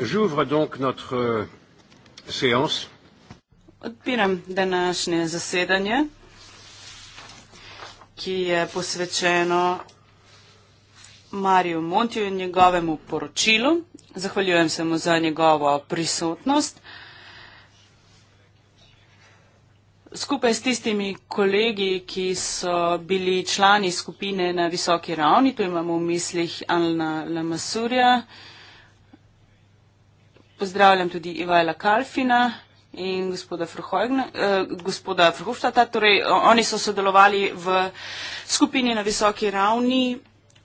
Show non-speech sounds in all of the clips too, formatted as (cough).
J'ouvre donc notre euh, séance. Odpiram današnje zasedanje, ki je posvečeno Mariju Montiju in njegovemu poročilu. Zahvaljujem se mu za njegovo prisotnost. Skupaj s tistimi kolegi, ki so bili člani skupine na visoki ravni, tu imamo v mislih Alna Lamasurja, pozdravljam tudi Ivajla Kalfina in gospoda Frhoštata. Eh, torej, oni so sodelovali v skupini na visoki ravni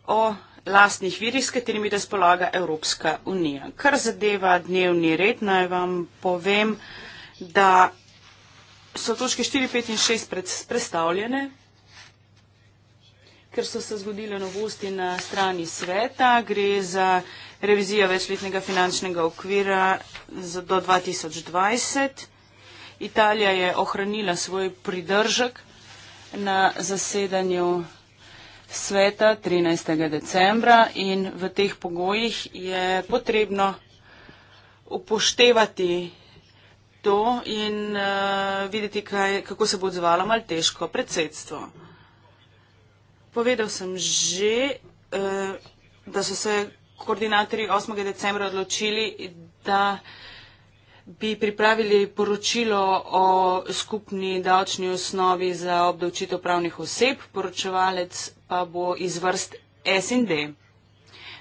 o lastnih virih, s katerimi razpolaga Evropska unija. Kar zadeva dnevni red, naj vam povem, da so točke 4, 5 in 6 predstavljene, ker so se zgodile novosti na strani sveta. Gre za revizijo večletnega finančnega okvira do 2020. Italija je ohranila svoj pridržek na zasedanju sveta 13. decembra in v teh pogojih je potrebno upoštevati to in uh, videti, kaj, kako se bo odzvala malteško predsedstvo. Povedal sem že, eh, da so se koordinatorji 8. decembra odločili, da bi pripravili poročilo o skupni davčni osnovi za obdavčitev pravnih oseb, poročevalec pa bo iz vrst SND.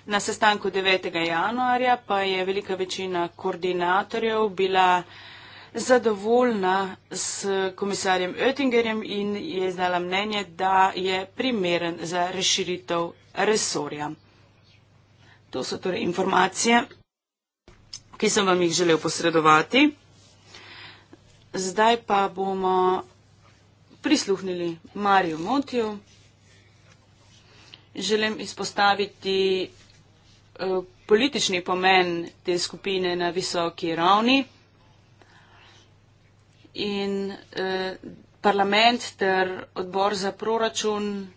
Na sestanku 9. januarja pa je velika večina koordinatorjev bila zadovoljna s komisarjem Oettingerjem in je izdala mnenje, da je primeren za razširitev resorja. To so torej informacije, ki sem vam jih želel posredovati. Zdaj pa bomo prisluhnili Mariju Motiju. Želim izpostaviti eh, politični pomen te skupine na visoki ravni in eh, parlament ter odbor za proračun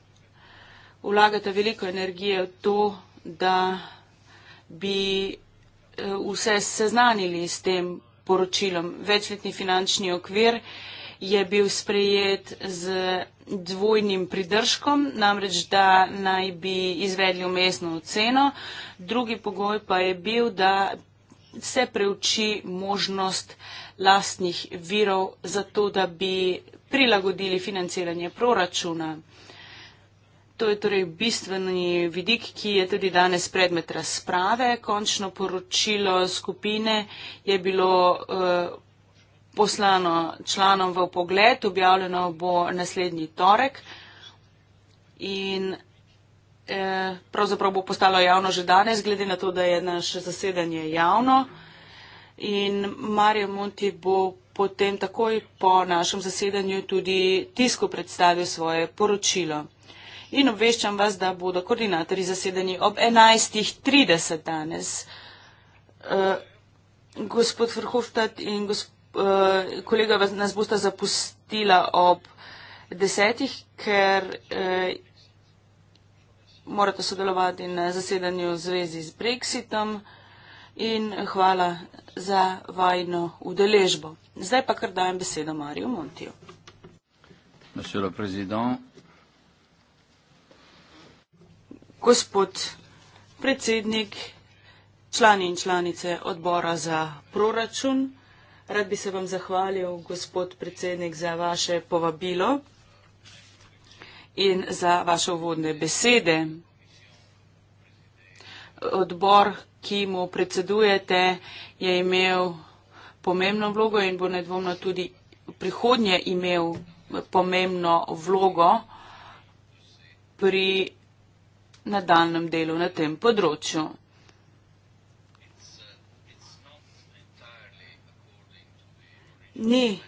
vlagata veliko energije v to, da bi eh, vse seznanili s tem poročilom. Večletni finančni okvir je bil sprejet z dvojnim pridržkom, namreč da naj bi izvedli umestno oceno. Drugi pogoj pa je bil, da se preuči možnost lastnih virov za to, da bi prilagodili financiranje proračuna. To je torej bistveni vidik, ki je tudi danes predmet razprave. Končno poročilo skupine je bilo eh, poslano članom v pogled, objavljeno bo naslednji torek. In pravzaprav bo postalo javno že danes, glede na to, da je naše zasedanje javno. In Marijo Monti bo potem takoj po našem zasedanju tudi tisko predstavil svoje poročilo. In obveščam vas, da bodo koordinatori zasedeni ob 11.30 danes. E, gospod Vrhovštad in gosp, e, eh, kolega nas bosta zapustila ob 10.00, ker. E, morate sodelovati na zasedanju v zvezi z Brexitom in hvala za vajno udeležbo. Zdaj pa kar dajem besedo Mariju Montiju. Gospod predsednik, člani in članice odbora za proračun, rad bi se vam zahvalil, gospod predsednik, za vaše povabilo in za vaše uvodne besede. Odbor, ki mu predsedujete, je imel pomembno vlogo in bo nedvomno tudi prihodnje imel pomembno vlogo pri nadaljem delu na tem področju. Ni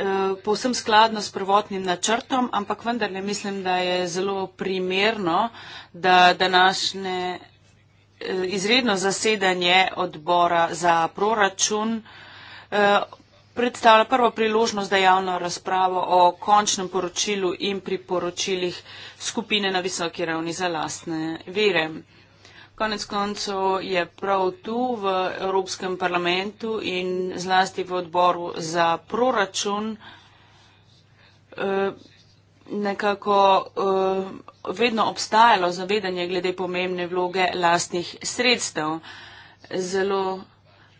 Eh, povsem skladno s prvotnim načrtom, ampak vendar ne mislim, da je zelo primerno, da današnje eh, izredno zasedanje odbora za proračun eh, predstavlja prvo priložnost, da javno razpravo o končnem poročilu in priporočilih skupine na visoki ravni za lastne vere. Konec koncev je prav tu v Evropskem parlamentu in zlasti v odboru za proračun eh, nekako eh, vedno obstajalo zavedanje glede pomembne vloge lastnih sredstev. Zelo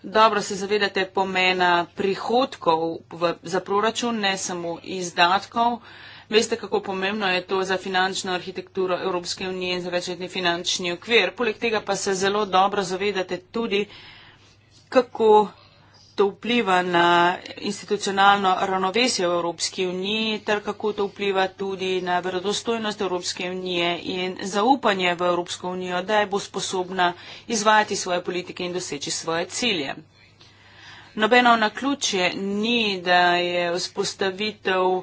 dobro se zavedate pomena prihodkov v, za proračun, ne samo izdatkov. Veste, kako pomembno je to za finančno arhitekturo Evropske unije in za večletni finančni okvir. Poleg tega pa se zelo dobro zavedate tudi, kako to vpliva na institucionalno ravnovesje v Evropski uniji ter kako to vpliva tudi na verodostojnost Evropske unije in zaupanje v Evropsko unijo, da je bo sposobna izvajati svoje politike in doseči svoje cilje. Nobeno na ključje ni, da je vzpostavitev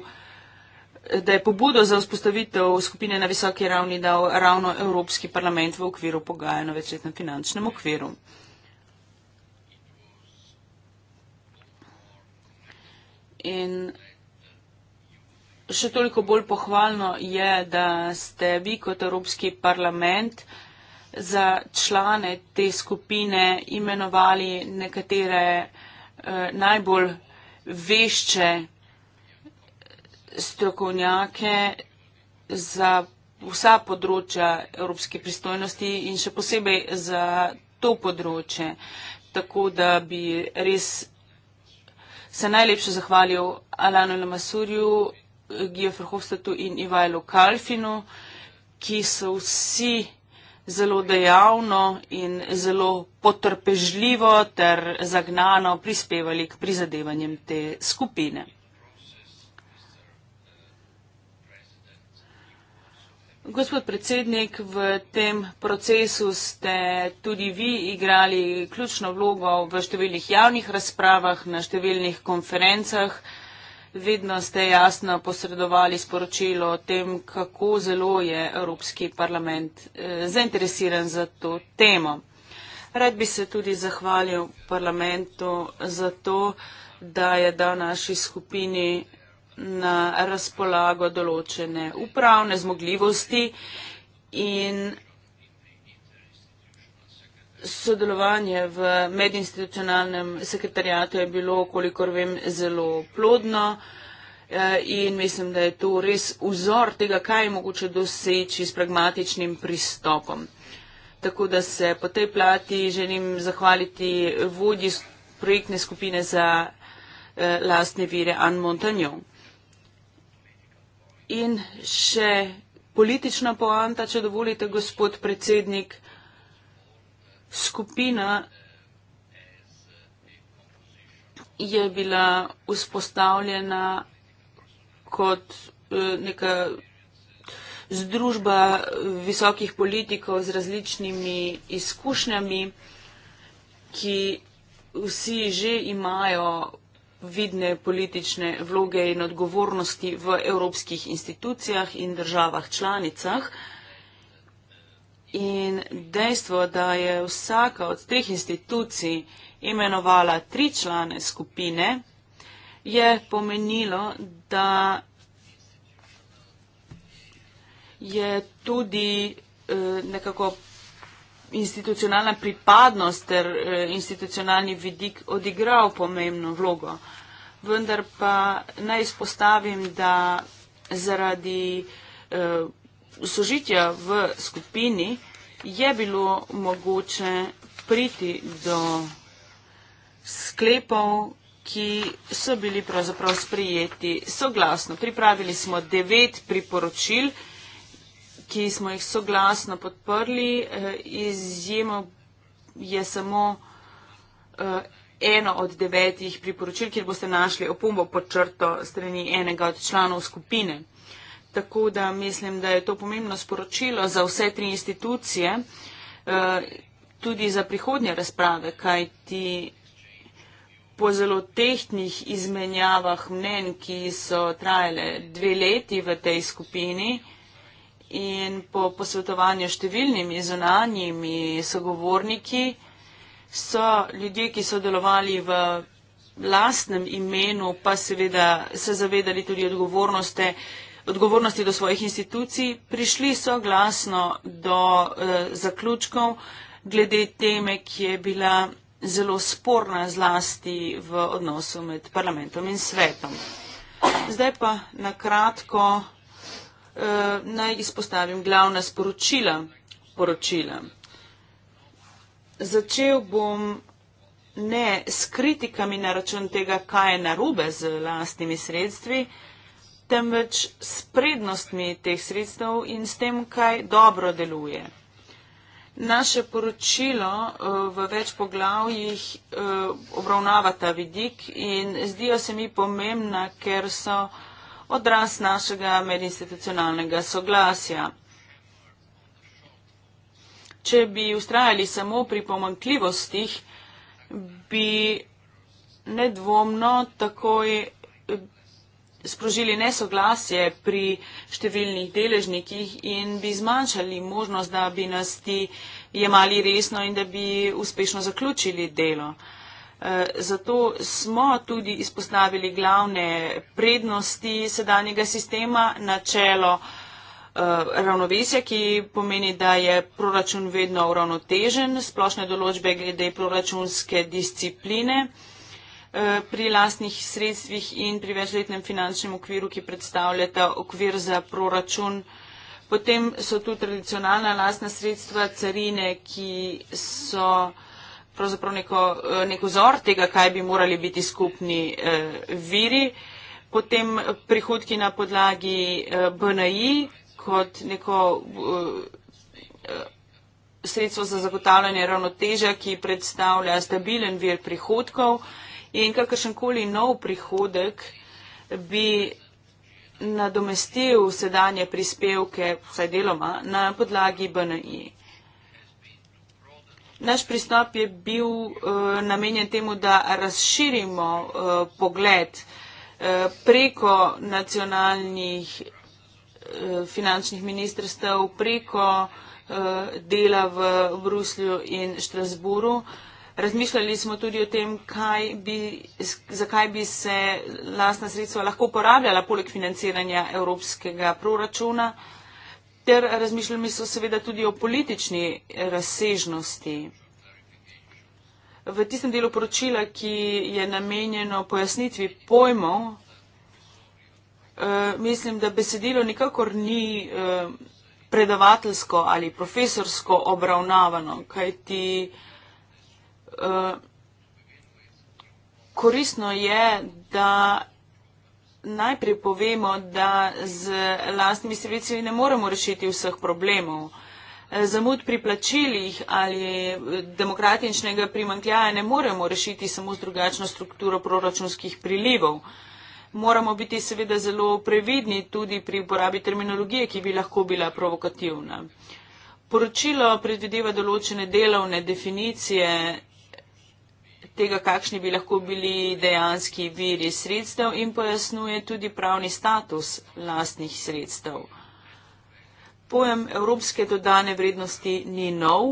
da je pobudo za vzpostavitev skupine na visoki ravni dal ravno Evropski parlament v okviru pogajanja na večletnem finančnem okviru. In še toliko bolj pohvalno je, da ste vi kot Evropski parlament za člane te skupine imenovali nekatere eh, najbolj vešče strokovnjake za vsa področja evropske pristojnosti in še posebej za to področje, tako da bi res se najlepše zahvalil Alanu Lamasurju, Gijo Frhofstatu in Ivajlu Kalfinu, ki so vsi zelo dejavno in zelo potrpežljivo ter zagnano prispevali k prizadevanjem te skupine. Gospod predsednik, v tem procesu ste tudi vi igrali ključno vlogo v številnih javnih razpravah, na številnih konferencah. Vedno ste jasno posredovali sporočilo o tem, kako zelo je Evropski parlament eh, zainteresiran za to temo. Rad bi se tudi zahvalil parlamentu za to, da je dal naši skupini na razpolago določene upravne zmogljivosti in sodelovanje v medinstitucionalnem sekretarijatu je bilo, kolikor vem, zelo plodno eh, in mislim, da je to res vzor tega, kaj je mogoče doseči s pragmatičnim pristopom. Tako da se po tej plati želim zahvaliti vodji projektne skupine za eh, lastne vire Anne Montagnon. In še politična poanta, če dovolite, gospod predsednik, skupina je bila vzpostavljena kot e, neka združba visokih politikov z različnimi izkušnjami, ki vsi že imajo vidne politične vloge in odgovornosti v evropskih institucijah in državah članicah. In dejstvo, da je vsaka od teh institucij imenovala tri člane skupine, je pomenilo, da je tudi eh, nekako institucionalna pripadnost ter eh, institucionalni vidik odigral pomembno vlogo. Vendar pa naj izpostavim, da zaradi eh, sožitja v skupini je bilo mogoče priti do sklepov, ki so bili pravzaprav sprijeti soglasno. Pripravili smo devet priporočil, ki smo jih soglasno podprli. Eh, izjemo je samo eh, eno od devetih priporočil, kjer boste našli opombo pod črto strani enega od članov skupine. Tako da mislim, da je to pomembno sporočilo za vse tri institucije, eh, tudi za prihodnje razprave, kaj ti po zelo tehtnih izmenjavah mnen, ki so trajale dve leti v tej skupini, in po posvetovanju številnimi zunanjimi sogovorniki so ljudje, ki so delovali v lastnem imenu, pa seveda se zavedali tudi odgovornosti, odgovornosti do svojih institucij, prišli soglasno do eh, zaključkov glede teme, ki je bila zelo sporna zlasti v odnosu med parlamentom in svetom. Zdaj pa na kratko Eh, naj izpostavim glavna sporočila. Poročila. Začel bom ne s kritikami na račun tega, kaj je narobe z lastnimi sredstvi, temveč s prednostmi teh sredstev in s tem, kaj dobro deluje. Naše poročilo eh, v več poglavjih eh, obravnava ta vidik in zdijo se mi pomembna, ker so odraz našega medinstitucionalnega soglasja. Če bi ustrajali samo pri pomankljivostih, bi nedvomno takoj eh, sprožili nesoglasje pri številnih deležnikih in bi zmanjšali možnost, da bi nas ti jemali resno in da bi uspešno zaključili delo. Eh, zato smo tudi izpostavili glavne prednosti sedanjega sistema, načelo eh, ravnovesja, ki pomeni, da je proračun vedno uravnotežen, splošne določbe glede proračunske discipline eh, pri lastnih sredstvih in pri večletnem finančnem okviru, ki predstavljata okvir za proračun. Potem so tu tradicionalna lastna sredstva, carine, ki so pravzaprav neko, eh, neko zor tega, kaj bi morali biti skupni eh, viri, potem prihodki na podlagi eh, BNI kot neko eh, eh, sredstvo za zagotavljanje ravnoteža, ki predstavlja stabilen vir prihodkov in kakršenkoli nov prihodek bi nadomestil sedanje prispevke, vsaj deloma, na podlagi BNI. Naš pristop je bil uh, namenjen temu, da razširimo uh, pogled uh, preko nacionalnih uh, finančnih ministrstev, preko uh, dela v Bruslju in Štrasburu. Razmišljali smo tudi o tem, bi, zakaj bi se lastna sredstva lahko uporabljala poleg financiranja evropskega proračuna. Uh, ter razmišljali so seveda tudi o politični razsežnosti. V tistem delu poročila, ki je namenjeno pojasnitvi pojmov, eh, mislim, da besedilo nikakor ni eh, predavateljsko ali profesorsko obravnavano, kajti eh, koristno je, da najprej povemo, da z lastnimi sredstvi ne moremo rešiti vseh problemov. E, zamud pri plačilih ali demokratičnega primankljaja ne moremo rešiti samo z drugačno strukturo proračunskih prilivov. Moramo biti seveda zelo previdni tudi pri uporabi terminologije, ki bi lahko bila provokativna. Poročilo predvideva določene delovne definicije tega, kakšni bi lahko bili dejanski viri sredstev in pojasnuje tudi pravni status lastnih sredstev. Pojem evropske dodane vrednosti ni nov,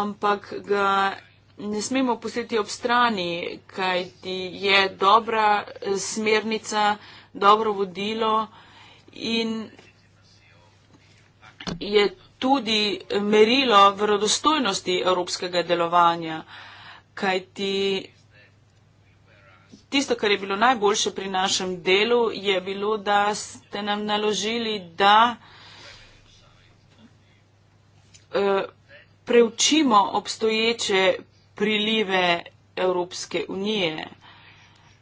ampak ga ne smemo pustiti ob strani, kajti je dobra smernica, dobro vodilo in je tudi merilo verodostojnosti evropskega delovanja kaj ti tisto, kar je bilo najboljše pri našem delu, je bilo, da ste nam naložili, da e, preučimo obstoječe prilive Evropske unije,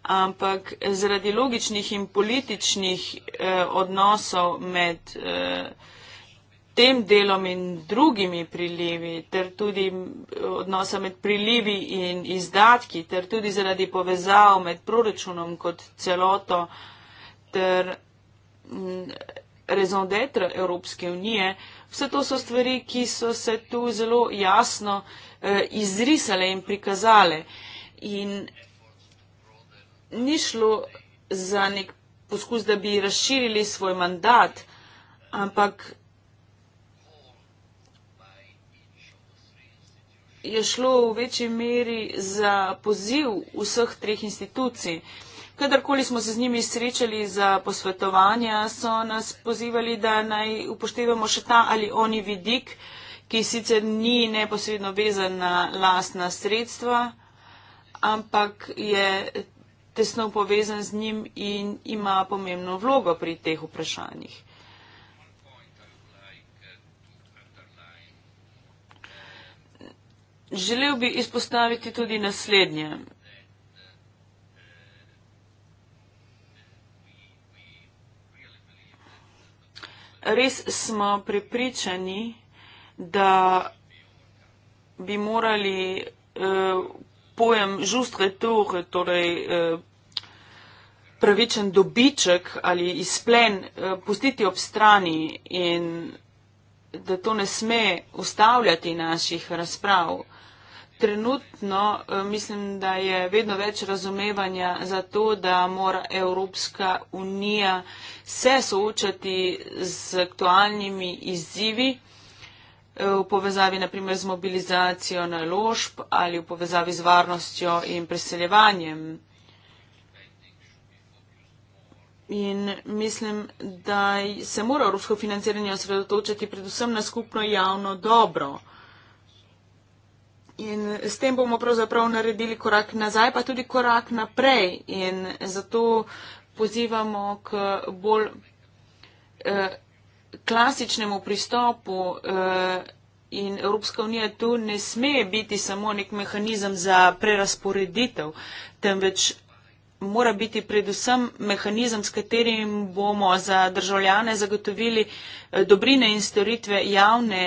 ampak zaradi logičnih in političnih e, odnosov med Evropske unije, tem delom in drugimi prilivi, ter tudi odnosa med prilivi in izdatki, ter tudi zaradi povezav med proračunom kot celoto ter rezondetra Evropske unije, vse to so stvari, ki so se tu zelo jasno eh, izrisale in prikazale. In ni šlo za nek poskus, da bi razširili svoj mandat, ampak je šlo v večji meri za poziv vseh treh institucij. Kadarkoli smo se z njimi srečali za posvetovanja, so nas pozivali, da naj upoštevamo še ta ali oni vidik, ki sicer ni neposredno vezan na lastna sredstva, ampak je tesno povezan z njim in ima pomembno vlogo pri teh vprašanjih. Želel bi izpostaviti tudi naslednje. Res smo prepričani, da bi morali eh, pojem žustre tur, torej eh, pravičen dobiček ali izplen, eh, pustiti ob strani in da to ne sme ustavljati naših razprav. Trenutno eh, mislim, da je vedno več razumevanja za to, da mora Evropska unija se soočati z aktualnimi izzivi eh, v povezavi naprimer z mobilizacijo naložb ali v povezavi z varnostjo in preseljevanjem. In mislim, da se mora evropsko financiranje osredotočati predvsem na skupno javno dobro. In s tem bomo pravzaprav naredili korak nazaj, pa tudi korak naprej. In zato pozivamo k bolj eh, klasičnemu pristopu. Eh, In Evropska unija tu ne sme biti samo nek mehanizem za prerasporeditev, temveč mora biti predvsem mehanizem, s katerim bomo za državljane zagotovili eh, dobrine in storitve javne,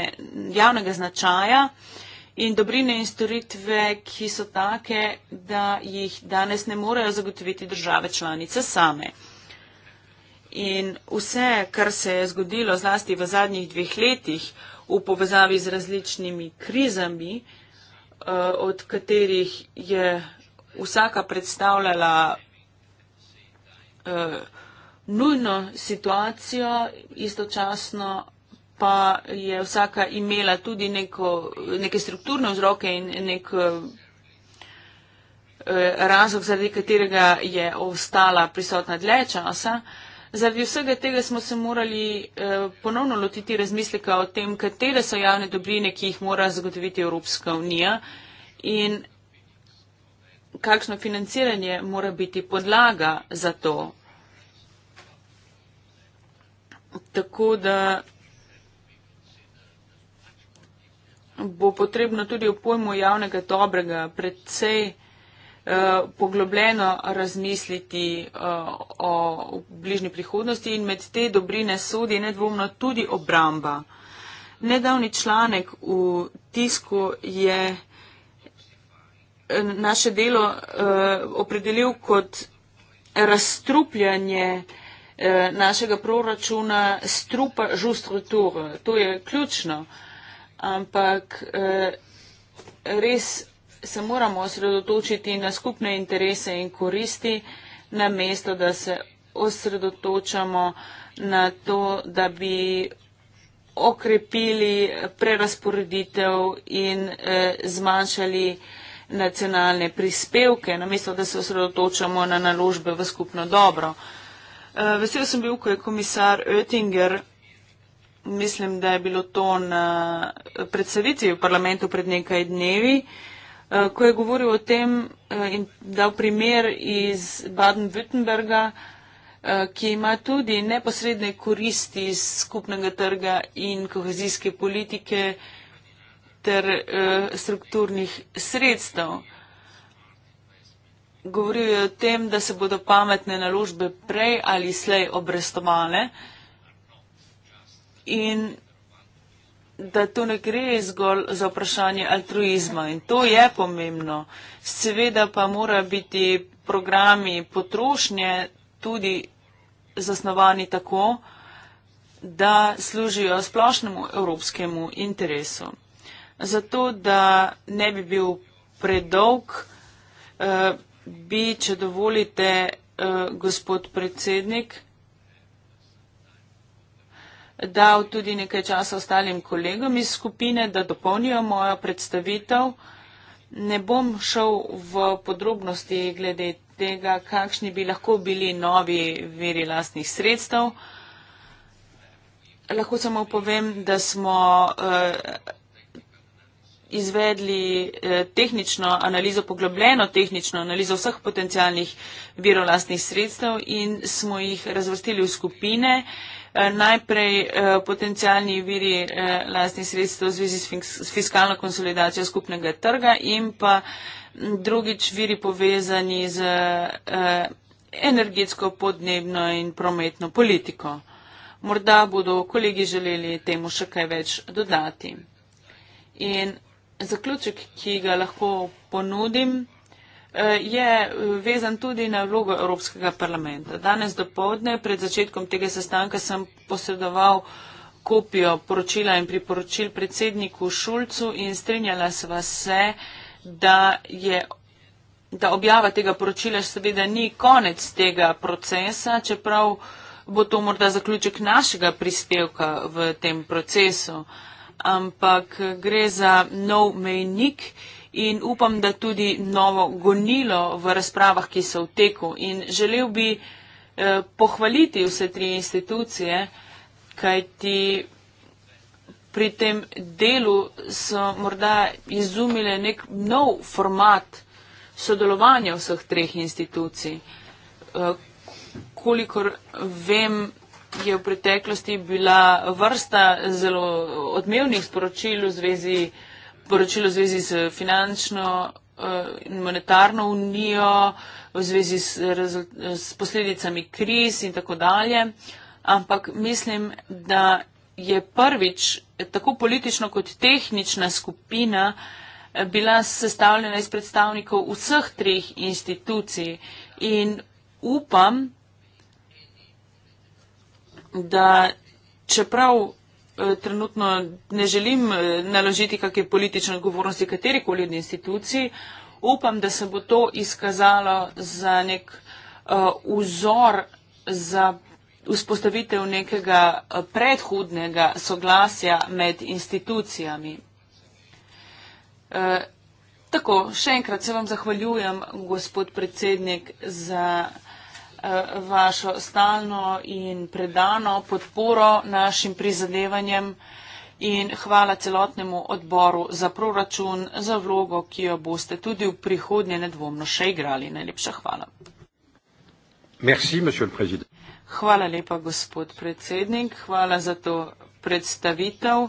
javnega značaja. Eh, in dobrine in storitve, ki so take, da jih danes ne morejo zagotoviti države članice same. In vse, kar se je zgodilo zlasti v zadnjih dveh letih v povezavi z različnimi krizami, eh, od katerih je vsaka predstavljala eh, nujno situacijo, istočasno pa je vsaka imela tudi neko, neke strukturne vzroke in nek eh, razlog, zaradi katerega je ostala prisotna dlje časa. Zaradi vsega tega smo se morali eh, ponovno lotiti razmisleka o tem, katere so javne dobrine, ki jih mora zagotoviti Evropska unija in kakšno financiranje mora biti podlaga za to. Tako da. bo potrebno tudi o pojmu javnega dobrega predvsej eh, poglobljeno razmisliti eh, o bližnji prihodnosti in med te dobrine sodi nedvomno tudi obramba. Nedavni članek v tisku je eh, naše delo eh, opredelil kot razstrupljanje eh, našega proračuna strupa justruture. To je ključno. Eh, ampak eh, res se moramo osredotočiti na skupne interese in koristi, na mesto, da se osredotočamo na to, da bi okrepili prerasporeditev in eh, zmanjšali nacionalne prispevke, namesto da se osredotočamo na naložbe v skupno dobro. Eh, vesel sem bil, ko je komisar Oettinger mislim, da je bilo to na predstavitvi v parlamentu pred nekaj dnevi, eh, ko je govoril o tem eh, in dal primer iz Baden-Württemberga, eh, ki ima tudi neposredne koristi iz skupnega trga in kohezijske politike ter strukturnih sredstev. Govoril je o tem, da se bodo pametne naložbe prej ali slej obrestovale in da to ne gre zgolj za vprašanje altruizma in to je pomembno. Seveda pa mora biti programi potrošnje tudi zasnovani tako, da služijo splošnemu evropskemu interesu. Zato, da ne bi bil predolg, eh, bi, če dovolite, eh, gospod predsednik, dal tudi nekaj časa ostalim kolegom iz skupine, da dopolnijo mojo predstavitev. Ne bom šel v podrobnosti glede tega, kakšni bi lahko bili novi viri lastnih sredstev. Lahko samo povem, da smo eh, izvedli eh, tehnično analizo, poglobljeno tehnično analizo vseh potencijalnih virov lastnih sredstev in smo jih razvrstili v skupine. Eh, Eh, najprej eh, potencijalni viri eh, lastnih sredstev v zvezi s fiskalno konsolidacijo skupnega trga in pa drugič viri povezani z energetsko, podnebno in prometno politiko. Morda bodo kolegi želeli temu še kaj več dodati. In zaključek, ki ga lahko ponudim, Eh, je eh, vezan tudi na vlogo Evropskega parlamenta. Danes do povdne, pred začetkom tega sestanka, sem posredoval kopijo poročila in priporočil predsedniku Šulcu in strinjala sva se, da je. Da objava tega poročila seveda ni konec tega procesa, čeprav bo to morda zaključek našega prispevka v tem procesu, ampak gre za nov mejnik in upam, da tudi novo gonilo v razpravah, ki so v teku. In želel bi eh, pohvaliti vse tri institucije, kajti pri tem delu so morda izumile nek nov format sodelovanja vseh treh institucij. Eh, kolikor vem, je v preteklosti bila vrsta zelo odmevnih sporočil v zvezi eh, poročilo v zvezi z finančno eh, in monetarno unijo, v zvezi s, s posledicami kriz in tako dalje. Ampak mislim, da je prvič tako politično kot tehnična skupina eh, bila sestavljena iz predstavnikov vseh treh institucij in upam, da čeprav Eh, trenutno ne želim eh, naložiti kakšne politične odgovornosti katerikoli od institucij. Upam, da se bo to izkazalo za nek uh, vzor za vzpostavitev nekega predhudnega soglasja med institucijami. E, tako, še enkrat se vam zahvaljujem, gospod predsednik, za Eh, vašo stalno in predano podporo našim prizadevanjem in hvala celotnemu odboru za proračun, za vlogo, ki jo boste tudi v prihodnje nedvomno še igrali. Najlepša hvala. Merci, hvala lepa, gospod predsednik. Hvala za to predstavitev.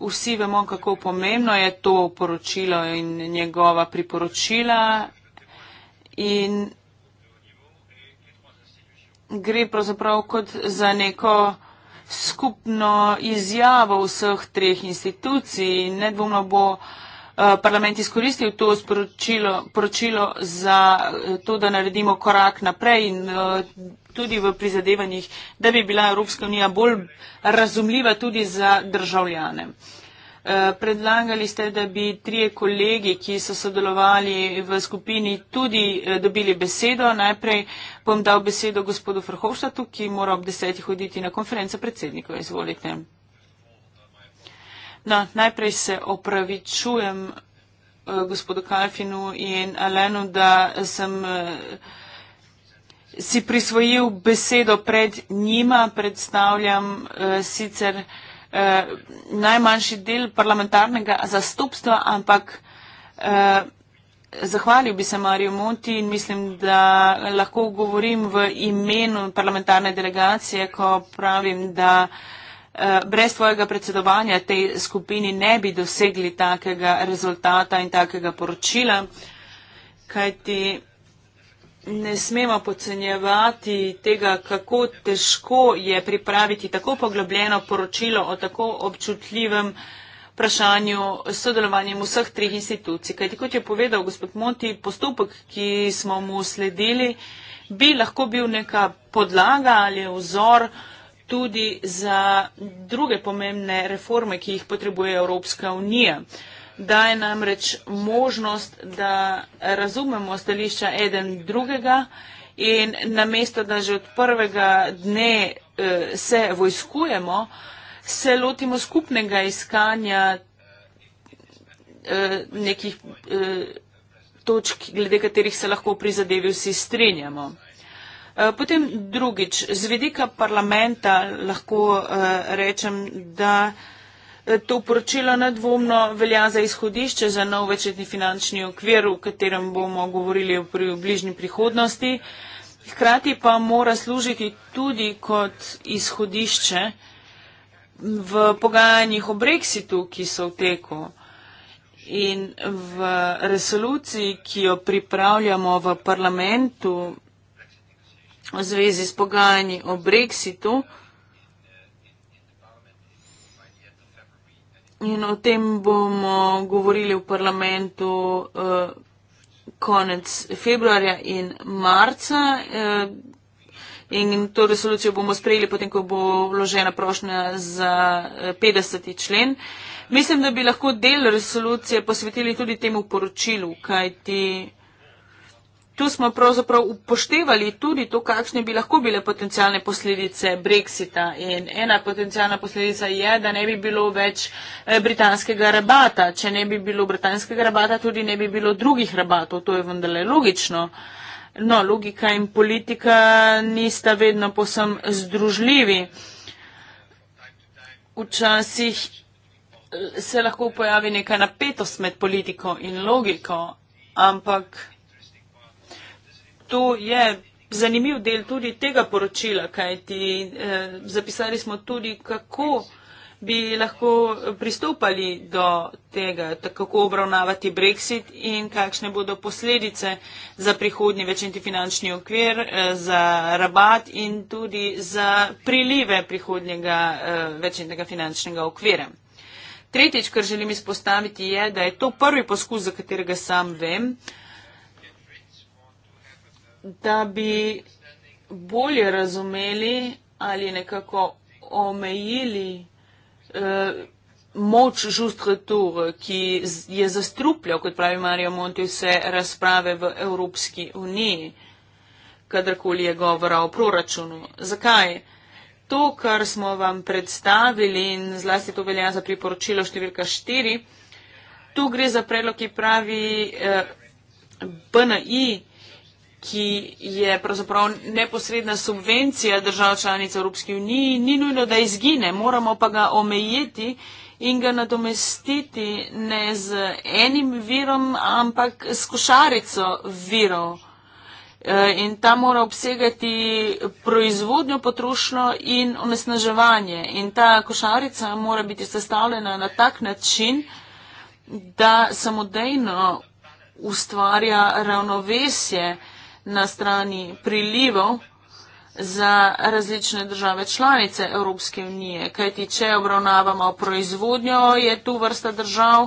Vsi vemo, kako pomembno je to poročilo in njegova priporočila. In gre pravzaprav kot za neko skupno izjavo vseh treh institucij. Nedvomno bo eh, parlament izkoristil to sporočilo poročilo za eh, to, da naredimo korak naprej in eh, tudi v prizadevanjih, da bi bila Evropska unija bolj razumljiva tudi za državljane. Eh, predlagali ste, da bi trije kolegi, ki so sodelovali v skupini, tudi eh, dobili besedo. Najprej bom dal besedo gospodu Frhovštatu, ki mora ob desetih hoditi na konferenco predsednikov. Izvolite. No, najprej se opravičujem eh, gospodu Kalfinu in Alenu, da sem si prisvojil besedo pred njima, predstavljam sicer eh, najmanjši del parlamentarnega zastopstva, ampak eh, zahvalil bi se Mariju Moti in mislim, da lahko govorim v imenu parlamentarne delegacije, ko pravim, da eh, brez tvojega predsedovanja tej skupini ne bi dosegli takega rezultata in takega poročila, kajti ne smemo pocenjevati tega, kako težko je pripraviti tako poglobljeno poročilo o tako občutljivem vprašanju s sodelovanjem vseh treh institucij. Kajti, kot je povedal gospod Monti, postopek, ki smo mu sledili, bi lahko bil neka podlaga ali vzor tudi za druge pomembne reforme, ki jih potrebuje Evropska unija. Uh, daje nam reč možnost, da razumemo stališča eden drugega in namesto, da že od prvega dne eh, se vojskujemo, se lotimo skupnega iskanja eh, nekih eh, točk, glede katerih se lahko pri zadevi vsi strinjamo. Potem drugič, z vidika parlamenta lahko rečem, da To poročilo nedvomno velja za izhodišče za nov večetni finančni okvir, o katerem bomo govorili v bližnji prihodnosti. Hkrati pa mora služiti tudi kot izhodišče v pogajanjih o Brexitu, ki so v teku in v resoluciji, ki jo pripravljamo v parlamentu v zvezi s pogajanji o Brexitu. in o tem bomo govorili v parlamentu uh, konec februarja in marca. Uh, in to resolucijo bomo sprejeli potem, ko bo vložena prošnja za 50. Eh, člen. Mislim, da bi lahko del resolucije posvetili tudi temu poročilu, kajti. Tu smo pravzaprav upoštevali tudi to, kakšne bi lahko bile potencijalne posledice Brexita. In ena potencijalna posledica je, da ne bi bilo več eh, britanskega rabata. Če ne bi bilo britanskega rabata, tudi ne bi bilo drugih rabatov. To je vendarle logično. No, logika in politika nista vedno posem združljivi. Včasih eh, se lahko pojavi neka napetost med politiko in logiko, ampak to je zanimiv del tudi tega poročila, kajti eh, zapisali smo tudi, kako bi lahko pristopali do tega, kako obravnavati Brexit in kakšne bodo posledice za prihodnji večinti finančni okvir, eh, za rabat in tudi za prilive prihodnjega eh, večintega finančnega okvira. Tretjič, kar želim izpostaviti, je, da je to prvi poskus, za katerega sam vem, da bi bolje razumeli ali nekako omejili eh, moč žustretur, ki je zastrupljal, kot pravi Marija Monti, vse razprave v Evropski uniji, kadarkoli je govora o proračunu. Zakaj? To, kar smo vam predstavili in zlasti to velja za priporočilo številka 4, tu gre za predlog, ki pravi eh, BNI ki je pravzaprav neposredna subvencija držav članic Evropske unije, ni nujno, da izgine, moramo pa ga omejiti in ga nadomestiti ne z enim virom, ampak s košarico virov. E, in ta mora obsegati proizvodnjo, potrošnjo in onesnaževanje. In ta košarica mora biti sestavljena na tak način, da samodejno ustvarja ravnovesje na strani prilivov za različne države članice Evropske unije. Kajti, če obravnavamo proizvodnjo, je tu vrsta držav,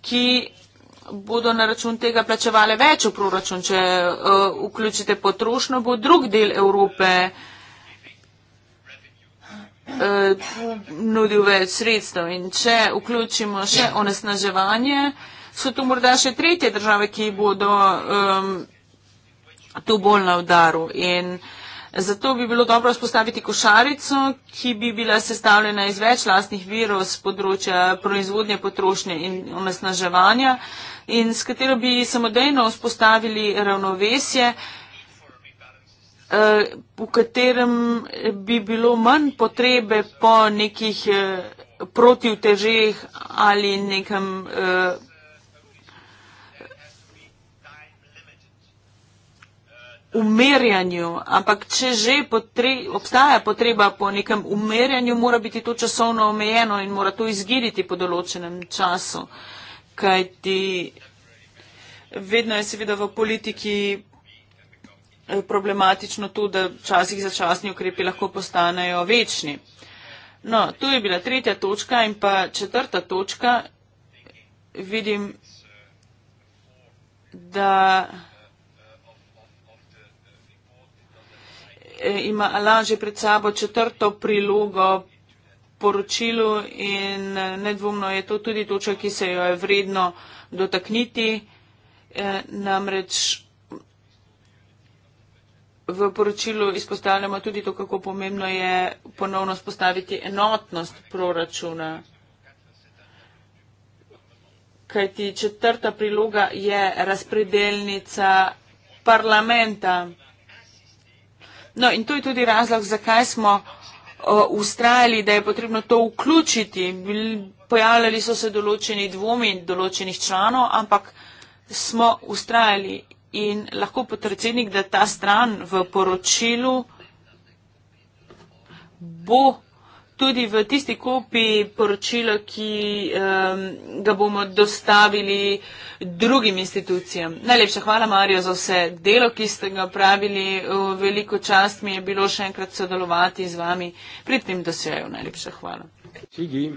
ki bodo na račun tega plačevale več v proračun. Če uh, vključite potrošnjo, bo drug del Evrope uh, nudil več sredstev. In če vključimo še onesnaževanje, so tu morda še tretje države, ki bodo. Um, tu bolj na udaru. In zato bi bilo dobro vzpostaviti košarico, ki bi bila sestavljena iz več lastnih virov z področja proizvodnje, potrošnje in onesnaževanja in s katero bi samodejno vzpostavili ravnovesje eh, v katerem bi bilo manj potrebe po nekih eh, protivtežeh ali nekem eh, umerjanju, ampak če že potre, obstaja potreba po nekem umerjanju, mora biti to časovno omejeno in mora to izgiriti po določenem času. Kajti vedno je seveda v politiki eh, problematično to, da časih začasni ukrepi lahko postanejo večni. No, tu je bila tretja točka in pa četrta točka. Vidim, da E, ima Alan že pred sabo četrto prilogo poročilu in e, nedvomno je to tudi točka, ki se jo je vredno dotakniti. E, namreč v poročilu izpostavljamo tudi to, kako pomembno je ponovno spostaviti enotnost proračuna. Kajti četrta priloga je razpredelnica parlamenta. No in to je tudi razlog, zakaj smo ustrajali, da je potrebno to vključiti. Pojavljali so se določeni dvomi in določenih članov, ampak smo ustrajali in lahko potrecednik, da ta stran v poročilu bo tudi v tisti kopi poročila, ki um, ga bomo dostavili drugim institucijam. Najlepša hvala, Marijo, za vse delo, ki ste ga pravili. Veliko čast mi je bilo še enkrat sodelovati z vami pri tem dosejo. Najlepša hvala. Gigi.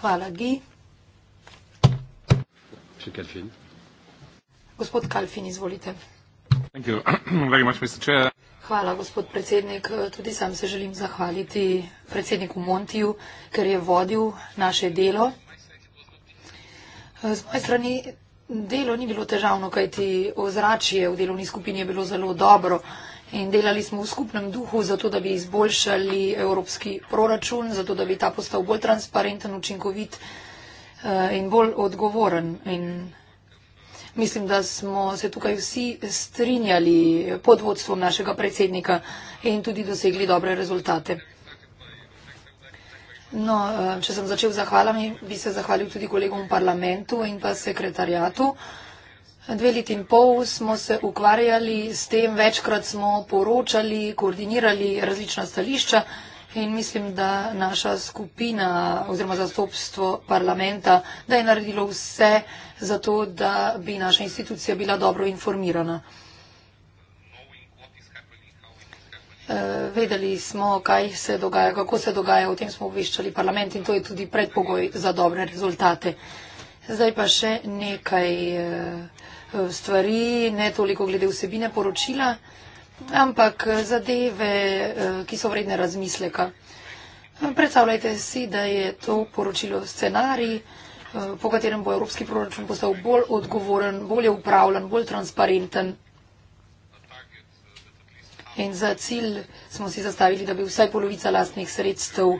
Hvala, Gi. Gospod Kalfin, izvolite. Thank you (coughs) very much, Mr. Chair. Hvala, gospod predsednik. Tudi sam se želim zahvaliti predsedniku Montiju, ker je vodil naše delo. Z moje strani delo ni bilo težavno, kajti ozračje v delovni skupini je bilo zelo dobro in delali smo v skupnem duhu za to, da bi izboljšali evropski proračun, za to, da bi ta postal bolj transparenten, učinkovit eh, in bolj odgovoren. In mislim, da smo se tukaj vsi strinjali pod vodstvom našega predsednika in tudi dosegli dobre rezultate. No, eh, če sem začel zahvalami, bi se zahvalil tudi kolegom v parlamentu in pa sekretarjatu. Dve leti in pol smo se ukvarjali s tem, večkrat smo poročali, koordinirali različna stališča in mislim, da naša skupina oziroma zastopstvo parlamenta, da je naredilo vse za to, da bi naša institucija bila dobro informirana. Eh, vedeli smo, kaj se dogaja, kako se dogaja, o tem smo obveščali parlament in to je tudi predpogoj za dobre rezultate. Zdaj pa še nekaj eh, stvari, ne toliko glede vsebine poročila ampak eh, zadeve, eh, ki so vredne razmisleka. Eh, predstavljajte si, da je to poročilo scenarij, po katerem bo evropski proračun postal bolj odgovoren, bolje upravljan, bolj transparenten. In za cilj smo si zastavili, da bi vsaj polovica lastnih sredstev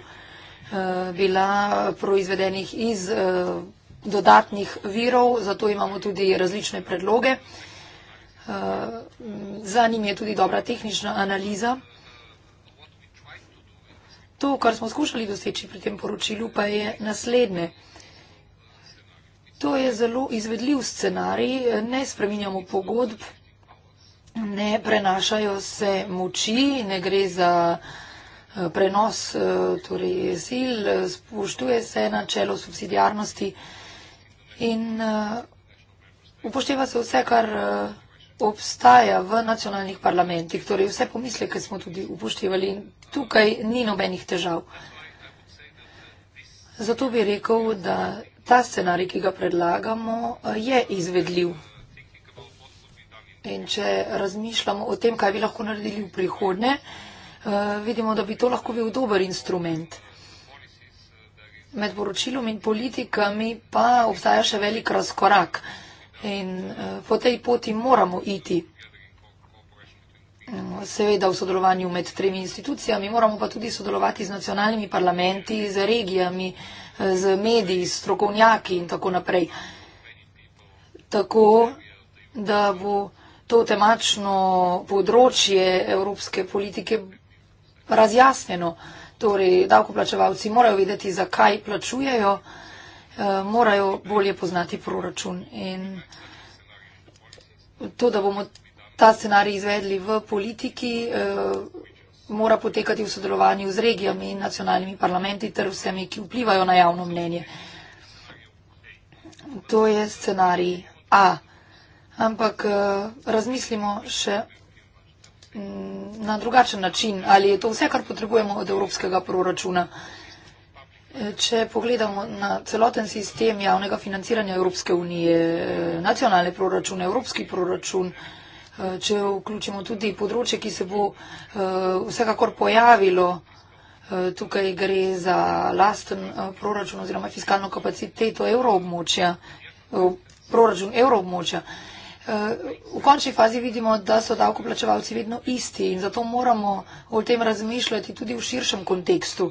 bila proizvedenih iz dodatnih virov, zato imamo tudi različne predloge. Eh, za njim je tudi dobra tehnična analiza. To, kar smo skušali doseči pri tem poročilu, pa je naslednje. To je zelo izvedljiv scenarij, ne spreminjamo pogodb, ne prenašajo se moči, ne gre za eh, prenos eh, torej, sil, spoštuje se načelo subsidijarnosti in upošteva se vse, kar obstaja v nacionalnih parlamentih, torej vse pomisle, ki smo tudi upoštevali in tukaj ni nobenih težav. Zato bi rekel, da ta scenarij, ki ga predlagamo, je izvedljiv. In če razmišljamo o tem, kaj bi lahko naredili v prihodnje, eh, vidimo, da bi to lahko bil dober instrument. Med poročilom in politikami pa obstaja še velik razkorak in eh, po tej poti moramo iti. Mm, seveda v sodelovanju med tremi institucijami, moramo pa tudi sodelovati z nacionalnimi parlamenti, z regijami, eh, z mediji, s strokovnjaki in tako naprej. Tako, da bo to temačno področje evropske politike razjasneno. Torej, davkoplačevalci morajo vedeti, zakaj plačujejo. Eh, morajo bolje poznati proračun. In to, da bomo ta scenarij izvedli v politiki, eh, mora potekati v sodelovanju z regijami in nacionalnimi parlamenti ter vsemi, ki vplivajo na javno mnenje. To je scenarij A. Ampak eh, razmislimo še mm, na drugačen način, ali je to vse, kar potrebujemo od evropskega proračuna. Če pogledamo na celoten sistem javnega financiranja Evropske unije, nacionalne proračune, evropski proračun, eh, če vključimo tudi področje, ki se bo eh, vsekakor pojavilo, eh, tukaj gre za lasten proračun oziroma fiskalno kapaciteto evroobmočja, proračun evroobmočja. V končni fazi vidimo, da so davkoplačevalci vedno isti in zato moramo o tem razmišljati tudi v širšem kontekstu.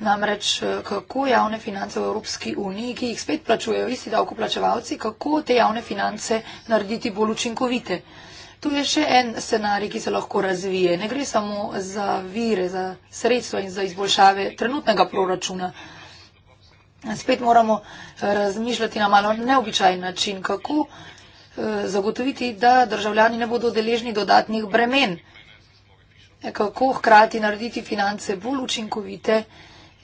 Namreč, eh, kako javne finance v Evropski uniji, ki jih spet plačujejo isti davkoplačevalci, kako te javne finance narediti bolj učinkovite. Tu je še en scenarij, ki se lahko razvije. Ne gre samo za vire, za sredstva in za izboljšave trenutnega proračuna. Spet moramo eh, razmišljati na malo neobičajen način, kako eh, zagotoviti, da državljani ne bodo deležni dodatnih bremen. Kako hkrati narediti finance bolj učinkovite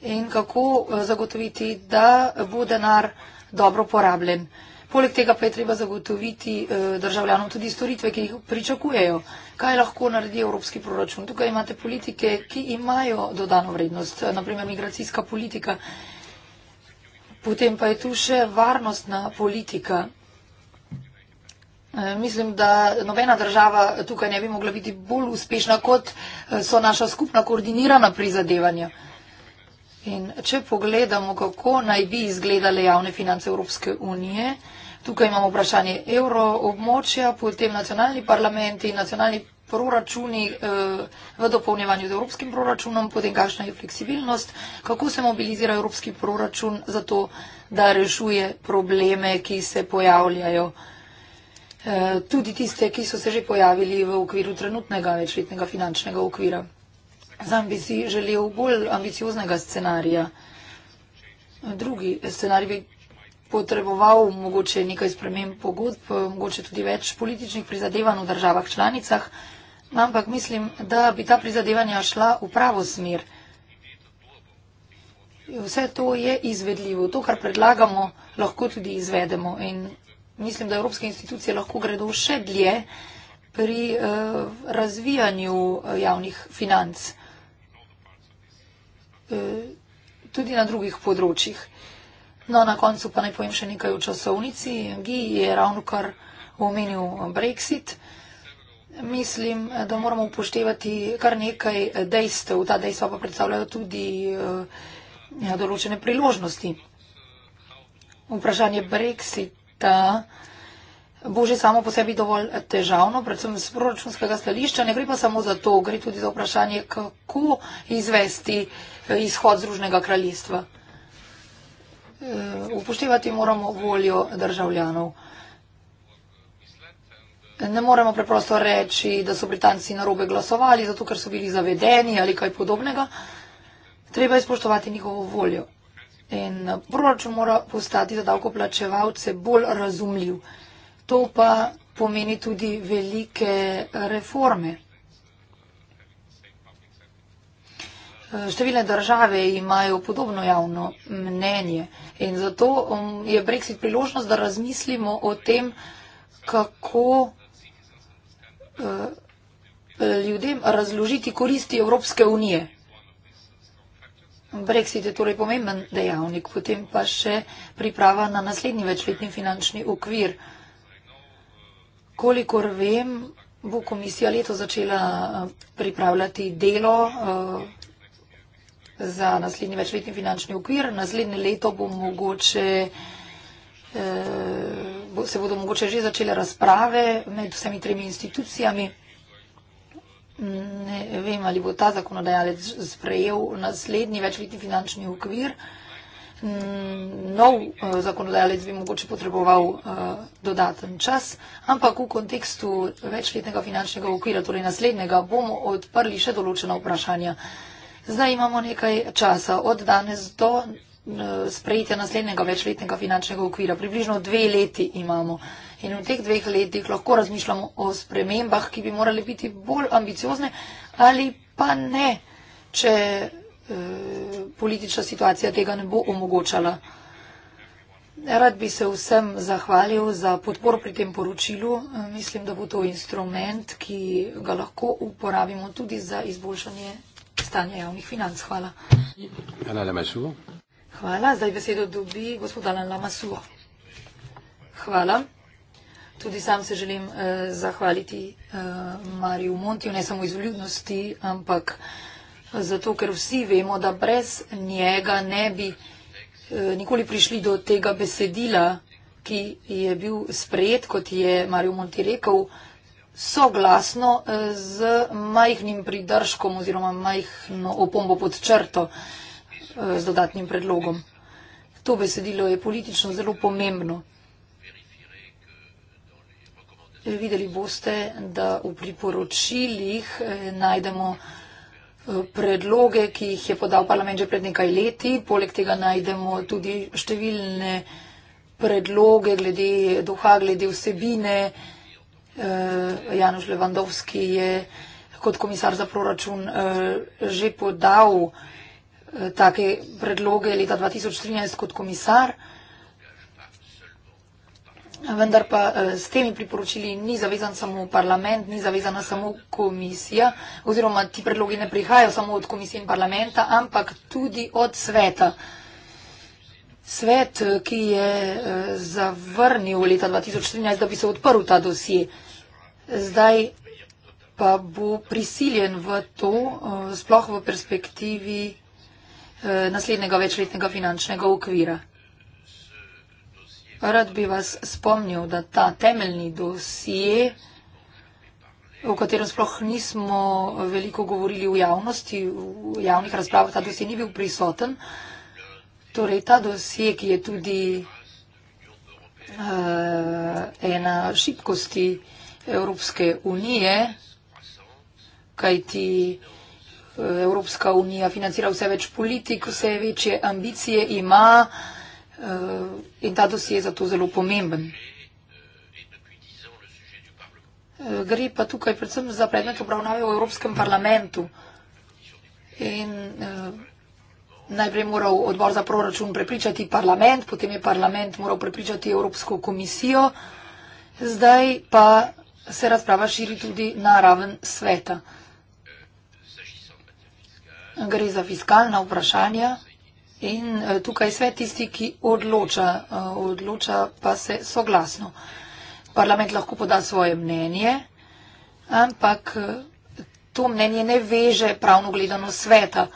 in kako eh, zagotoviti, da bo denar dobro porabljen. Poleg tega pa je treba zagotoviti eh, državljanom tudi storitve, ki jih pričakujejo. Kaj lahko naredi evropski proračun? Tukaj imate politike, ki imajo dodano vrednost, eh, naprimer migracijska politika. Potem pa je tu še varnostna politika. Mislim, da nobena država tukaj ne bi mogla biti bolj uspešna, kot so naša skupna koordinirana prizadevanja. In če pogledamo, kako naj bi izgledale javne finance Evropske unije, tukaj imamo vprašanje euroobmočja, potem nacionalni parlamenti, nacionalni proračuni eh, v dopolnjevanju z evropskim proračunom, potem kakšna je fleksibilnost, kako se mobilizira evropski proračun za to, da rešuje probleme, ki se pojavljajo. Eh, tudi tiste, ki so se že pojavili v okviru trenutnega večletnega finančnega okvira. Sam bi si želel bolj ambicioznega scenarija. Drugi scenarij bi potreboval mogoče nekaj sprememb pogodb, mogoče tudi več političnih prizadevanj v državah članicah, ampak mislim, da bi ta prizadevanja šla v pravo smer. Vse to je izvedljivo. To, kar predlagamo, lahko tudi izvedemo. In mislim, da evropske institucije lahko gredo še dlje pri eh, razvijanju eh, javnih financ. E, tudi na drugih področjih. No, na koncu pa naj povem še nekaj o časovnici. Gi je ravno kar omenil Brexit. Mislim, da moramo upoštevati kar nekaj dejstev. Ta dejstva pa predstavljajo tudi e, ja, določene priložnosti. Vprašanje Brexita bo že samo po sebi dovolj težavno, predvsem z proračunskega stališča. Ne gre pa samo za to, gre tudi za vprašanje, kako izvesti eh, izhod Združnega kraljestva. Eh, upoštevati moramo voljo državljanov. Ne moremo preprosto reči, da so Britanci narobe glasovali, zato ker so bili zavedeni ali kaj podobnega. Treba je spoštovati njihovo voljo. In eh, proračun mora postati za davkoplačevalce bolj razumljiv. To pa pomeni tudi velike eh, reforme. Eh, številne države imajo podobno javno mnenje in zato um, je Brexit priložnost, da razmislimo o tem, kako eh, ljudem razložiti koristi Evropske unije. Brexit je torej pomemben dejavnik, potem pa še priprava na naslednji večletni finančni okvir. Kolikor vem, bo komisija leto začela eh, pripravljati delo eh, za naslednji večletni finančni okvir. Naslednje leto bo mogoče, eh, se bodo mogoče že začele razprave med vsemi tremi institucijami. Ne vem, ali bo ta zakonodajalec sprejel naslednji večletni finančni okvir. Mm, nov eh, zakonodajalec bi mogoče potreboval eh, dodaten čas, ampak v kontekstu večletnega finančnega okvira, torej naslednjega, bomo odprli še določena vprašanja. Zdaj imamo nekaj časa od danes do eh, sprejetja naslednjega večletnega finančnega okvira. Približno dve leti imamo in v teh dveh letih lahko razmišljamo o spremembah, ki bi morali biti bolj ambiciozne ali pa ne, če politična situacija tega ne bo omogočala. Rad bi se vsem zahvalil za podporo pri tem poročilu. Mislim, da bo to instrument, ki ga lahko uporabimo tudi za izboljšanje stanja javnih financ. Hvala. Hvala. Zdaj besedo dobi gospod Alan Lamasuo. Hvala. Tudi sam se želim eh, zahvaliti eh, Mariju Montiju, ne samo iz vljudnosti, ampak zato ker vsi vemo, da brez njega ne bi eh, nikoli prišli do tega besedila, ki je bil sprejet, kot je Mario Monti rekel, soglasno eh, z majhnim pridržkom oziroma majhno opombo pod črto eh, z dodatnim predlogom. To besedilo je politično zelo pomembno. Videli boste, da v priporočilih najdemo predloge, ki jih je podal parlament že pred nekaj leti. Poleg tega najdemo tudi številne predloge glede duha, glede vsebine. Eh, Janoš Levandovski je kot komisar za proračun eh, že podal eh, take predloge leta 2013 kot komisar. Vendar pa eh, s temi priporočili ni zavezan samo parlament, ni zavezana samo komisija, oziroma ti predlogi ne prihajajo samo od komisije in parlamenta, ampak tudi od sveta. Svet, eh, ki je eh, zavrnil leta 2013, da bi se odprl ta dosje, zdaj pa bo prisiljen v to, sploh v perspektivi naslednjega večletnega finančnega okvira. Rad bi vas spomnil, da ta temeljni dosije, o katerem sploh nismo veliko govorili v javnosti, v javnih razpravah, ta dosije ni bil prisoten. Torej, ta dosije, ki je tudi uh, ena šibkosti Evropske unije, kajti eh, Evropska unija financira vse več politik, vse večje ambicije ima. Uh, Eh, in ta dosje je zato zelo pomemben. Eh, gre pa tukaj predvsem za predmet obravnave v Evropskem parlamentu in eh, najprej moral odbor za proračun prepričati parlament, potem je parlament moral prepričati Evropsko komisijo, zdaj pa se razprava širi tudi na raven sveta. Gre za fiskalna vprašanja. In e, tukaj svet tisti, ki odloča, e, odloča pa se soglasno. Parlament lahko poda svoje mnenje, ampak e, to mnenje ne veže pravno gledano sveta.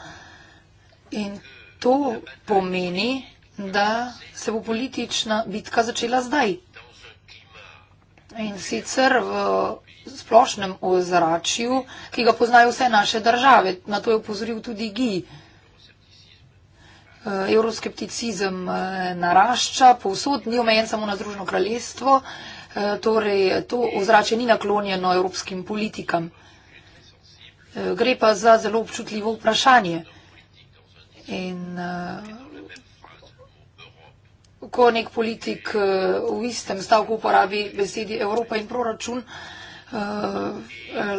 In to pomeni, da se bo politična bitka začela zdaj. In sicer v splošnem ozračju, ki ga poznajo vse naše države. Na to je upozoril tudi Gij. Eh, evroskepticizem eh, narašča povsod, ni omejen samo na Združeno kraljestvo, eh, torej to ozračje ni naklonjeno evropskim politikam. Gre pa za zelo občutljivo vprašanje. In ko nek politik v istem stavku uporabi besedi Evropa in proračun,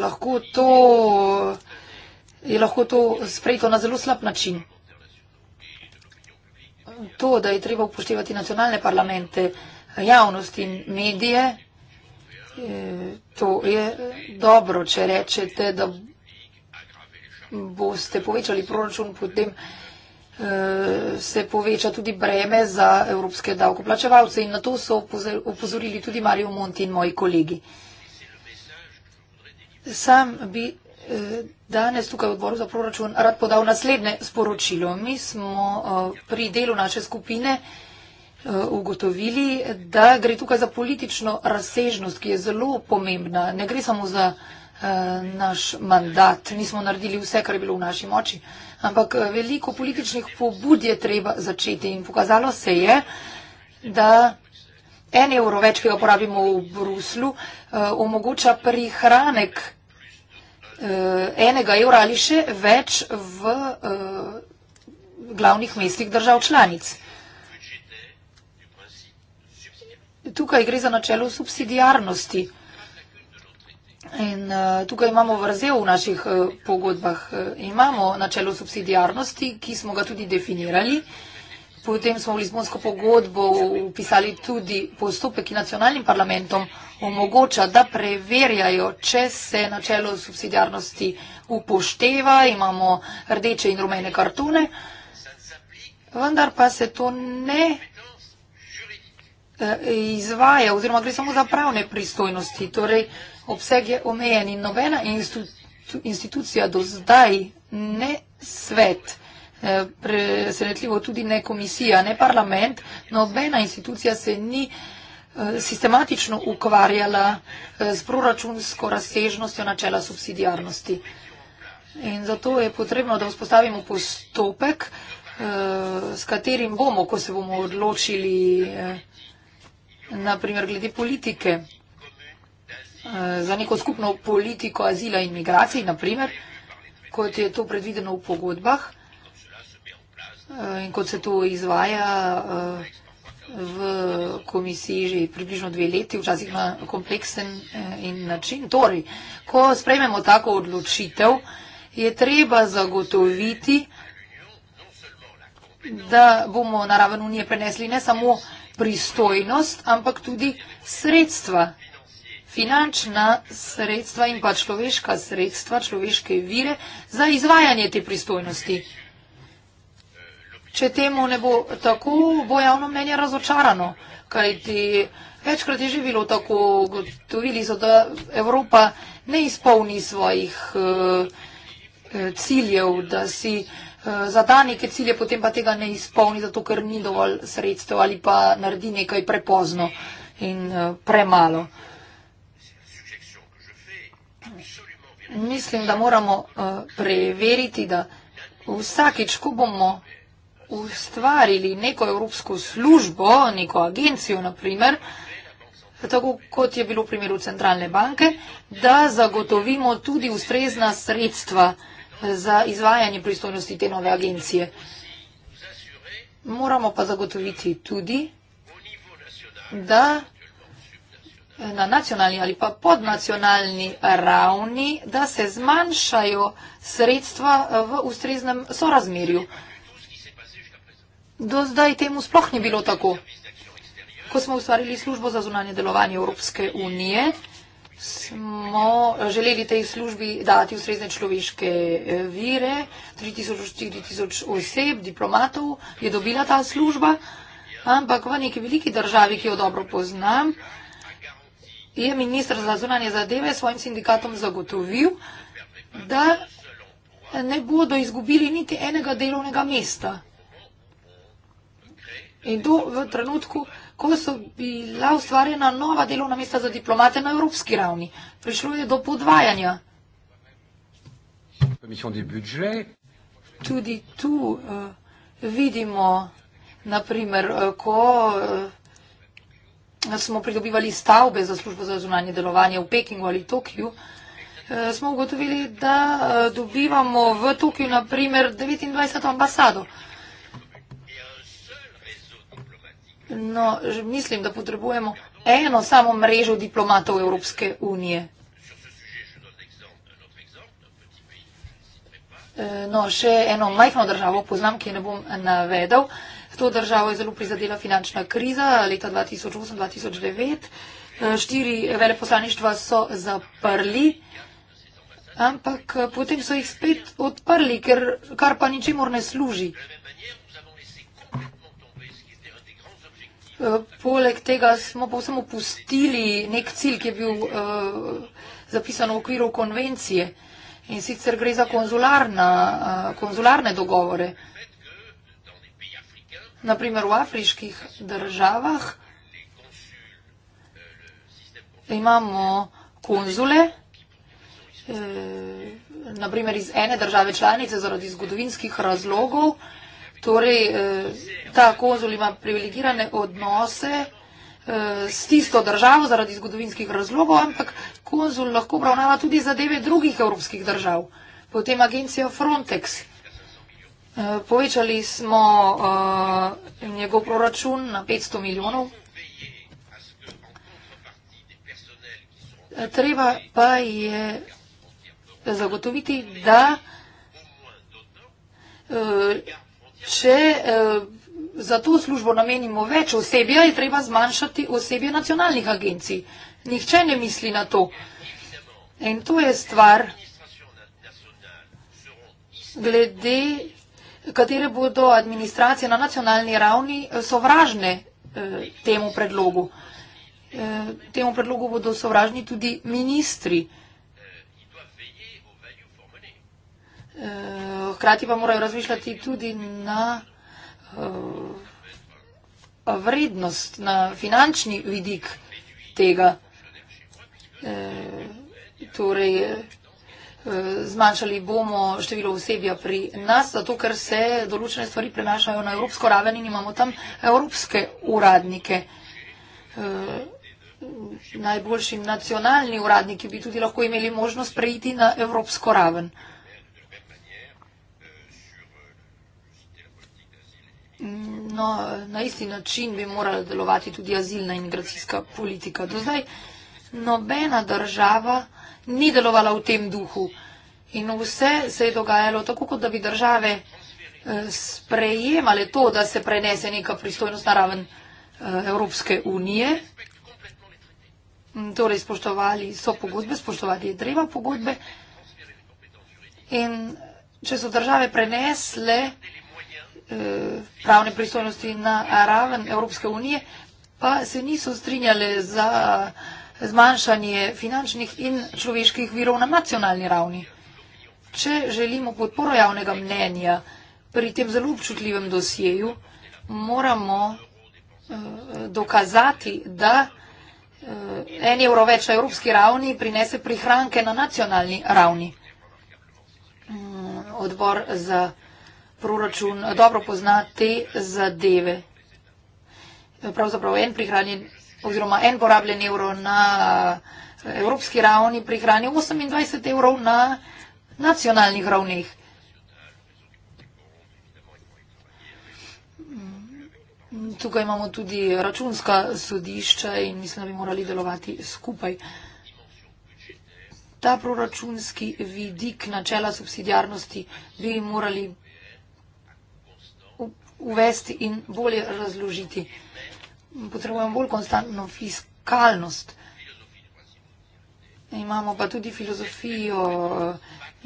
lahko to, je lahko to sprejeto na zelo slab način to, da je treba upoštevati nacionalne parlamente, javnosti in medije, eh, to je dobro, če rečete, da boste povečali proračun, potem eh, se poveča tudi breme za evropske davkoplačevalce in na to so upozorili tudi Mario Monti in moji kolegi. Sam bi danes tukaj v odboru za proračun rad podal naslednje sporočilo. Mi smo eh, pri delu naše skupine eh, ugotovili, da gre tukaj za politično razsežnost, ki je zelo pomembna. Ne gre samo za eh, naš mandat, nismo naredili vse, kar je bilo v naši moči, ampak veliko političnih pobud je treba začeti in pokazalo se je, da en evro več, ki ga porabimo v Bruslu, omogoča prihranek uh, enega evra ali še več v uh, glavnih mestih držav članic. Tukaj gre za načelo subsidijarnosti. In uh, tukaj imamo vrzel v naših uh, pogodbah. Uh, imamo načelo subsidijarnosti, ki smo ga tudi definirali uh, Potem smo v Lizbonsko pogodbo upisali tudi postopek, ki nacionalnim parlamentom omogoča, da preverjajo, če se načelo subsidijarnosti upošteva, imamo rdeče in rumene kartone, vendar pa se to ne eh, izvaja oziroma gre samo za pravne pristojnosti. Torej, obseg je omejen in nobena institucija do zdaj ne svet. Eh, presenetljivo tudi ne komisija, ne parlament, nobena institucija se ni eh, sistematično ukvarjala eh, s proračunsko razsežnostjo načela subsidijarnosti. In zato je potrebno, da vzpostavimo postopek, s katerim bomo, ko se bomo odločili, naprimer glede politike, za neko skupno politiko azila in migracij, naprimer, kot je to predvideno v pogodbah, Eh, in kot se to izvaja eh, v komisiji že približno dve leti, včasih na kompleksen eh, in način. Torej, ko sprejmemo tako odločitev, je treba zagotoviti, da bomo na raven unije prenesli ne samo pristojnost, ampak tudi sredstva, finančna sredstva in pa človeška sredstva, človeške vire za izvajanje te pristojnosti če temu ne bo tako, bo javno mnenje razočarano, kajti večkrat je živilo tako, gotovili so, da Evropa ne izpolni svojih uh, ciljev, da si uh, zada neke cilje, potem pa tega ne izpolni, zato ker ni dovolj sredstev ali pa naredi nekaj prepozno in uh, premalo. Mislim, da moramo uh, preveriti, da vsakič, ko bomo ustvarili neko evropsko službo, neko agencijo naprimer, tako kot je bilo v primeru centralne banke, da zagotovimo tudi ustrezna sredstva za izvajanje pristojnosti te nove agencije. Moramo pa zagotoviti tudi, da na nacionalni ali pa podnacionalni ravni, da se zmanjšajo sredstva v ustreznem sorazmerju. Do zdaj temu sploh ni bilo tako. Ko smo ustvarili službo za zunanje delovanje Evropske unije, smo želeli tej službi dati ustrezne človeške eh, vire, 3000 oseb, diplomatov je dobila ta služba, ampak v neki veliki državi, ki jo dobro poznam, je ministr za zunanje zadeve svojim sindikatom zagotovil, da ne bodo izgubili niti enega delovnega mesta. In to v trenutku, ko so bila ustvarjena nova delovna mesta za diplomate na evropski ravni. Prišlo je do podvajanja. Tudi tu uh, vidimo, naprimer, uh, eh, ko uh, smo pridobivali stavbe za službo za zunanje delovanje v Pekingu ali Tokiju, uh, smo ugotovili, da uh, dobivamo v Tokiju naprimer 29 ambasado. Uh, No, že mislim, da potrebujemo eno samo mrežo diplomatov Evropske unije. E, no, še eno majhno državo poznam, ki je ne bom navedel. To državo je zelo prizadela finančna kriza leta 2008-2009. E, štiri veleposlaništva so zaprli, ampak potem so jih spet odprli, ker kar pa ničemor ne služi. Eh, poleg tega smo povsem opustili nek cilj, ki je bil eh, zapisan v okviru konvencije in sicer gre za eh, konzularne dogovore. Naprimer v afriških državah imamo konzule, naprimer iz ene države članice zaradi zgodovinskih razlogov, Torej, eh, ta konzul ima privilegirane odnose eh, s tisto državo zaradi zgodovinskih razlogov, ampak konzul lahko obravnava tudi zadeve drugih evropskih držav. Potem agencija Frontex. Eh, povečali smo njegov proračun na 500 milijonov. Treba pa je zagotoviti, da če eh, za to službo namenimo več osebja, je treba zmanjšati osebje nacionalnih agencij. Nihče ne misli na to. In to je stvar, glede katere bodo administracije na nacionalni ravni eh, sovražne eh, temu predlogu. Eh, temu predlogu bodo sovražni tudi ministri. Eh, hkrati pa morajo razmišljati tudi na eh, vrednost, na finančni vidik tega. Eh, torej, eh, zmanjšali bomo število osebja pri nas, zato ker se določene stvari prenašajo na evropsko raven in imamo tam evropske uradnike. Najboljši nacionalni uradniki bi tudi lahko imeli možnost preiti na evropsko raven. No, na isti način bi morala delovati tudi azilna in migracijska politika. Do zdaj nobena država ni delovala v tem duhu in vse se je dogajalo tako, kot da bi države eh, sprejemale to, da se prenese neka pristojnost na raven eh, Evropske unije. Torej, spoštovali so pogodbe, spoštovati je treba pogodbe. In če so države prenesle Eh, pravne pristojnosti na raven Evropske unije, pa se niso strinjale za zmanjšanje finančnih in človeških virov na nacionalni ravni. Če želimo podporo javnega mnenja pri tem zelo občutljivem dosjeju, moramo eh, dokazati, da eh, en evro več na evropski ravni prinese prihranke na nacionalni ravni. Mm, odbor za vsega proračun dobro pozna te zadeve. Pravzaprav en prihranjen oziroma en porabljen evro na eh, evropski ravni prihrani 28 evrov na nacionalnih ravnih. Tukaj imamo tudi računska sodišča in mislim, da bi morali delovati skupaj. Ta proračunski vidik načela subsidijarnosti bi morali uvesti in bolje razložiti. Potrebujemo bolj konstantno fiskalnost. Imamo pa tudi filozofijo eh,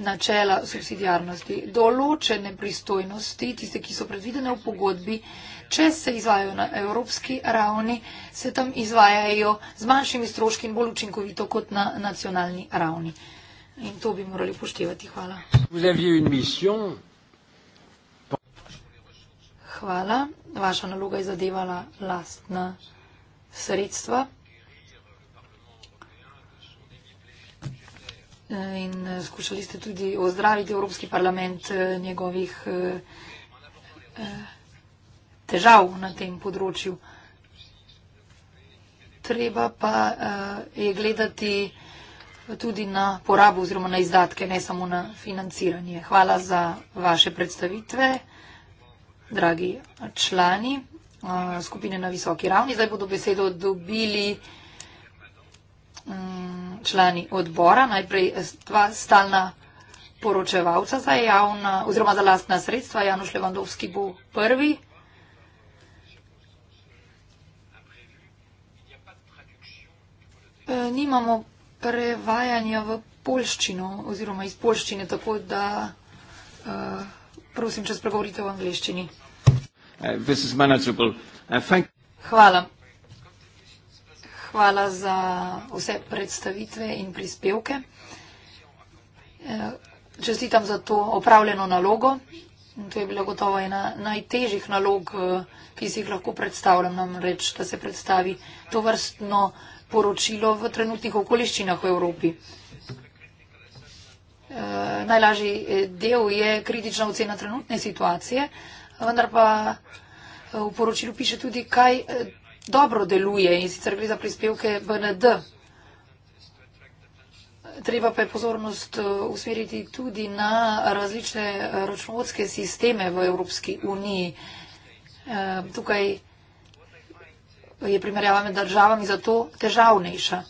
načela subsidijarnosti. Določene pristojnosti, tiste, ki so predvidene v pogodbi, če se izvajajo na evropski ravni, se tam izvajajo z manjšimi stroški in bolj učinkovito kot na nacionalni ravni. In to bi morali poštevati. Hvala hvala. Vaša naloga je zadevala lastna sredstva. In eh, skušali ste tudi ozdraviti Evropski parlament eh, njegovih eh, težav na tem področju. Treba pa je gledati tudi na porabo oziroma na izdatke, ne samo na financiranje. Hvala za vaše predstavitve dragi člani eh, skupine na visoki ravni. Zdaj bodo besedo dobili mm, člani odbora, najprej eh, dva stalna poročevalca za javna oziroma za lastna sredstva. Januš Levandovski bo prvi. Eh, nimamo prevajanja v polščino oziroma iz polščine, tako da Prosim, če spregovorite v angliščini. Uh, uh, Hvala. Hvala za vse predstavitve in prispevke. Uh, čestitam za to opravljeno nalogo. To je bila gotovo ena najtežjih nalog, ki si jih lahko predstavljam nam reč, da se predstavi to vrstno poročilo v trenutnih okoliščinah v Evropi. Eh, najlažji eh, del je kritična ocena trenutne situacije, vendar pa eh, v poročilu piše tudi, kaj dobro deluje in sicer gre za prispevke BND. Treba pa je pozornost usmeriti tudi na različne računovodske sisteme v Evropski uniji. Tukaj je primerjava med državami zato težavnejša.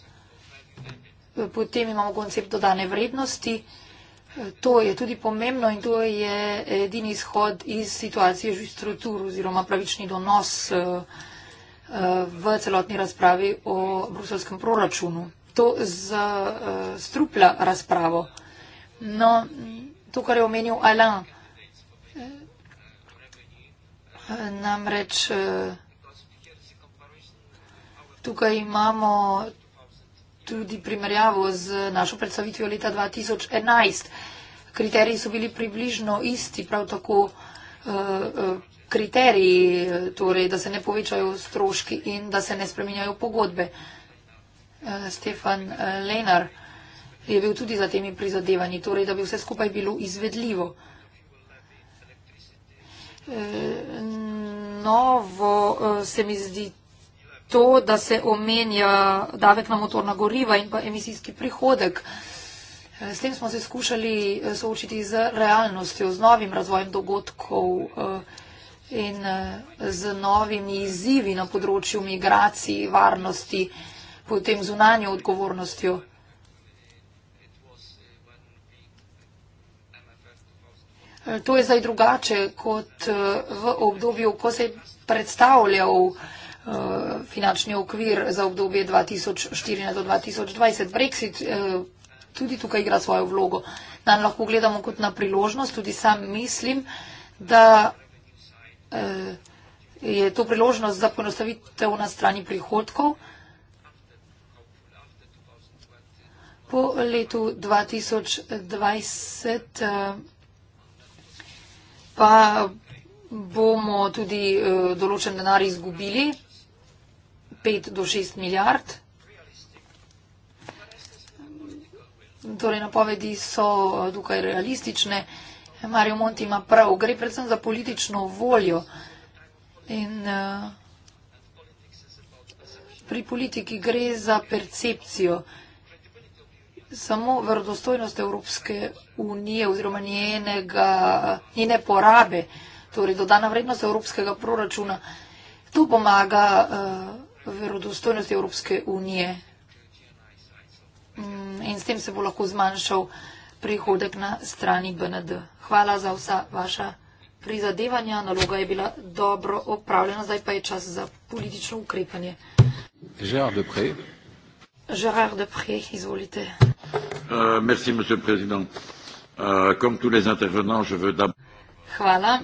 Potem imamo koncept dodane vrednosti. To je tudi pomembno in to je edini izhod iz situacije žistrotur oziroma pravični donos eh, eh, v celotni razpravi o bruselskem proračunu. To zastruplja razpravo. No, to, kar je omenil Alain, eh, namreč tukaj imamo tudi primerjavo z našo predstavitvijo leta 2011. Kriteriji so bili približno isti, prav tako eh, eh, kriteriji, torej, da se ne povečajo stroški in da se ne spreminjajo pogodbe. Eh, Stefan Lenar je bil tudi za temi prizadevanji, torej, da bi vse skupaj bilo izvedljivo. Novo se mi zdi to, da se omenja davek na motorna goriva in pa emisijski prihodek. Eh, s tem smo se skušali eh, soočiti z realnostjo, z novim razvojem dogodkov eh, in z novimi izzivi na področju migracij, varnosti, potem zunanjo odgovornostjo. To je zdaj drugače kot v obdobju, ko se je predstavljal Eh, finančni okvir za obdobje 2014 do 2020. Brexit eh, tudi tukaj igra svojo vlogo. Nam lahko gledamo kot na priložnost, tudi sam mislim, da eh, je to priložnost za ponostavitev na strani prihodkov. Po letu 2020 pa bomo tudi določen denar izgubili. 5 do 6 milijard. Torej, napovedi so eh, tukaj realistične. Mario Monti ima prav, gre predvsem za politično voljo. In eh, pri politiki gre za percepcijo. Samo verodostojnost Evropske unije oziroma njenega, njene porabe, torej dodana vrednost Evropskega proračuna, to pomaga uh, verodostojnost Evropske unije. Mm, in s tem se bo lahko zmanjšal prihodek na strani BND. Hvala za vsa vaša prizadevanja. Naloga je bila dobro opravljena, zdaj pa je čas za politično ukrepanje. Gerard Depre. Gerard Depre, izvolite. Uh, merci, euh, Hvala,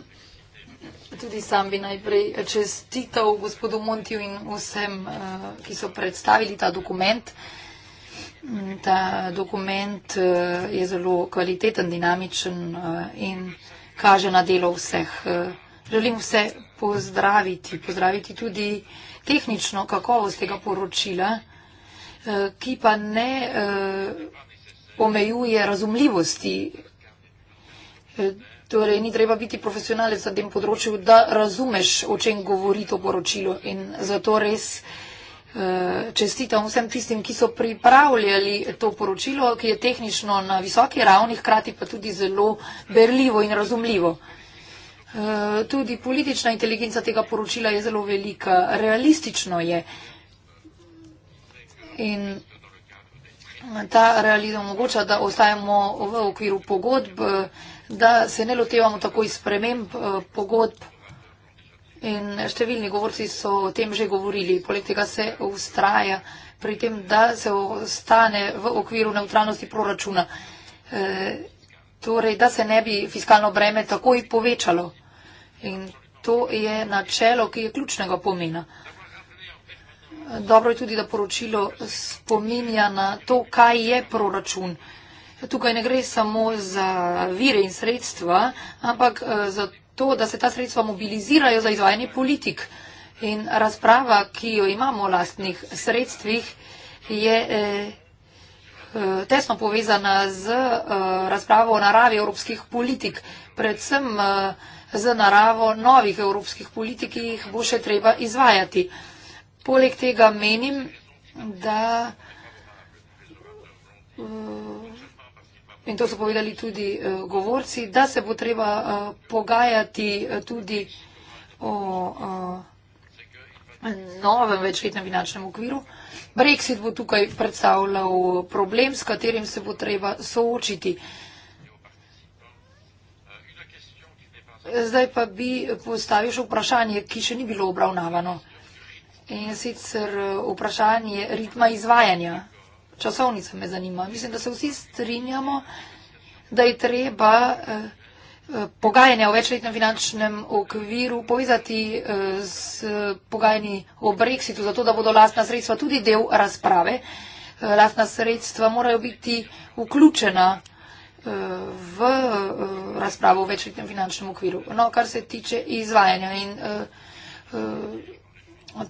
tudi sam bi najprej eh, čestital gospodu Montiju in vsem, eh, ki so predstavili ta dokument. Mm, ta dokument eh, je zelo kvaliteten, dinamičen in kaže na delo vseh. Želim vse pozdraviti, pozdraviti tudi tehnično kakovost tega poročila, ki pa ne omejuje razumljivosti Torej, ni treba biti profesionalec na tem področju, da razumeš, o čem govori to poročilo. In zato res eh, čestitam vsem tistim, ki so pripravljali to poročilo, ki je tehnično na visoki ravni, hkrati pa tudi zelo berljivo in razumljivo. Eh, tudi politična inteligenca tega poročila je zelo velika. Realistično je. In ta realizem omogoča, da ostajamo v okviru pogodb da se ne lotevamo tako iz sprememb eh, pogodb. In številni govorci so o tem že govorili. Poleg tega se ustraja pri tem, da se ostane v okviru neutralnosti proračuna. E, torej, da se ne bi fiskalno breme takoj povečalo. In to je načelo, ki je ključnega pomena. Dobro je tudi, da poročilo spominja na to, kaj je proračun tukaj ne gre samo za vire in sredstva, ampak eh, za to, da se ta sredstva mobilizirajo za izvajanje politik. In razprava, ki jo imamo o lastnih sredstvih, je eh, eh, tesno povezana z razpravo o naravi evropskih politik, predvsem z naravo novih evropskih politik, ki jih bo še treba izvajati. Poleg tega menim, da in to so povedali tudi uh, govorci, da se bo treba uh, pogajati uh, tudi o uh, novem večletnem finančnem okviru. Brexit bo tukaj predstavljal problem, s katerim se bo treba soočiti. Zdaj pa bi postavil še vprašanje, ki še ni bilo obravnavano. In sicer vprašanje ritma izvajanja časovnica me zanima. Mislim, da se vsi strinjamo, da je treba eh, eh, pogajanja o večletnem finančnem okviru povezati eh, s pogajanji o brexitu, zato da bodo lastna sredstva tudi del razprave. Lastna sredstva morajo biti vključena v razpravo o večletnem finančnem okviru. No, kar se tiče izvajanja in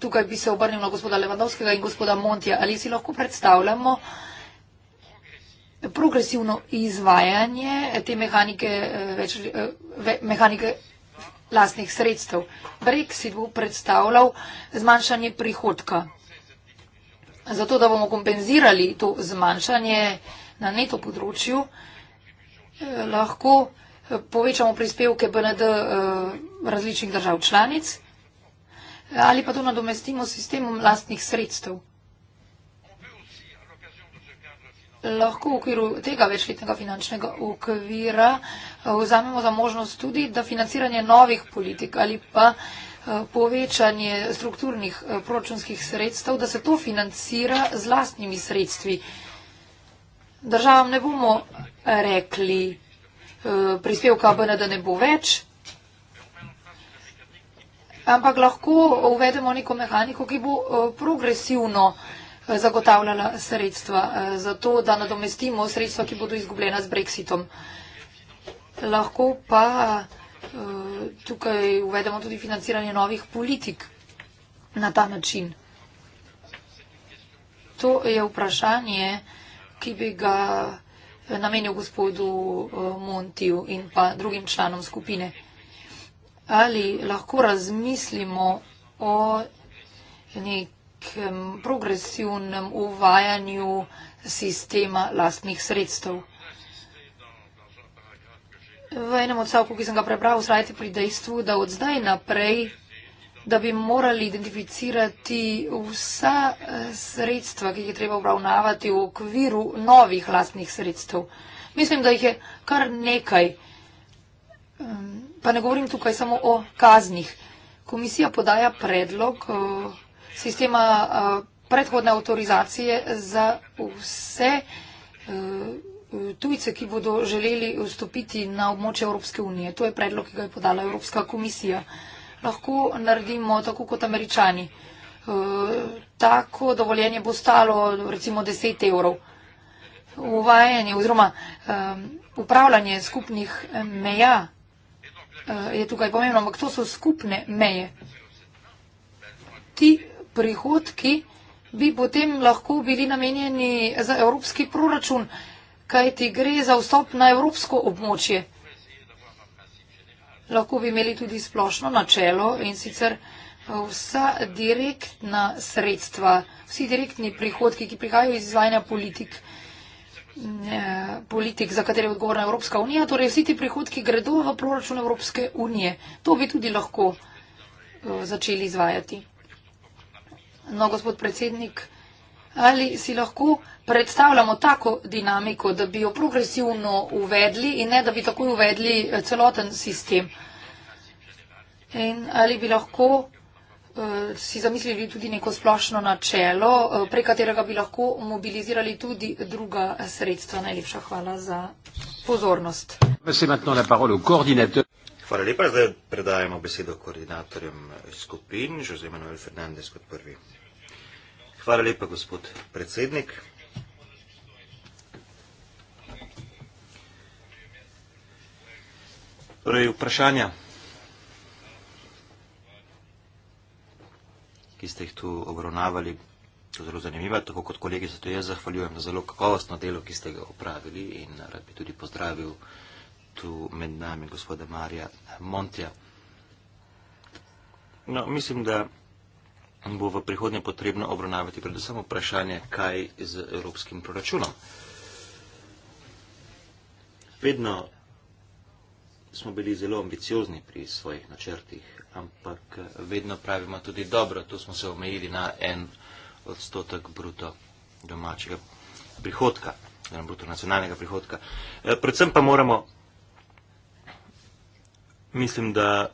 Tukaj bi se obrnil na gospoda Levandovskega in gospoda Montija. Ali si lahko predstavljamo progresivno izvajanje te mehanike, eh, več, eh, mehanike lastnih sredstev? Brexit bo predstavljal zmanjšanje prihodka. Zato, da bomo kompenzirali to zmanjšanje na neto področju, eh, lahko povečamo prispevke BND različnih držav članic ali pa to nadomestimo s sistemom lastnih sredstev. Lahko v okviru tega večletnega finančnega okvira eh, vzamemo za možnost tudi, da financiranje novih politik ali pa eh, povečanje strukturnih eh, proračunskih sredstev, da se to financira z lastnimi sredstvi. Državam ne bomo rekli, prispevka BND ne bo več, ampak lahko uvedemo neko mehaniko, ki bo eh, progresivno eh, zagotavljala sredstva eh, za to, da nadomestimo sredstva, ki bodo izgubljena z brexitom. Lahko pa tukaj uvedemo tudi financiranje novih politik na ta način. To je vprašanje, ki bi ga namenil gospodu Montiju in pa drugim članom skupine ali lahko razmislimo o nekem progresivnem uvajanju sistema lastnih sredstev. V enem odstavku, ki sem ga prebral, vzrajte pri dejstvu, da od zdaj naprej, da bi morali identificirati vsa eh, sredstva, ki jih je treba obravnavati v okviru novih lastnih sredstev. Mislim, da jih je kar nekaj sredstv pa ne govorim tukaj samo o kaznih. Komisija podaja predlog eh, sistema eh, predhodne avtorizacije za vse eh, tujce, ki bodo želeli vstopiti na območje Evropske unije. To je predlog, ki ga je podala Evropska komisija. Lahko naredimo tako kot američani. Tako dovoljenje bo stalo recimo 10 evrov. Uvajanje oziroma upravljanje skupnih meja Eh, je tukaj pomembno, ampak to so skupne meje. Ti prihodki bi potem lahko bili namenjeni za evropski proračun, kaj ti gre za vstop na evropsko območje. Lahko bi imeli tudi splošno načelo in sicer eh, vsa direktna sredstva, vsi direktni prihodki, ki prihajajo iz izvajanja politik. Eh, politik, za katere je odgovorna Evropska unija, torej vsi ti prihodki gredo v proračun Evropske unije. To bi tudi lahko eh, začeli izvajati. No, gospod predsednik, ali si lahko predstavljamo tako dinamiko, da bi jo progresivno uvedli in ne, da bi takoj uvedli eh, celoten sistem? In ali bi lahko Eh, si zamislili tudi neko splošno načelo, eh, prek katerega bi lahko mobilizirali tudi druga sredstva. Najlepša hvala za pozornost. Hvala lepa. Zdaj predajamo besedo koordinatorjem skupin, Jose Manuel Fernandez kot prvi. Hvala lepa, gospod predsednik. Torej, vprašanja. ki ste jih tu obravnavali. To je zelo zanimivo, tako kot kolegi, zato jaz zahvaljujem na zelo kakovostno delo, ki ste ga opravili in rad bi tudi pozdravil tu med nami gospoda Marija Montja. No, mislim, da bo v prihodnje potrebno obravnavati predvsem vprašanje, kaj z evropskim proračunom. Vedno smo bili zelo ambiciozni pri svojih načrtih, ampak eh, vedno pravimo tudi dobro, tu smo se omejili na en odstotek bruto domačega prihodka, oziroma bruto nacionalnega prihodka. Eh, predvsem pa moramo, mislim, da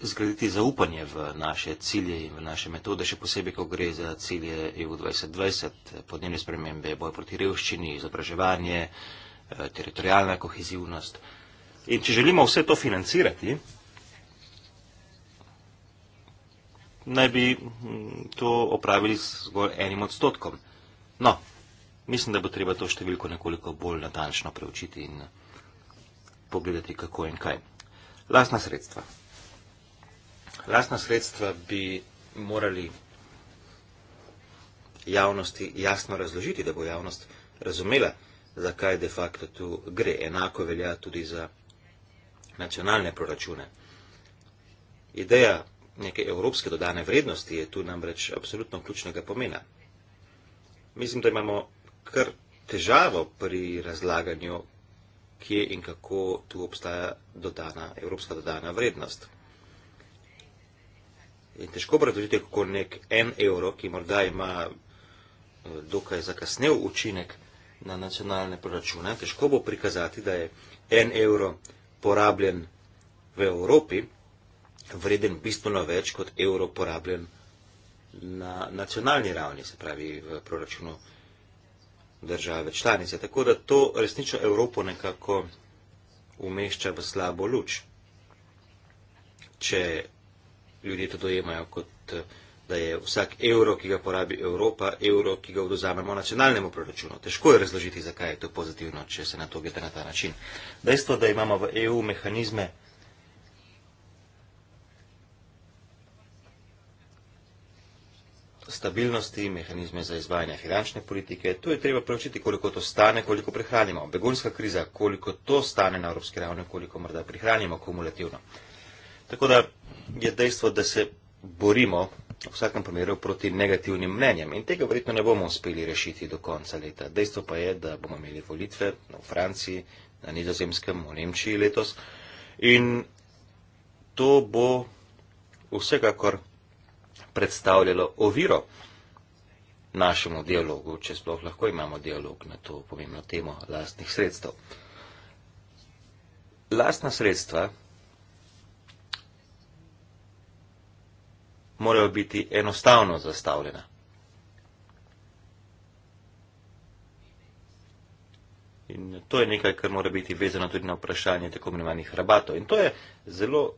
zgraditi zaupanje v naše cilje in v naše metode, še posebej, ko gre za cilje EU 2020, podnebne spremembe, boj proti revščini, izobraževanje, eh, teritorijalna kohezivnost. In če želimo vse to financirati, naj bi mm, to opravili zgolj enim odstotkom. No, mislim, da bo treba to številko nekoliko bolj natančno preučiti in pogledati, kako in kaj. Lastna sredstva. Lastna sredstva bi morali javnosti jasno razložiti, da bo javnost razumela, zakaj de facto tu gre. Enako velja tudi za nacionalne proračune. Ideja neke evropske dodane vrednosti je tu namreč absolutno ključnega pomena. Mislim, da imamo kar težavo pri razlaganju, kje in kako tu obstaja dodana, evropska dodana vrednost. In težko predložite, kako nek en evro, ki morda ima eh, dokaj zakasnel učinek na nacionalne proračune, težko bo prikazati, da je en evro porabljen v Evropi, vreden bistveno več kot evro porabljen na nacionalni ravni, se pravi v proračunu države članice. Tako da to resnično Evropo nekako umešča v slabo luč, če ljudje to dojemajo kot eh, da je vsak evro, ki ga porabi Evropa, evro, ki ga oduzamemo nacionalnemu proračunu. Težko je razložiti, zakaj je to pozitivno, če se na to gleda na ta način. Dejstvo, da imamo v EU mehanizme, stabilnosti, mehanizme za izvajanje finančne politike. Tu je treba preučiti, koliko to stane, koliko prihranimo. Begunska kriza, koliko to stane na evropski ravni, koliko morda prihranimo kumulativno. Tako da je dejstvo, da se borimo v vsakem primeru proti negativnim mnenjem in tega verjetno ne bomo uspeli rešiti do konca leta. Dejstvo pa je, da bomo imeli volitve v Franciji, na Nizozemskem, v Nemčiji letos in to bo vsekakor predstavljalo oviro našemu dialogu, če sploh lahko imamo dialog na to pomembno temo lastnih sredstev. Lastna sredstva morajo biti enostavno zastavljena. In to je nekaj, kar mora biti vezano tudi na vprašanje tako imenovanih rabatov. In to je zelo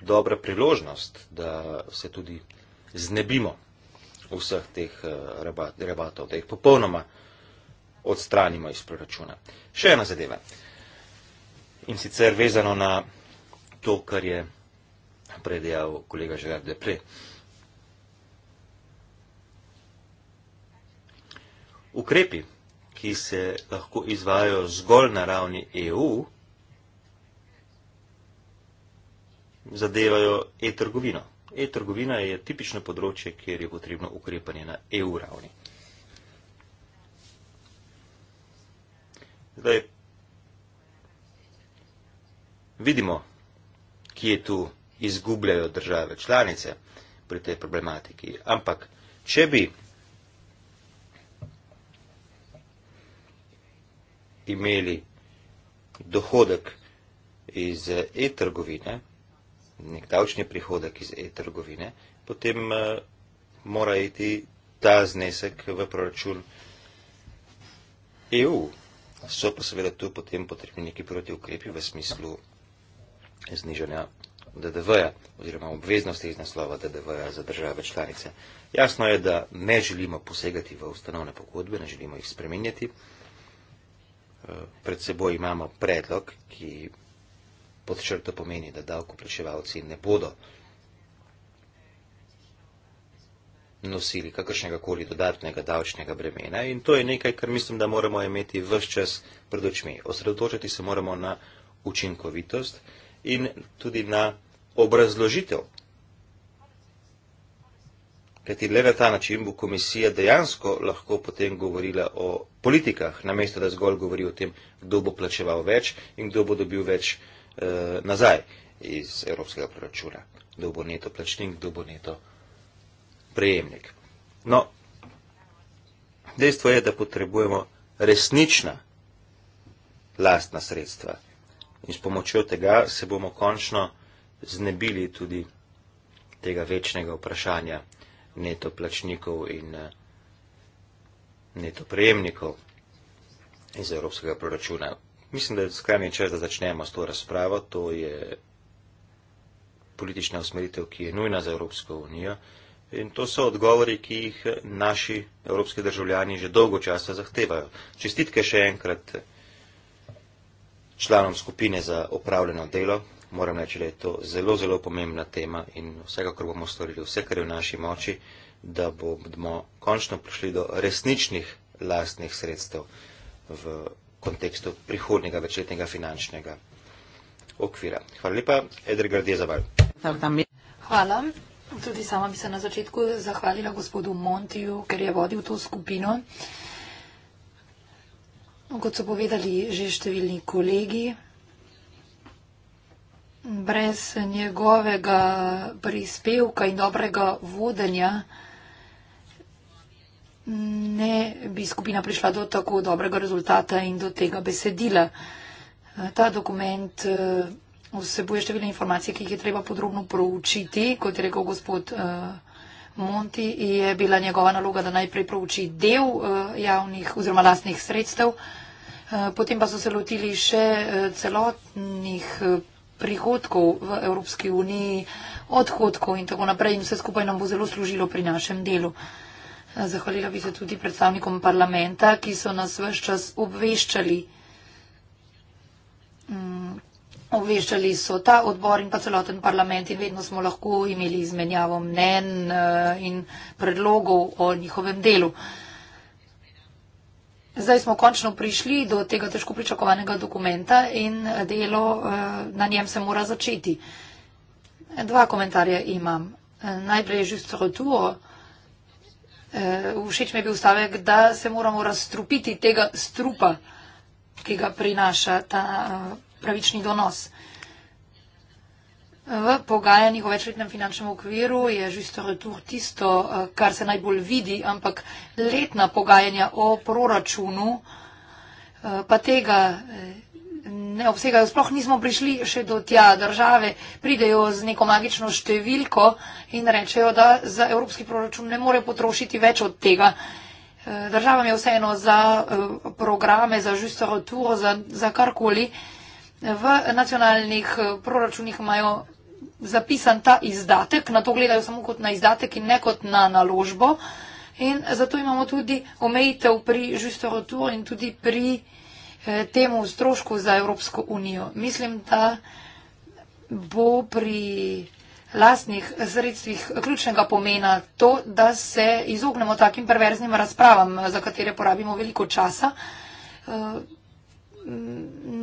dobra priložnost, da se tudi znebimo vseh teh eh, rabatov, da jih popolnoma odstranimo iz proračuna. Še ena zadeva. In sicer vezano na to, kar je predejal kolega Žegard Depre. Ukrepi, ki se lahko izvajo zgolj na ravni EU, zadevajo e-trgovino. E-trgovina je tipično področje, kjer je potrebno ukrepanje na EU ravni. Zdaj, vidimo, kje tu izgubljajo države članice pri tej problematiki. Ampak, če bi imeli dohodek iz eh, e-trgovine, nek davčni prihodek iz e-trgovine, potem eh, mora iti ta znesek v proračun EU. So pa seveda tu potem potrebni neki protiukrepi v smislu znižanja DDV-ja oziroma obveznosti iz naslova DDV-ja za države članice. Jasno je, da ne želimo posegati v ustanovne pogodbe, ne želimo jih spremenjati pred seboj imamo predlog, ki pod črto pomeni, da davkoplačevalci ne bodo nosili kakršnega koli dodatnega davčnega bremena in to je nekaj, kar mislim, da moramo imeti vse čas pred očmi. Osredotočiti se moramo na učinkovitost in tudi na obrazložitev Kajti le na ta način bo komisija dejansko lahko potem govorila o politikah, namesto da zgolj govori o tem, kdo bo plačeval več in kdo bo dobil več e, nazaj iz evropskega proračuna. Kdo bo neto plačnik, kdo bo neto prejemnik. No, dejstvo je, da potrebujemo resnična lastna sredstva in s pomočjo tega se bomo končno znebili tudi tega večnega vprašanja neto plačnikov in eh, neto prejemnikov iz evropskega proračuna. Mislim, da je skrajni čas, da začnemo s to razpravo. To je politična usmeritev, ki je nujna za Evropsko unijo. In to so odgovori, ki jih eh, naši evropski državljani že dolgo časa zahtevajo. Čestitke še enkrat eh, članom skupine za opravljeno delo moram reči, da je to zelo, zelo pomembna tema in vsekakor bomo storili vse, kar je v naši moči, da bomo končno prišli do resničnih lastnih sredstev v kontekstu prihodnjega večletnega finančnega okvira. Hvala lepa, Edgar Dezaval. Hvala. Tudi sama bi se na začetku zahvalila gospodu Montiju, ker je vodil to skupino. Kot so povedali že številni kolegi, brez njegovega prispevka in dobrega vodenja ne bi skupina prišla do tako dobrega rezultata in do tega besedila. Ta dokument eh, vsebuje številne informacije, ki jih je treba podrobno proučiti, kot je rekel gospod eh, Monti, je bila njegova naloga, da najprej prouči del eh, javnih oziroma lastnih sredstev, potem pa so se lotili še celotnih prihodkov v Evropski uniji, odhodkov in tako naprej in vse skupaj nam bo zelo služilo pri našem delu. Zahvalila bi se tudi predstavnikom parlamenta, ki so nas vse čas obveščali. Mm, obveščali so ta odbor in pa celoten parlament in vedno smo lahko imeli izmenjavo mnen eh, in predlogov o njihovem delu. Zdaj smo končno prišli do tega težko pričakovanega dokumenta in delo eh, na njem se mora začeti. Dva komentarja imam. Najprej je žist rotuo. Eh, všeč mi je bil stavek, da se moramo razstrupiti tega strupa, ki ga prinaša ta eh, pravični donos. V pogajanjih o večletnem finančnem okviru je žisto retur tisto, eh, kar se najbolj vidi, ampak letna pogajanja o proračunu eh, pa tega eh, ne obsegajo. Sploh nismo prišli še do tja. Države pridejo z neko magično številko in rečejo, da za evropski proračun ne more potrošiti več od tega. Državam je vseeno za programe, za žisto retur, za, za karkoli. V nacionalnih proračunih imajo zapisan ta izdatek, na to gledajo samo kot na izdatek in ne kot na naložbo. In zato imamo tudi omejitev pri Justo Rotur in tudi pri eh, temu strošku za Evropsko unijo. Mislim, da bo pri lastnih sredstvih ključnega pomena to, da se izognemo takim perverznim razpravam, za katere porabimo veliko časa, eh,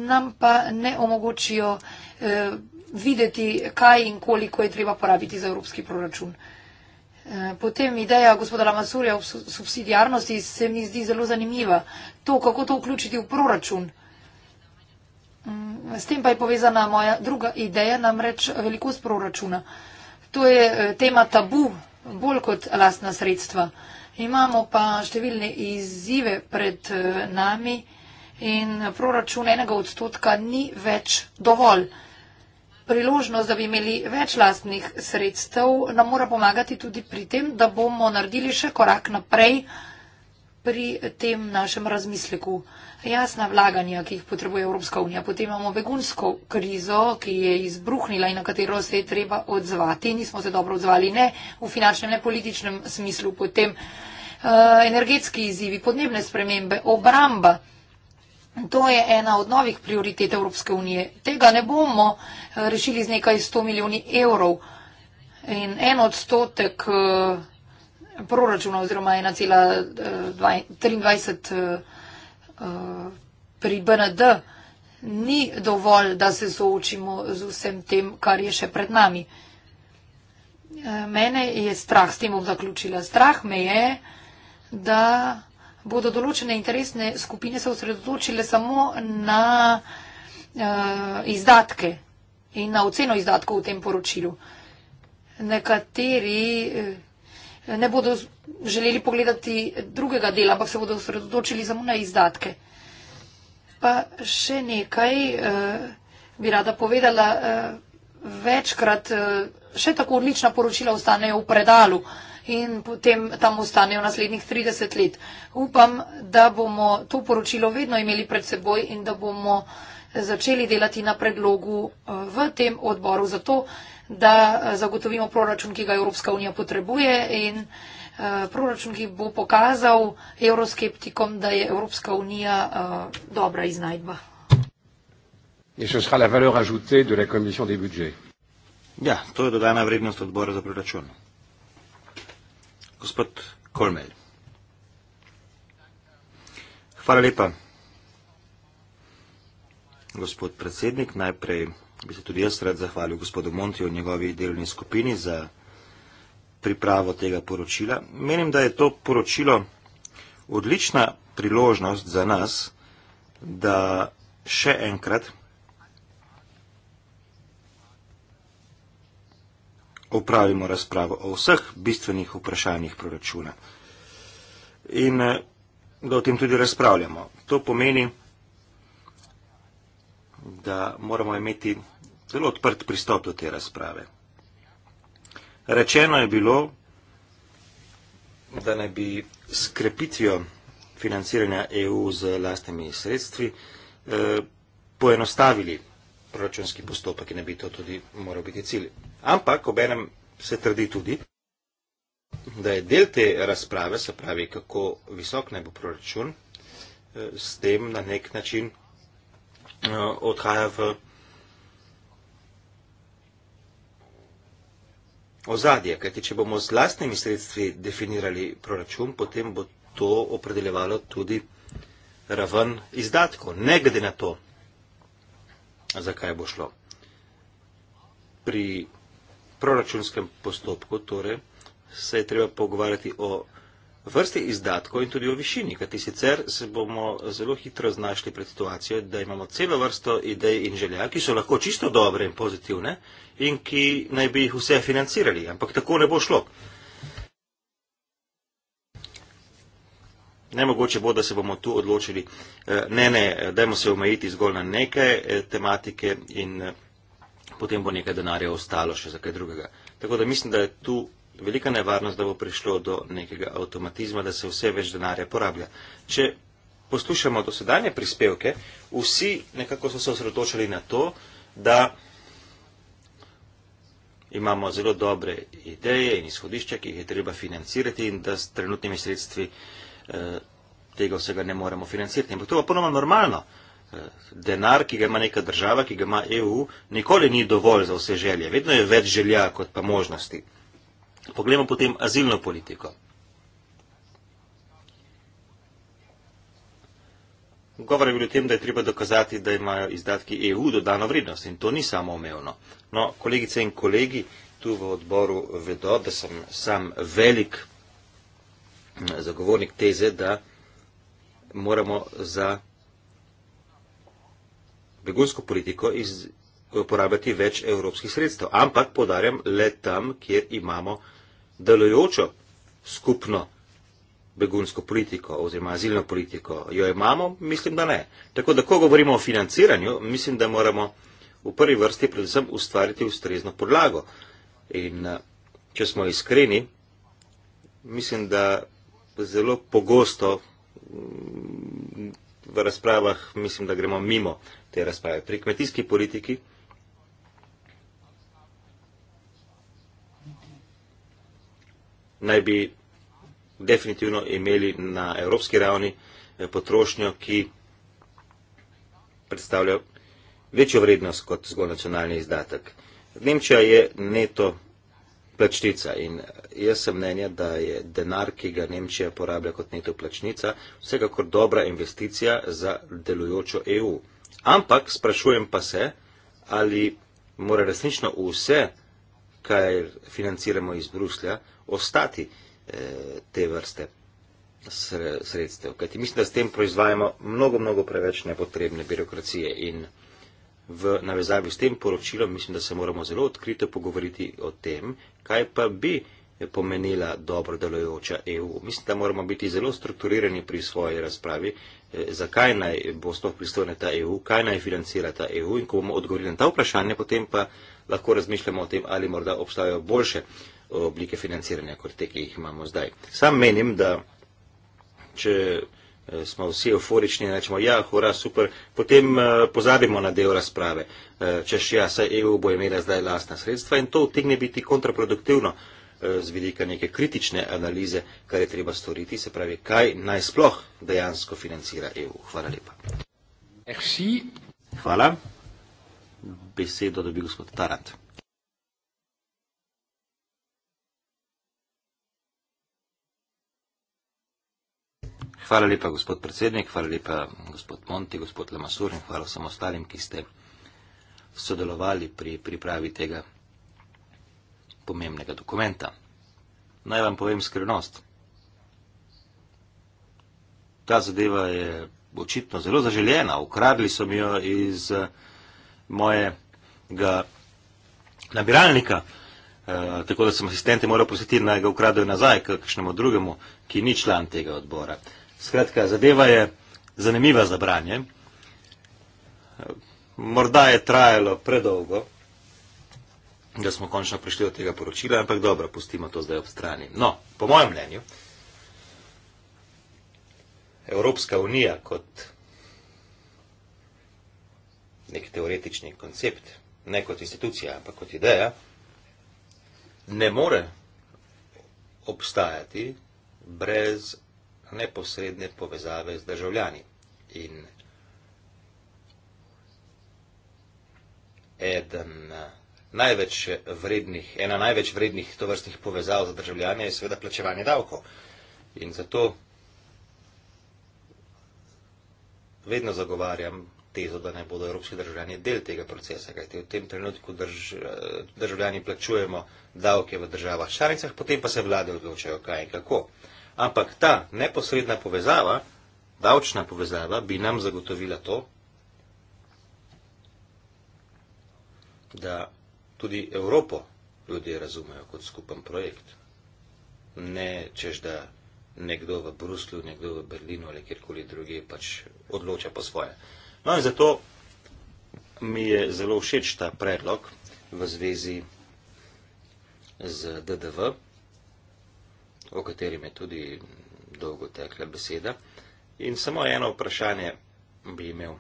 nam pa ne omogočijo. Eh, videti, kaj in koliko je treba porabiti za evropski proračun. Eh, potem ideja gospoda Lamasurja o subsidijarnosti se mi zdi zelo zanimiva. To, kako to vključiti v proračun. Mm, s tem pa je povezana moja druga ideja, namreč velikost proračuna. To je eh, tema tabu, bolj kot lastna sredstva. Imamo pa številne izzive pred eh, nami in proračun enega odstotka ni več dovolj priložnost, da bi imeli več lastnih sredstev, nam mora pomagati tudi pri tem, da bomo naredili še korak naprej pri tem našem razmisleku. Jasna vlaganja, ki jih potrebuje Evropska unija. Potem imamo begunsko krizo, ki je izbruhnila in na katero se je treba odzvati. Nismo se dobro odzvali ne v finančnem, ne političnem smislu. Potem uh, energetski izzivi, podnebne spremembe, obramba. To je ena od novih prioritet Evropske unije. Tega ne bomo eh, rešili z nekaj 100 milijoni evrov. In en odstotek eh, proračuna oziroma 1,23 eh, pri BND ni dovolj, da se soočimo z vsem tem, kar je še pred nami. Mene je strah, s tem bom zaključila. Strah me je, da bodo določene interesne skupine se osredotočile samo na uh, izdatke in na oceno izdatkov v tem poročilu. Nekateri eh, ne bodo želeli pogledati drugega dela, ampak se bodo osredotočili samo na izdatke. Pa še nekaj uh, bi rada povedala. Uh, večkrat uh, še tako odlična poročila ostanejo v predalu. Uh, in potem tam ostanejo naslednjih 30 let. Upam, da bomo to poročilo vedno imeli pred seboj in da bomo eh, začeli delati na predlogu eh, v tem odboru za to, da eh, zagotovimo proračun, ki ga Evropska unija potrebuje in proračun, ki bo pokazal evroskeptikom, da je Evropska unija dobra iznajdba. Ja, to je dodana vrednost odbora za proračun. Gospod Kolmel. Hvala lepa. Gospod predsednik, najprej bi se tudi jaz rad zahvalil gospodu Montiju in njegovi delovni skupini za pripravo tega poročila. Menim, da je to poročilo odlična priložnost za nas, da še enkrat opravimo razpravo o vseh bistvenih vprašanjih proračuna. In eh, da o tem tudi razpravljamo. To pomeni, da moramo imeti zelo odprt pristop do te razprave. Rečeno je bilo, da ne bi s krepitvijo financiranja EU z lastnimi sredstvi eh, poenostavili proračunski postopek in ne bi to tudi moral biti cilj. Ampak obenem se trdi tudi, da je del te razprave, se pravi, kako visok naj bo proračun, eh, s tem na nek način eh, odhaja v ozadje. Kajti, če bomo z lastnimi sredstvi definirali proračun, potem bo to opredeljevalo tudi raven izdatkov, ne glede na to, zakaj bo šlo. Pri proračunskem postopku, torej se je treba pogovarjati o vrsti izdatkov in tudi o višini, kajti sicer se bomo zelo hitro znašli pred situacijo, da imamo celo vrsto idej in želja, ki so lahko čisto dobre in pozitivne in ki naj bi jih vse financirali, ampak tako ne bo šlo. Nemogoče bo, da se bomo tu odločili, eh, ne, ne, dajmo se omejiti zgolj na neke eh, tematike in tematike, eh, potem bo nekaj denarja ostalo še za kaj drugega. Tako da mislim, da je tu velika nevarnost, da bo prišlo do nekega avtomatizma, da se vse več denarja porablja. Če poslušamo dosedanje prispevke, vsi nekako so se osredotočali na to, da imamo zelo dobre ideje in izhodišče, ki jih je treba financirati in da s trenutnimi sredstvi eh, tega vsega ne moremo financirati. In to je pa ponoma normalno. Eh, denar, ki ga ima neka država, ki ga ima EU, nikoli ni dovolj za vse želje. Vedno je več želja kot pa možnosti. Poglejmo potem azilno politiko. Govor je bil o tem, da je treba dokazati, da imajo izdatki EU dodano vrednost in to ni samo omevno. No, kolegice in kolegi tu v odboru vedo, da sem sam velik mm, zagovornik teze, da moramo za begunsko politiko iz, uporabljati več evropskih sredstev. Ampak podarjam le tam, kjer imamo delojočo skupno begunsko politiko oziroma azilno politiko. Jo imamo? Mislim, da ne. Tako da, ko govorimo o financiranju, mislim, da moramo v prvi vrsti predvsem ustvariti ustrezno podlago. In eh, če smo iskreni, mislim, da zelo pogosto v razpravah mislim, da gremo mimo te razprave. Pri kmetijski politiki. naj bi definitivno imeli na evropski ravni eh, potrošnjo, ki predstavlja večjo vrednost kot zgolj nacionalni izdatek. Nemčija je neto];――због plačnica. In jaz sem mnenja, da je denar, ki ga Nemčija porablja kot neto plačnica, vsekakor dobra investicija za delujočo EU. Ampak sprašujem pa se, ali mora resnično vse, kar financiramo iz Bruslja, ostati eh, te vrste sredstev. Kajti mislim, da s tem proizvajamo mnogo, mnogo preveč nepotrebne birokracije in v navezavi s tem poročilom, mislim, da se moramo zelo odkrito pogovoriti o tem, kaj pa bi pomenila dobro delojoča EU. Mislim, da moramo biti zelo strukturirani pri svoji razpravi, eh, zakaj naj bo sploh pristojna ta EU, kaj naj financira ta EU in ko bomo odgovorili na ta vprašanja, potem pa lahko razmišljamo o tem, ali morda obstajajo boljše eh, oblike financiranja kot te, ki jih imamo zdaj. Sam menim, da če Eh, smo vsi euforični in rečemo, ja, hora, super, potem eh, pozabimo na del razprave, eh, češ ja, saj EU bo imela zdaj lastna sredstva in to utegne biti kontraproduktivno z vidika neke kritične analize, kar je treba storiti, se pravi, kaj naj sploh dejansko financira EU. Hvala lepa. Merci. Hvala. Besedo dobil gospod Tarant. Hvala lepa, gospod predsednik, hvala lepa, gospod Monti, gospod Lemasur in hvala vsem ostalim, ki ste sodelovali pri pripravi tega pomembnega dokumenta. Naj vam povem skrivnost. Ta zadeva je očitno zelo zaželjena. Ukradli so mi jo iz eh, mojega nabiralnika, eh, tako da sem asistente moral prositi, naj ga ukradajo nazaj kakšnemu drugemu, ki ni član tega odbora. Skratka, zadeva je zanimiva za branje. Morda je trajalo predolgo, da smo končno prišli do tega poročila, ampak dobro, pustimo to zdaj ob strani. No, po mojem mnenju, Evropska unija kot nek teoretični koncept, ne kot institucija, ampak kot ideja, ne more obstajati brez neposredne povezave z državljani. In eden eh, največ vrednih, ena največ vrednih tovrstnih povezav za državljane je seveda plačevanje davkov. In zato vedno zagovarjam tezo, da ne bodo evropski državljani del tega procesa, kajte v tem trenutku drž, eh, državljani plačujemo davke v državah članicah, potem pa se vlade odločajo, kaj in kako. Ampak ta neposredna povezava, davčna povezava, bi nam zagotovila to, da tudi Evropo ljudje razumejo kot skupen projekt. Ne, češ da nekdo v Bruslju, nekdo v Berlinu ali kjerkoli druge pač odloča po svoje. No in zato mi je zelo všeč ta predlog v zvezi z DDV o katerem je tudi dolgo tekla beseda. In samo eno vprašanje bi imel.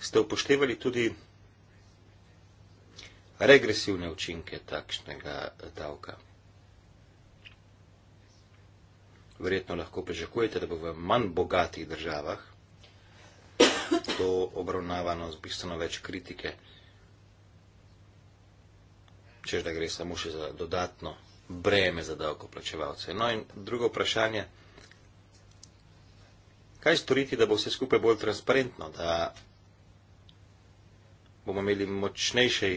Ste upoštevali tudi regresivne učinke takšnega davka? Verjetno lahko pričakujete, da bo v manj bogatih državah to obravnavano z bistveno več kritike čež da gre samo še za dodatno breme za davkoplačevalce. No in drugo vprašanje, kaj storiti, da bo vse skupaj bolj transparentno, da bomo imeli močnejšej,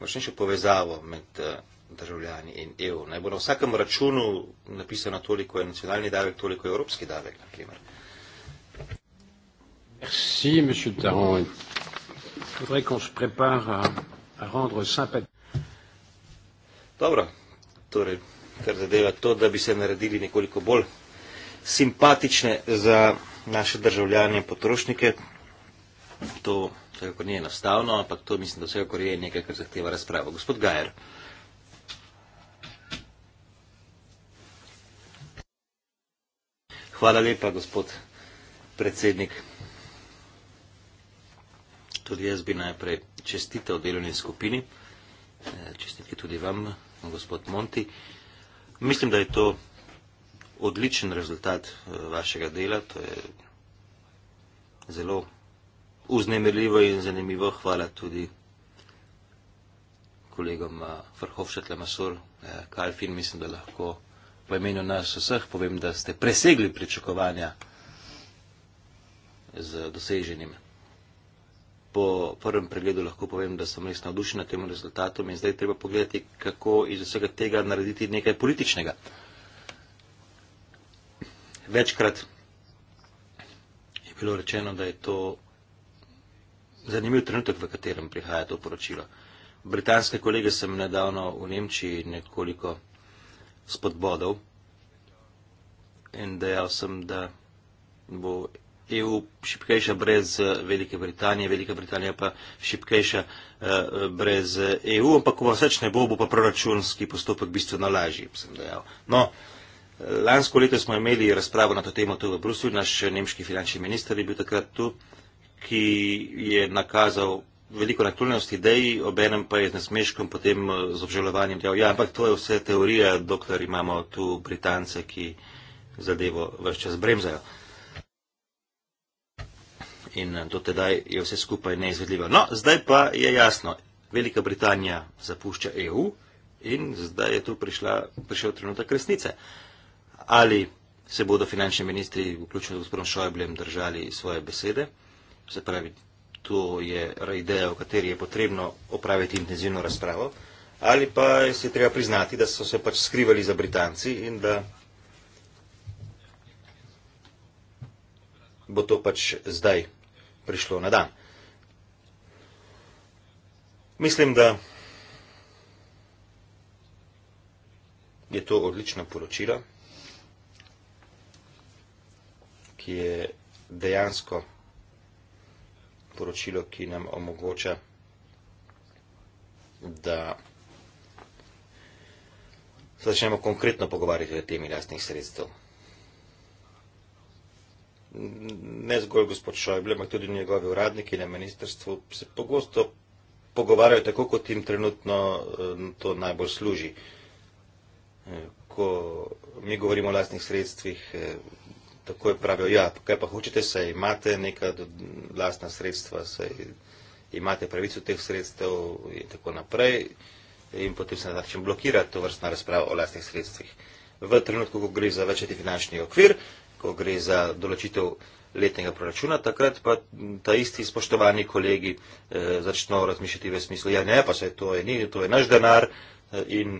močnejšo povezavo med eh, državljani in EU. Naj bo na vsakem računu napisano toliko je nacionalni davek, toliko je evropski davek, na primer. Merci, monsieur Taron. Il faudrait qu'on se prépare à, à rendre sympathique. Dobro, torej, kar zadeva to, da bi se naredili nekoliko bolj simpatične za naše državljanje in potrošnike. To vsekakor ni enostavno, ampak to mislim, da vsekakor je nekaj, kar zahteva razpravo. Gospod Gajer. Hvala lepa, gospod predsednik. Tudi jaz bi najprej čestitev delovni skupini čestitke tudi vam, gospod Monti. Mislim, da je to odličen rezultat eh, vašega dela. To je zelo uznemirljivo in zanimivo. Hvala tudi kolegom eh, Vrhovšetle Masur, eh, Kalfin. Mislim, da lahko v imenu nas vseh povem, da ste presegli pričakovanja z doseženimi po prvem pregledu lahko povem, da sem res navdušen nad tem rezultatom in zdaj treba pogledati, kako iz vsega tega narediti nekaj političnega. Večkrat je bilo rečeno, da je to zanimiv trenutek, v katerem prihaja to poročilo. Britanske kolege sem nedavno v Nemčiji nekoliko spodbodal in dejal sem, da bo EU šipkejša brez eh, Velike Britanije, Velika Britanija pa šipkejša eh, eh, brez EU, eh, e ampak ko vas več ne bo, bo pa proračunski postopek bistveno lažji, sem dejal. No, lansko leto smo imeli razpravo na to temo tu v Bruslju, naš nemški finančni minister je bil takrat tu, ki je nakazal veliko naklonjenosti ideji, obenem pa je z nasmeškom potem z obžalovanjem dejal, ja, ampak to je vse teorija, dokler imamo tu Britance, ki zadevo vse čas bremzajo in eh, dotedaj je vse skupaj neizvedljivo. No, zdaj pa je jasno, Velika Britanija zapušča EU in zdaj je tu prišla, prišel trenutek resnice. Ali se bodo finančni ministri, vključno z gospodom Šojblem, držali svoje besede, se pravi, to je ideja, o kateri je potrebno opraviti intenzivno razpravo, ali pa se je treba priznati, da so se pač skrivali za Britanci in da. bo to pač zdaj prišlo na dan. Mislim, da je to odlična poročila, ki je dejansko poročilo, ki nam omogoča, da se začnemo konkretno pogovarjati o temi lastnih sredstev ne zgolj gospod Šojble, ampak tudi njegovi uradniki na ministrstvu, se pogosto pogovarjajo tako, kot jim trenutno eh, to najbolj služi. Eh, ko mi govorimo o lastnih sredstvih, eh, tako je pravijo, ja, kaj pa hočete, se imate neka lastna sredstva, se imate pravico teh sredstev in tako naprej. In potem se na način blokira to vrstna razprava o lastnih sredstvih. V trenutku, ko gre za večeti finančni okvir, ko gre za določitev letnega proračuna, takrat pa ta isti spoštovani kolegi eh, začno razmišljati v smislu, ja ne, pa se to je ni, to je naš denar eh, in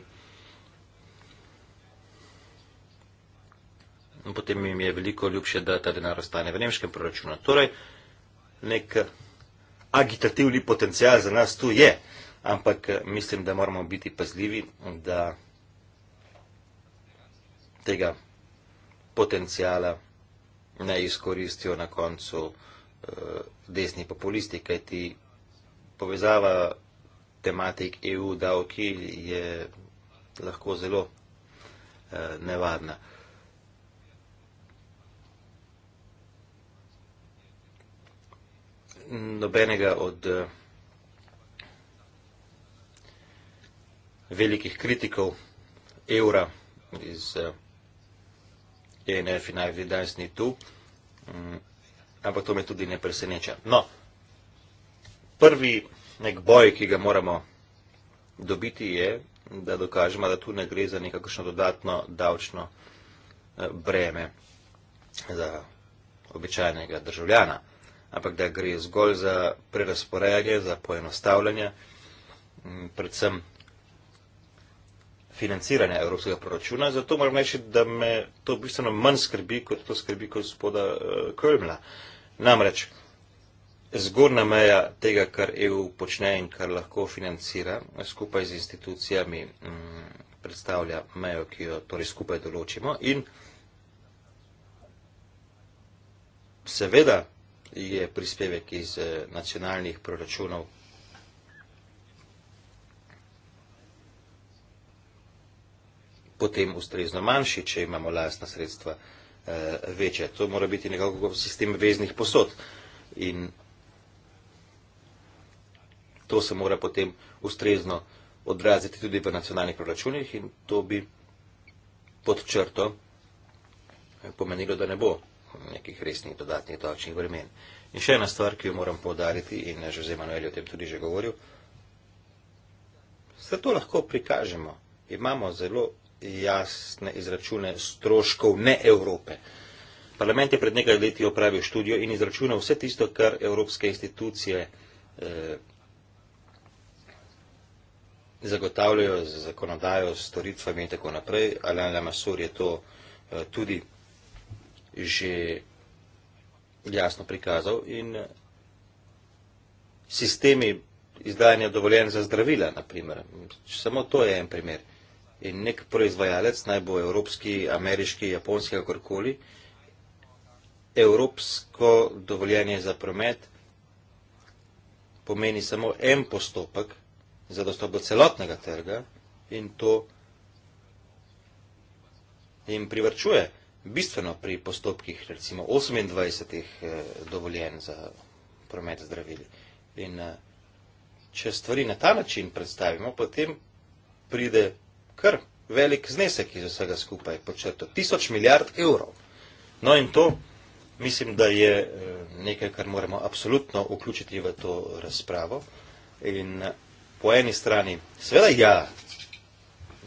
potem jim je veliko ljubše, da ta denar ostane v nemškem proračunu. Torej, nek eh, agitativni potencial za nas tu je, ampak eh, mislim, da moramo biti pazljivi, da tega potencijala ne izkoristijo na koncu uh, desni populisti, kajti povezava tematik EU davki je lahko zelo uh, nevarna. Nobenega od uh, velikih kritikov evra iz uh, ENF naj bi danes ni tu, mm, ampak to me tudi ne preseneča. No, prvi nek boj, ki ga moramo dobiti, je, da dokažemo, da tu ne gre za nekakšno dodatno davčno eh, breme za običajnega državljana, ampak da gre zgolj za prerasporejanje, za poenostavljanje, mm, predvsem za financiranja evropskega proračuna, zato moram reči, da me to bistveno manj skrbi, kot to skrbi gospoda uh, Kölmla. Namreč zgornja meja tega, kar EU počne in kar lahko financira skupaj z institucijami, m, mm, predstavlja mejo, ki jo torej skupaj določimo. In seveda je prispevek iz eh, nacionalnih proračunov potem ustrezno manjši, če imamo lastna sredstva eh, večja. To mora biti nekako kot sistem veznih posod. In to se mora potem ustrezno odraziti tudi v nacionalnih proračunih in to bi pod črto eh, pomenilo, da ne bo nekih resnih dodatnih davčnih vremen. In še ena stvar, ki jo moram povdariti in že z Emanuelijo o tem tudi že govoril, se to lahko prikažemo. Imamo zelo jasne izračune stroškov ne Evrope. Parlament je pred nekaj leti opravil študijo in izračunal vse tisto, kar evropske institucije eh, zagotavljajo z zakonodajo, s storitvami in tako naprej. Alain Lamassur je to eh, tudi že jasno prikazal in eh, sistemi izdajanja dovoljen za zdravila, naprimer. Samo to je en primer in nek proizvajalec, naj bo evropski, ameriški, japonski, kakorkoli, evropsko dovoljenje za promet pomeni samo en postopek za dostop do celotnega trga in to jim privrčuje bistveno pri postopkih, recimo 28 eh, dovoljen za promet zdravili. In eh, če stvari na ta način predstavimo, potem pride vsega, kar velik znesek iz vsega skupaj počrto. Tisoč milijard evrov. No in to mislim, da je eh, nekaj, kar moramo absolutno vključiti v to razpravo. In eh, po eni strani, seveda ja,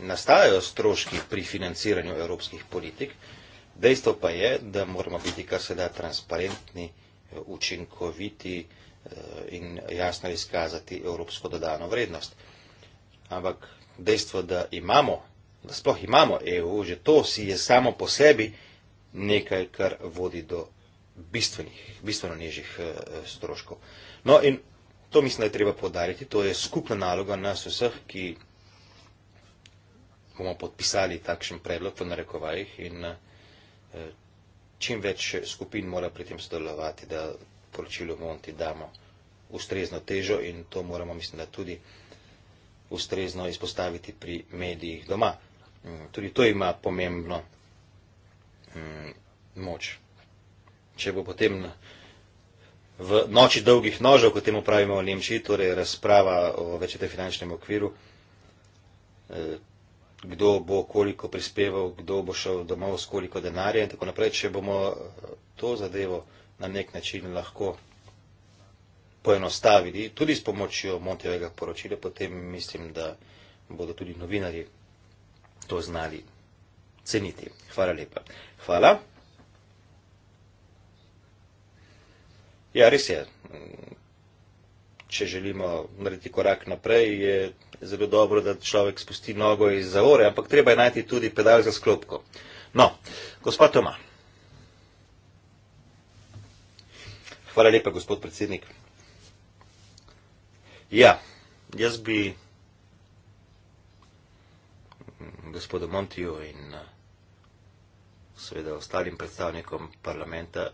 nastajajo stroški pri financiranju evropskih politik, dejstvo pa je, da moramo biti kar se da transparentni, eh, učinkoviti in jasno izkazati evropsko dodano vrednost. Ampak dejstvo, da imamo, da sploh imamo EU, že to si je samo po sebi nekaj, kar vodi do bistvenih, bistveno nižjih eh, stroškov. No in to mislim, da je treba podariti, to je skupna naloga nas vseh, ki bomo podpisali takšen predlog v narekovajih in eh, čim več skupin mora pri tem sodelovati, da poročilo Monti damo ustrezno težo in to moramo, mislim, da tudi ustrezno izpostaviti pri medijih doma. Mm, tudi to ima pomembno mm, moč. Če bo potem v noči dolgih nožev, kot temu pravimo v Nemčiji, torej razprava o večjem finančnem okviru, eh, kdo bo koliko prispeval, kdo bo šel domov s koliko denarja in tako naprej, če bomo to zadevo na nek način lahko poenostavili, tudi s pomočjo Montevega poročila, potem mislim, da bodo tudi novinari to znali ceniti. Hvala lepa. Hvala. Ja, res je. Če želimo narediti korak naprej, je zelo dobro, da človek spusti nogo iz zavore, ampak treba je najti tudi pedal za sklopko. No, gospod Toma. Hvala lepa, gospod predsednik. Ja, jaz bi gospodu Montiju in eh, seveda ostalim predstavnikom parlamenta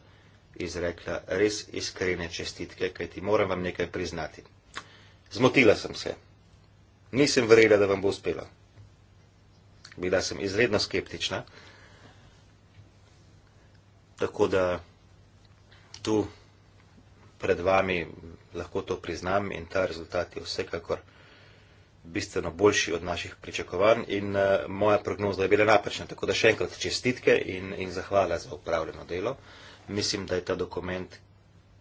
izrekla res iskrene čestitke, kaj ti moram vam nekaj priznati. Zmotila sem se. Nisem verjela, da vam bo uspelo. Bila sem izredno skeptična, tako da tu pred vami, lahko to priznam in ta rezultat je vsekakor bistveno boljši od naših pričakovanj in uh, moja prognoza je bila napačna. Tako da še enkrat čestitke in, in zahvala za upravljeno delo. Mislim, da je ta dokument,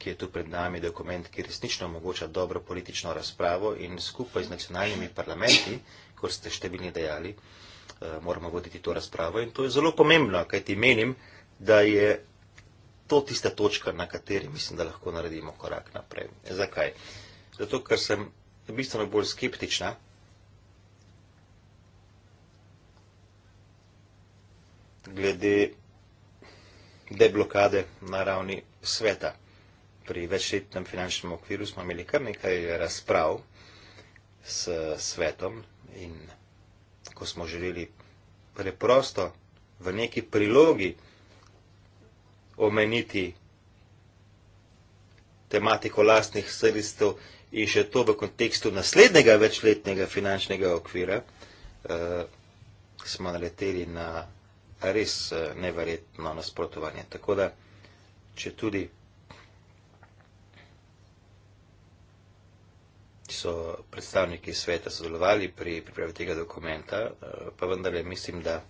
ki je tu pred nami, dokument, ki resnično omogoča dobro politično razpravo in skupaj z nacionalnimi parlamenti, kot ste številni dejali, uh, moramo voditi to razpravo in to je zelo pomembno, kajti menim, da je to tista točka, na kateri mislim, da lahko naredimo korak naprej. Zakaj? Zato, ker sem bistveno bolj skeptična. glede deblokade na ravni sveta. Pri večletnem finančnem okviru smo imeli kar nekaj razprav s svetom in ko smo želeli preprosto v neki prilogi omeniti tematiko lastnih sredstev in še to v kontekstu naslednjega večletnega finančnega okvira, eh, smo naleteli na res eh, neverjetno nasprotovanje. Tako da, če tudi so predstavniki sveta sodelovali pri pripravi tega dokumenta, eh, pa vendarle mislim, da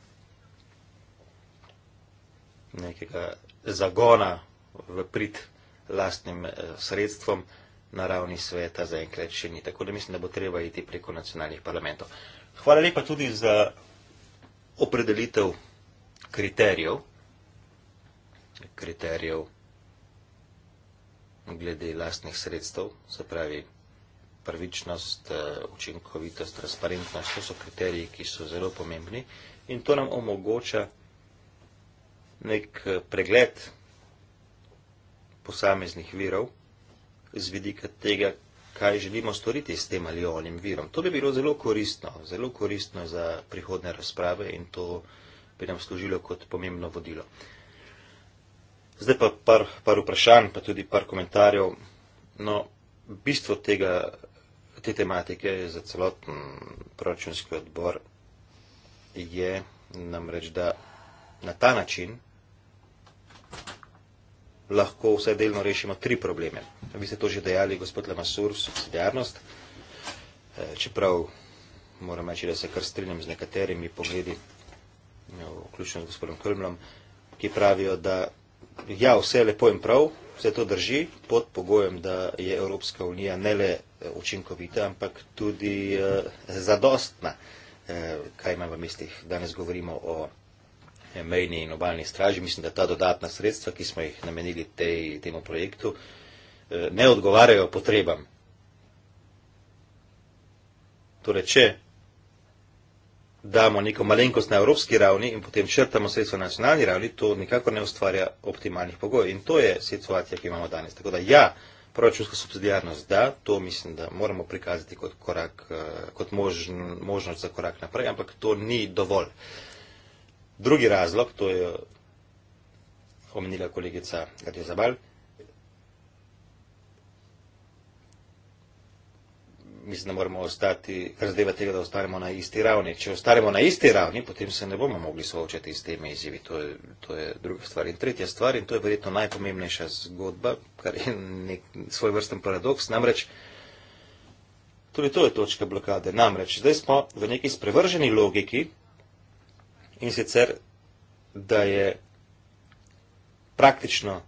nekega zagona v prid lastnim eh, sredstvom na ravni sveta zaenkrat še ni. Tako da mislim, da bo treba iti preko nacionalnih parlamentov. Hvala lepa tudi za opredelitev kriterijev, kriterijev glede lastnih sredstev, se pravi prvičnost, eh, učinkovitost, transparentnost, to so kriteriji, ki so zelo pomembni in to nam omogoča, nek eh, pregled posameznih virov z vidika tega, kaj želimo storiti s tem ali onim virom. To bi bilo zelo koristno, zelo koristno za prihodne razprave in to bi nam služilo kot pomembno vodilo. Zdaj pa par, par vprašanj, pa tudi par komentarjev. No, bistvo tega, te tematike za celoten proračunski odbor je namreč, da na ta način lahko vsaj delno rešimo tri probleme. Vi ste to že dejali, gospod Lemasur, subsidijarnost, eh, čeprav moram reči, da se kar strinjam z nekaterimi pogledi, eh, vključno z gospodom Kölmlom, ki pravijo, da ja, vse lepo in prav, vse to drži pod pogojem, da je Evropska unija ne le eh, učinkovita, ampak tudi zadostna. Kaj imam v mislih? Danes govorimo o mejni in obaljni straži. Mislim, da ta dodatna sredstva, ki smo jih namenili tej, temu projektu, eh, ne odgovarjajo potrebam. Torej, če damo neko malenkost na evropski ravni in potem črtamo sredstvo na nacionalni ravni, to nikakor ne ustvarja optimalnih pogojev. In to je situacija, ki imamo danes. Tako da ja, proračunska subsidijarnost da, to mislim, da moramo prikazati kot, korak, eh, kot možn, možnost za korak naprej, ampak to ni dovolj. Drugi razlog, to je omenila kolegica Katja Zabal, mislim, da moramo ostati, kar zadeva tega, da ostanemo na isti ravni. Če ostanemo na isti ravni, potem se ne bomo mogli soočati s temi izzivi. To je, to je druga stvar. In tretja stvar, in to je verjetno najpomembnejša zgodba, kar je nek svoj vrsten paradoks, namreč, tudi to je točka blokade. Namreč, zdaj smo v neki sprevrženi logiki, in sicer, da je praktično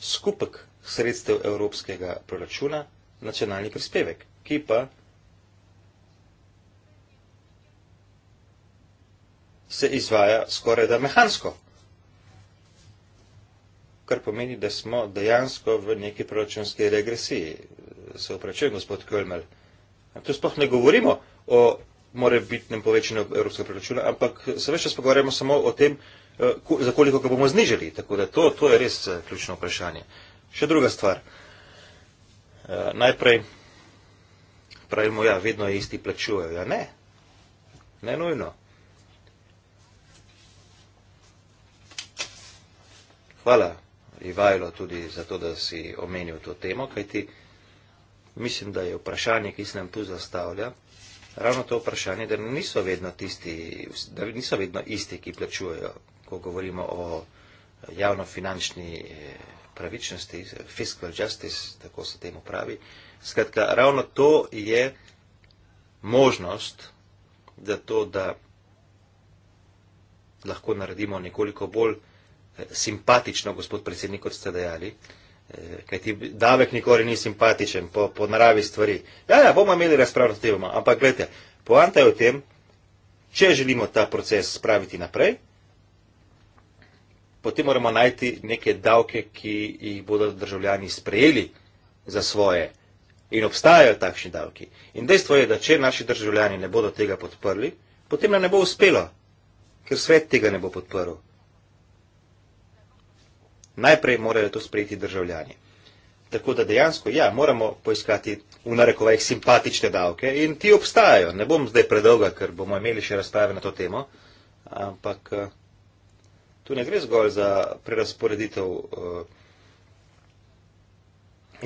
skupek sredstev evropskega proračuna nacionalni prispevek, ki pa se izvaja skoraj da mehansko. Kar pomeni, da smo dejansko v neki proračunski regresiji, se upračujem, gospod Kölmel. Tu sploh ne govorimo o more biti nam povečeno evropske proračune, ampak se več čas pogovarjamo samo o tem, eh, za koliko ga bomo znižali. Tako da to, to je res eh, ključno vprašanje. Še druga stvar. Eh, najprej pravimo, ja, vedno je isti plačujejo. Ja, ne. Ne nujno. Hvala Ivajlo tudi za to, da si omenil to temo, kajti mislim, da je vprašanje, ki se nam tu zastavlja, ravno to vprašanje, da niso vedno, tisti, da niso vedno isti, ki plačujejo, ko govorimo o javnofinančni eh, pravičnosti, fiscal justice, tako se temu pravi. Skratka, ravno to je možnost za to, da lahko naredimo nekoliko bolj eh, simpatično, gospod predsednik, kot ste dejali, Kaj ti davek nikoli ni simpatičen po, po naravi stvari. Ja, ja, bomo imeli razpravo o tem, ampak gledajte, poanta je v tem, če želimo ta proces spraviti naprej, potem moramo najti neke davke, ki jih bodo državljani sprejeli za svoje. In obstajajo takšni davki. In dejstvo je, da če naši državljani ne bodo tega podprli, potem nam ne bo uspelo, ker svet tega ne bo podprl najprej morajo to sprejeti državljani. Tako da dejansko, ja, moramo poiskati v narekovajih simpatične davke in ti obstajajo. Ne bom zdaj predolga, ker bomo imeli še razprave na to temo, ampak eh, tu ne gre zgolj za prerasporeditev uh, eh,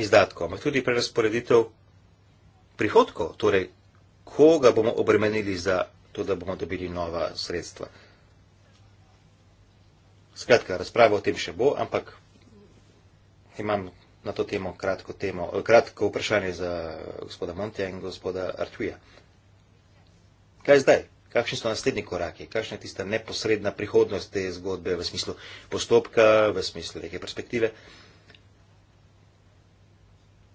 izdatkov, ampak tudi prerasporeditev prihodkov, torej koga bomo obremenili za to, da bomo dobili nova sredstva. Uh, Skratka, razprava o tem še bo, ampak imam na to temo kratko, temo, kratko vprašanje za gospoda Montija in gospoda Artuja. Kaj zdaj? Kakšni so naslednji koraki? Kakšna je tista neposredna prihodnost te zgodbe v smislu postopka, v smislu neke perspektive?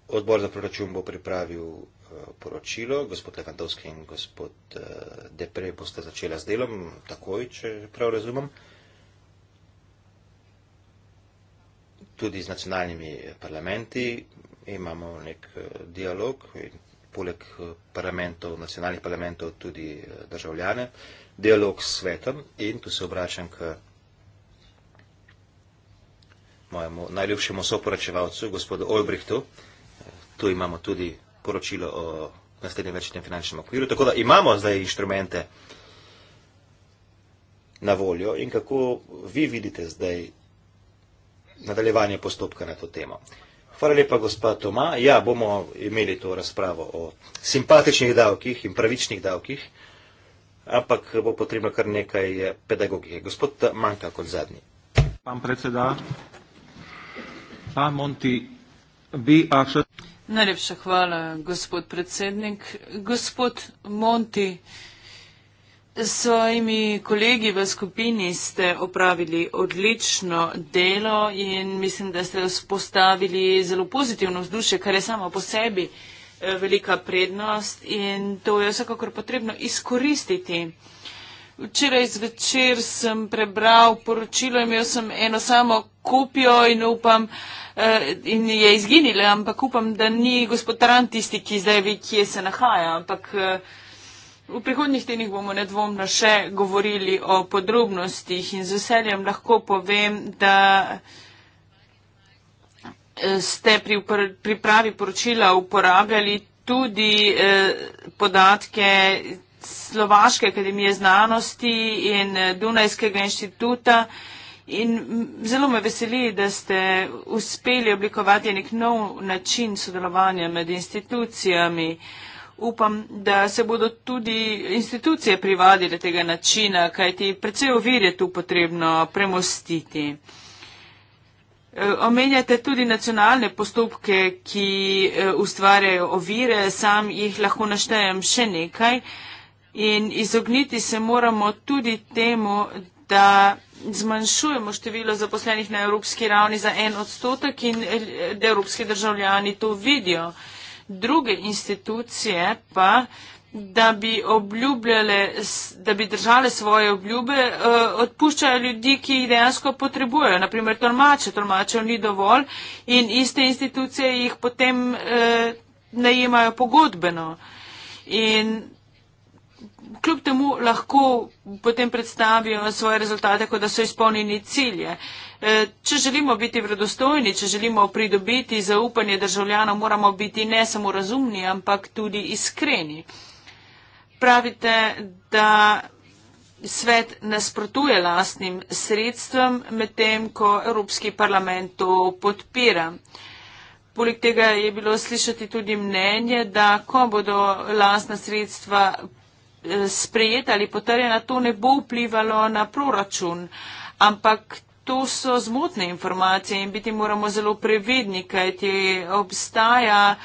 Odbor za proračun bo pripravil eh, poročilo, gospod Levandovski in gospod eh, Depre boste začela z delom, takoj, če prav razumem. tudi z nacionalnimi eh, parlamenti imamo nek eh, dialog, poleg eh, parlamentov, nacionalnih parlamentov tudi državljane, dialog s svetom in tu se obračam k mojemu najljubšemu soporočevalcu, gospodu Olbrihtu. Tu imamo tudi poročilo o naslednjem večnem finančnem okviru, tako da imamo zdaj inštrumente na voljo in kako vi vidite zdaj nadaljevanje postopka na to temo. Hvala lepa, gospa Toma. Ja, bomo imeli to razpravo o simpatičnih davkih in pravičnih davkih, ampak bo potrebno kar nekaj eh, pedagogije. Gospod eh, Manka kot zadnji. Pan predseda. Pa Monti, vi Najlepša hvala, gospod predsednik. Gospod Monti. S svojimi kolegi v skupini ste opravili odlično delo in mislim, da ste vzpostavili zelo pozitivno vzdušje, kar je samo po sebi eh, velika prednost in to je vsekakor potrebno izkoristiti. Včeraj zvečer sem prebral poročilo, imel sem eno samo kopijo in upam, eh, in je izginila, ampak upam, da ni gospod Tarant tisti, ki zdaj ve, kje se nahaja, ampak eh, V prihodnjih tednih bomo nedvomno še govorili o podrobnostih in z veseljem lahko povem, da eh, ste pri pripravi poročila uporabljali tudi eh, podatke Slovaške akademije znanosti in eh, Dunajskega inštituta. In zelo me veseli, da ste uspeli oblikovati nek nov način sodelovanja med institucijami. Uh, upam, da se bodo tudi institucije privadile tega načina, kajti predvsej ovir je tu potrebno premostiti. Eh, omenjate tudi nacionalne postopke, ki eh, ustvarjajo ovire, sam jih lahko naštejem še nekaj in izogniti se moramo tudi temu, da zmanjšujemo število zaposlenih na evropski ravni za en odstotek in da eh, evropski državljani to vidijo druge institucije pa, da bi, da bi držale svoje obljube, eh, odpuščajo ljudi, ki jih dejansko potrebujejo. Naprimer, tolmače, tolmačev ni dovolj in iste institucije jih potem eh, najemajo pogodbeno. In kljub temu lahko potem predstavijo svoje rezultate, kot da so izpolnjeni cilje. Eh, če želimo biti vredostojni, če želimo pridobiti zaupanje državljanov, moramo biti ne samo razumni, ampak tudi iskreni. Pravite, da svet nasprotuje lastnim sredstvom, medtem ko Evropski parlament to podpira. Poleg tega je bilo slišati tudi mnenje, da ko bodo lastna sredstva eh, sprejeta ali potrjena, to ne bo vplivalo na proračun, ampak To so zmotne informacije in biti moramo zelo previdni, kajti obstaja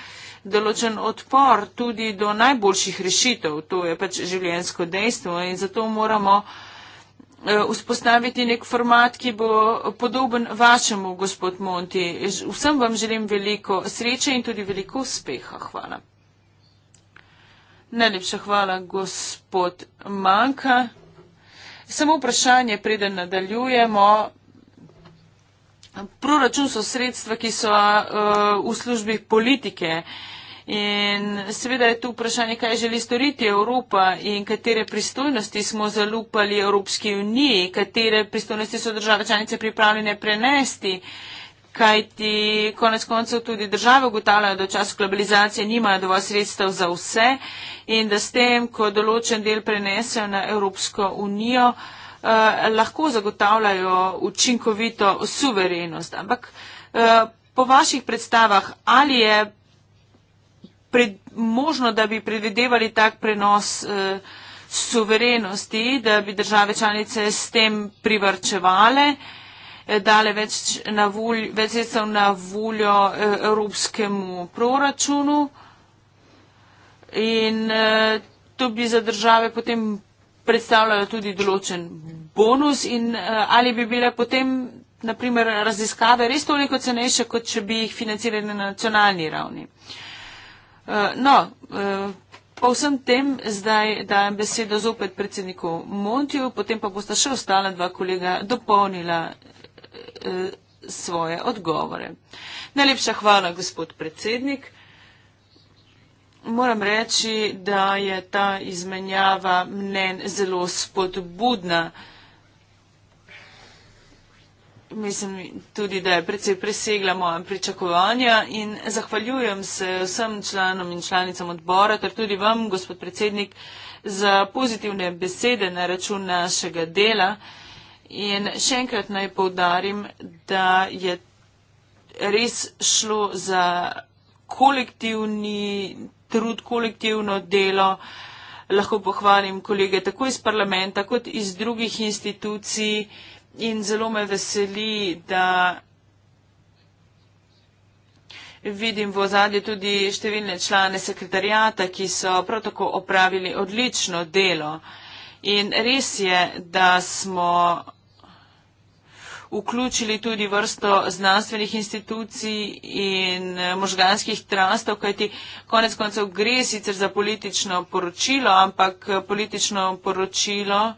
določen odpor tudi do najboljših rešitev. To je pač življenjsko dejstvo in zato moramo eh, vzpostaviti nek format, ki bo podoben vašemu, gospod Monti. Vsem vam želim veliko sreče in tudi veliko uspeha. Hvala. Najlepša hvala, gospod Manka. Samo vprašanje, preden nadaljujemo. Proračun so sredstva, ki so uh, v službi politike. In seveda je tu vprašanje, kaj želi storiti Evropa in katere pristojnosti smo zalupali Evropski uniji, katere pristojnosti so države članice pripravljene prenesti, kaj ti konec koncev tudi države ugotavljajo, da v času globalizacije nimajo dovolj sredstev za vse in da s tem, ko določen del prenesejo na Evropsko unijo, uh, Eh, lahko zagotavljajo učinkovito suverenost. Ampak eh, po vaših predstavah, ali je pred, možno, da bi predvidevali tak prenos eh, suverenosti, da bi države članice s tem privrčevale, dale več, na volj, več sredstev na voljo evropskemu proračunu in to bi za države potem predstavljajo tudi določen bonus in uh, ali bi bile potem, naprimer, raziskave res toliko cenejše, kot če bi jih financirali na nacionalni ravni. Uh, no, uh, Po vsem tem zdaj dajem besedo zopet predsedniku Montiju, potem pa bosta še ostala dva kolega dopolnila e, svoje odgovore. Najlepša hvala, gospod predsednik. Moram reči, da je ta izmenjava mnen zelo spodbudna. Mislim tudi, da je predvsej presegla moja pričakovanja in zahvaljujem se vsem članom in članicam odbora, ter tudi vam, gospod predsednik, za pozitivne besede na račun našega dela. In še enkrat naj povdarim, da je res šlo za kolektivni trud, kolektivno delo. Lahko pohvalim kolege tako iz parlamenta kot iz drugih institucij in zelo me veseli, da vidim v ozadju tudi številne člane sekretarijata, ki so prav tako opravili odlično delo. In res je, da smo vključili tudi vrsto znanstvenih institucij in eh, možganskih trastov, kajti konec koncev gre sicer za politično poročilo, ampak eh, politično poročilo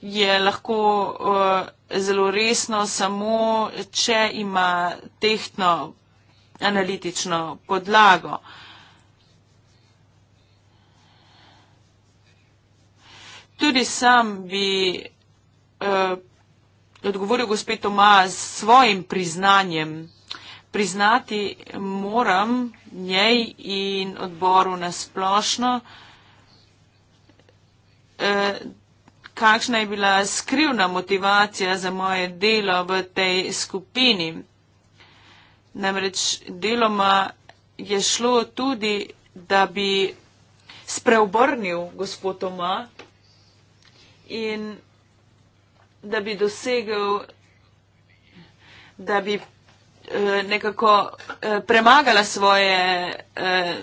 je lahko eh, zelo resno samo, če ima tehtno analitično podlago. Tudi sam bi je odgovoril gospod Toma s svojim priznanjem. Priznati moram njej in odboru nasplošno, eh, kakšna je bila skrivna motivacija za moje delo v tej skupini. Namreč deloma je šlo tudi, da bi spreobrnil gospod Toma in da bi dosegel, da bi uh, nekako uh, premagala svoje, uh,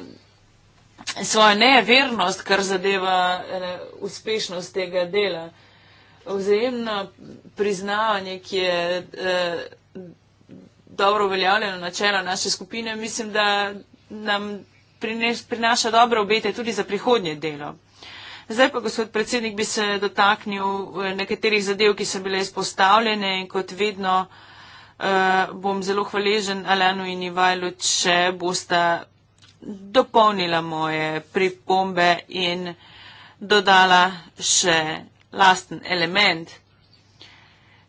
svojo nevernost, kar zadeva uh, uspešnost tega dela. Vzajemno priznavanje, ki je uh, dobro uveljavljeno načelo naše skupine, mislim, da nam prines, prinaša dobre obete tudi za prihodnje delo. Zdaj pa, gospod predsednik, bi se dotaknil eh, nekaterih zadev, ki so bile izpostavljene in kot vedno eh, bom zelo hvaležen Alenu in Ivalu, če boste dopolnila moje pripombe in dodala še lasten element.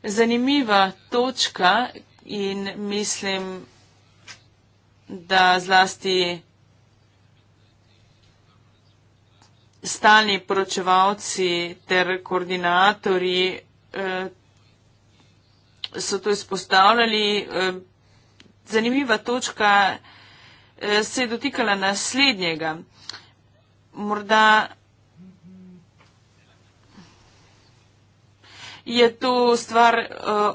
Zanimiva točka in mislim, da zlasti stalni poročevalci ter koordinatori eh, so to izpostavljali. Eh, zanimiva točka eh, se je dotikala naslednjega. Morda je to stvar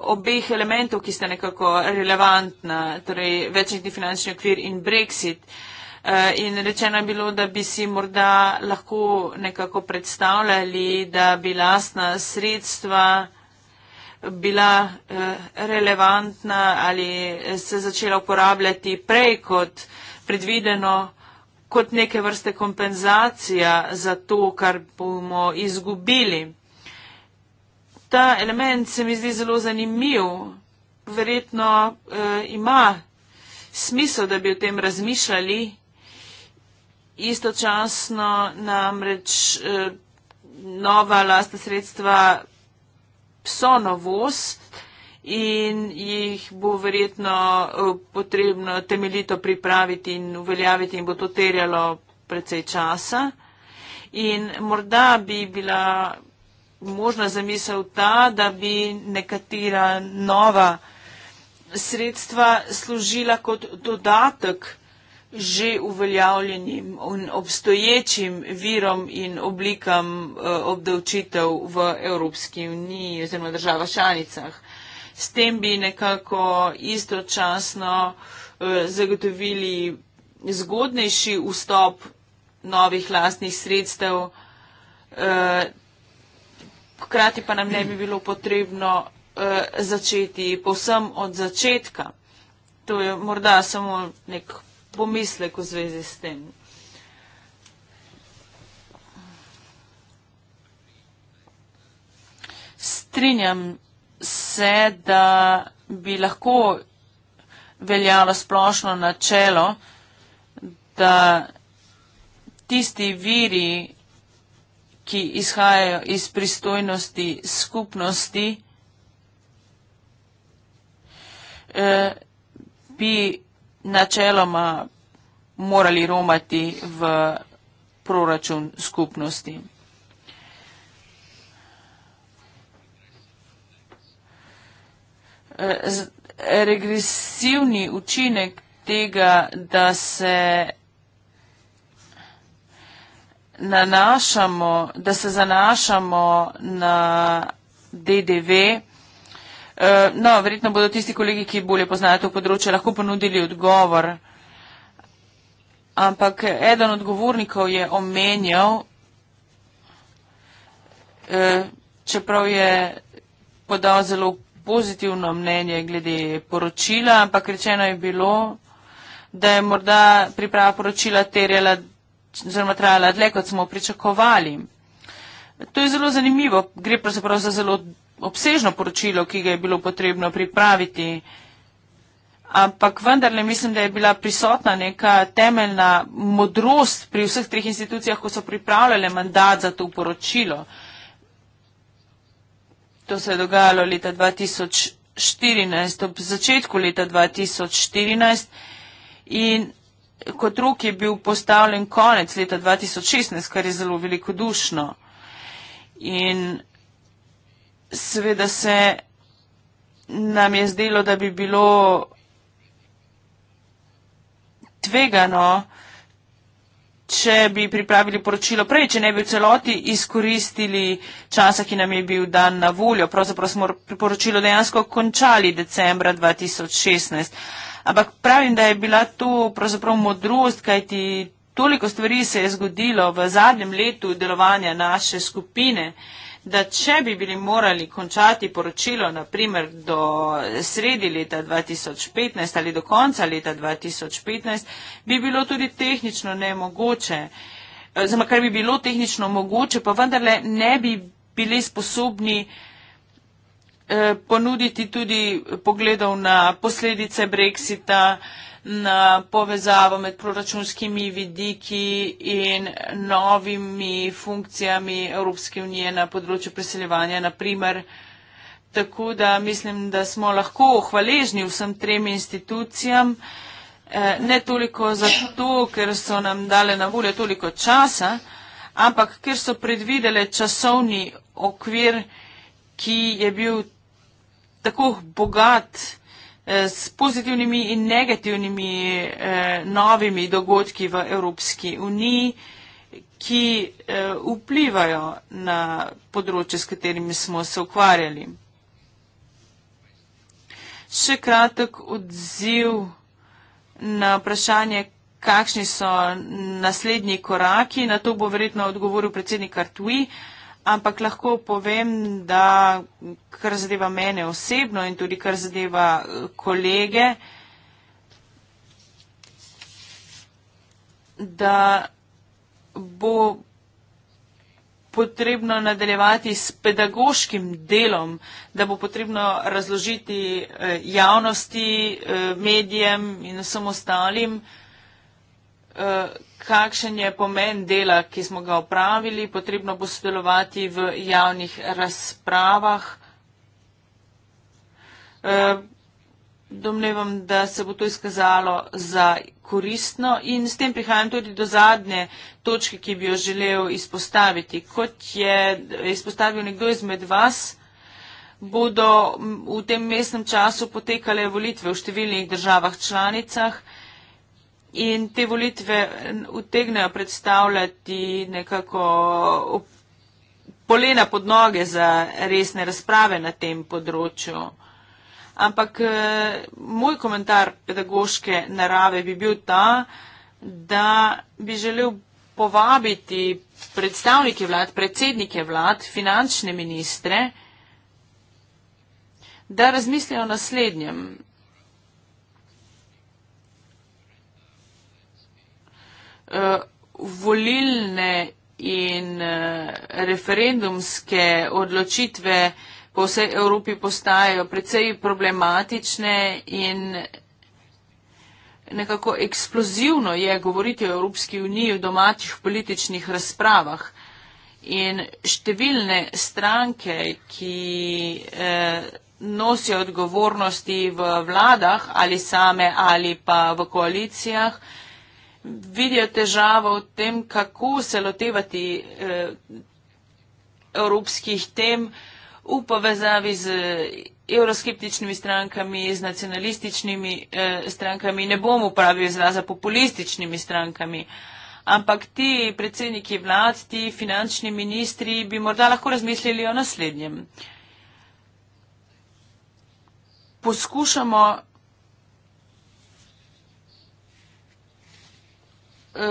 obeh elementov, ki sta nekako relevantna, torej večni finančni okvir in brexit. Eh, in rečeno je bilo, da bi si morda lahko nekako predstavljali, da bi lastna sredstva bila eh, relevantna ali eh, se začela uporabljati prej kot predvideno, kot neke vrste kompenzacija za to, kar bomo izgubili. Ta element se mi zdi zelo zanimiv. Verjetno eh, ima smisel, da bi o tem razmišljali istočasno namreč eh, nova lasta sredstva so novost in jih bo verjetno eh, potrebno temeljito pripraviti in uveljaviti in bo to terjalo precej časa. In morda bi bila možna zamisel ta, da bi nekatera nova sredstva služila kot dodatek že uveljavljenim in obstoječim virom in oblikam eh, obdavčitev v Evropski uniji oziroma država članicah. S tem bi nekako istočasno eh, zagotovili zgodnejši vstop novih lastnih sredstev, eh, hkrati pa nam ne bi bilo potrebno začeti povsem od začetka. To je morda samo nek pomislek v zvezi s tem. Strinjam se, da bi lahko veljalo splošno načelo, da tisti viri, ki izhajajo iz pristojnosti skupnosti, eh, bi načeloma morali romati v proračun skupnosti. Eh, regresivni učinek tega, da se nanašamo, da se zanašamo na DDV, Eh, no, verjetno bodo tisti kolegi, ki bolje poznajo to področje, lahko ponudili odgovor. Ampak eden od govornikov je omenjal, eh, čeprav je podal zelo pozitivno mnenje glede poročila, ampak rečeno je bilo, da je morda priprava poročila terjala oziroma trajala dlje, kot smo pričakovali. To je zelo zanimivo. Gre pravzaprav za zelo obsežno poročilo, ki ga je bilo potrebno pripraviti. Ampak vendarle mislim, da je bila prisotna neka temeljna modrost pri vseh treh institucijah, ko so pripravljale mandat za to poročilo. To se je dogajalo leta 2014, ob začetku leta 2014 in kot rok je bil postavljen konec leta 2016, kar je zelo velikodušno. In seveda se nam je zdelo, da bi bilo tvegano, če bi pripravili poročilo prej, če ne bi v celoti izkoristili časa, ki nam je bil dan na voljo. Pravzaprav smo poročilo dejansko končali decembra 2016. Ampak pravim, da je bila to pravzaprav modrost, kajti toliko stvari se je zgodilo v zadnjem letu delovanja naše skupine. Uh, da če bi bili morali končati poročilo, naprimer do sredi leta 2015 ali do konca leta 2015, bi bilo tudi tehnično nemogoče. Zama, kar bi bilo tehnično mogoče, pa vendarle ne bi bili sposobni eh, ponuditi tudi pogledov na posledice brexita, na povezavo med proračunskimi vidiki in novimi funkcijami Evropske unije na področju preseljevanja, naprimer. Tako da mislim, da smo lahko hvaležni vsem trem institucijam, eh, ne toliko zato, ker so nam dale na voljo toliko časa, ampak ker so predvidele časovni okvir, ki je bil tako bogat, Eh, s pozitivnimi in negativnimi eh, novimi dogodki v Evropski uniji, ki eh, vplivajo na področje, s katerimi smo se ukvarjali. Še kratek odziv na vprašanje, kakšni so naslednji koraki. Na to bo verjetno odgovoril predsednik Artui. Eh, ampak lahko povem, da kar zadeva mene osebno in tudi kar zadeva eh, kolege, da bo potrebno nadaljevati s pedagoškim delom, da bo potrebno razložiti eh, javnosti, eh, medijem in vsem ostalim, kakšen je pomen dela, ki smo ga opravili, potrebno bo sodelovati v javnih razpravah. E, domnevam, da se bo to izkazalo za koristno in s tem prihajam tudi do zadnje točke, ki bi jo želel izpostaviti. Kot je izpostavil nekdo izmed vas, bodo v tem mestnem času potekale volitve v številnih državah članicah in te volitve utegnejo predstavljati nekako polena pod noge za resne razprave na tem področju. Ampak eh, moj komentar pedagoške narave bi bil ta, da bi želel povabiti predstavnike vlad, predsednike vlad, finančne ministre, da razmislijo o naslednjem. uh, volilne in uh, referendumske odločitve po vsej Evropi postajajo precej problematične in nekako eksplozivno je govoriti o Evropski uniji v domačih političnih razpravah. In številne stranke, ki eh, nosijo odgovornosti v vladah ali same ali pa v koalicijah, eh, vidijo težavo v tem, kako se lotevati eh, evropskih tem v povezavi z evroskeptičnimi strankami, z nacionalističnimi eh, strankami, ne bom upravil izraza populističnimi strankami. Ampak ti predsedniki vlad, ti finančni ministri bi morda lahko razmislili o naslednjem. Poskušamo uh,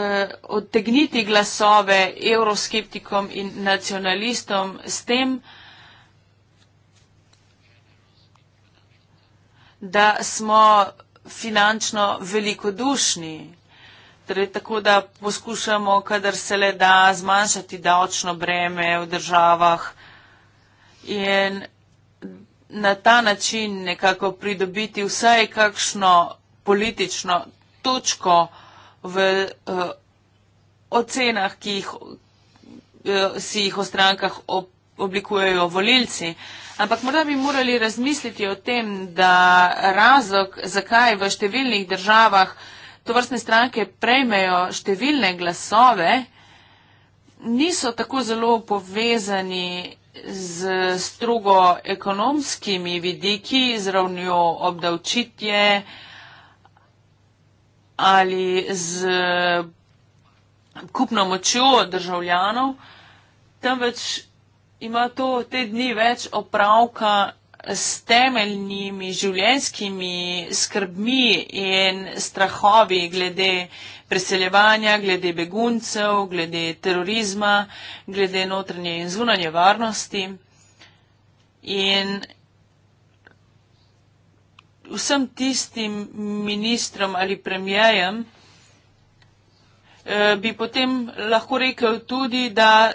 odtegniti glasove euroskeptikom in nacionalistom s tem, da smo finančno velikodušni. Torej, tako da poskušamo, kadar se le da, zmanjšati davčno breme v državah in na ta način nekako pridobiti vsaj kakšno politično točko, v uh, ocenah, ki jih, uh, si jih o strankah ob, oblikujejo volilci. Ampak morda bi morali razmisliti o tem, da razlog, zakaj v številnih državah to vrstne stranke prejmejo številne glasove, niso tako zelo povezani z strogo ekonomskimi vidiki, z ravnjo obdavčitje, uh, ali z eh, kupno močjo državljanov, temveč ima to te dni več opravka s temeljnimi življenskimi skrbmi in strahovi glede preseljevanja, glede beguncev, glede terorizma, glede notranje in zunanje varnosti. In vsem tistim ministrom ali premijejem, eh, bi potem lahko rekel tudi, da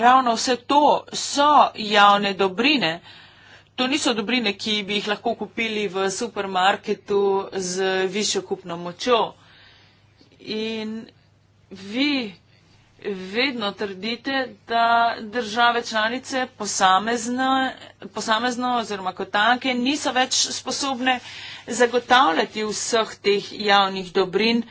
ravno vse to so javne dobrine. To niso dobrine, ki bi jih lahko kupili v supermarketu z višjo kupno močjo. In vi, vedno trdite, da države članice posamezno, posamezno oziroma kot take niso več sposobne zagotavljati vseh teh javnih dobrin,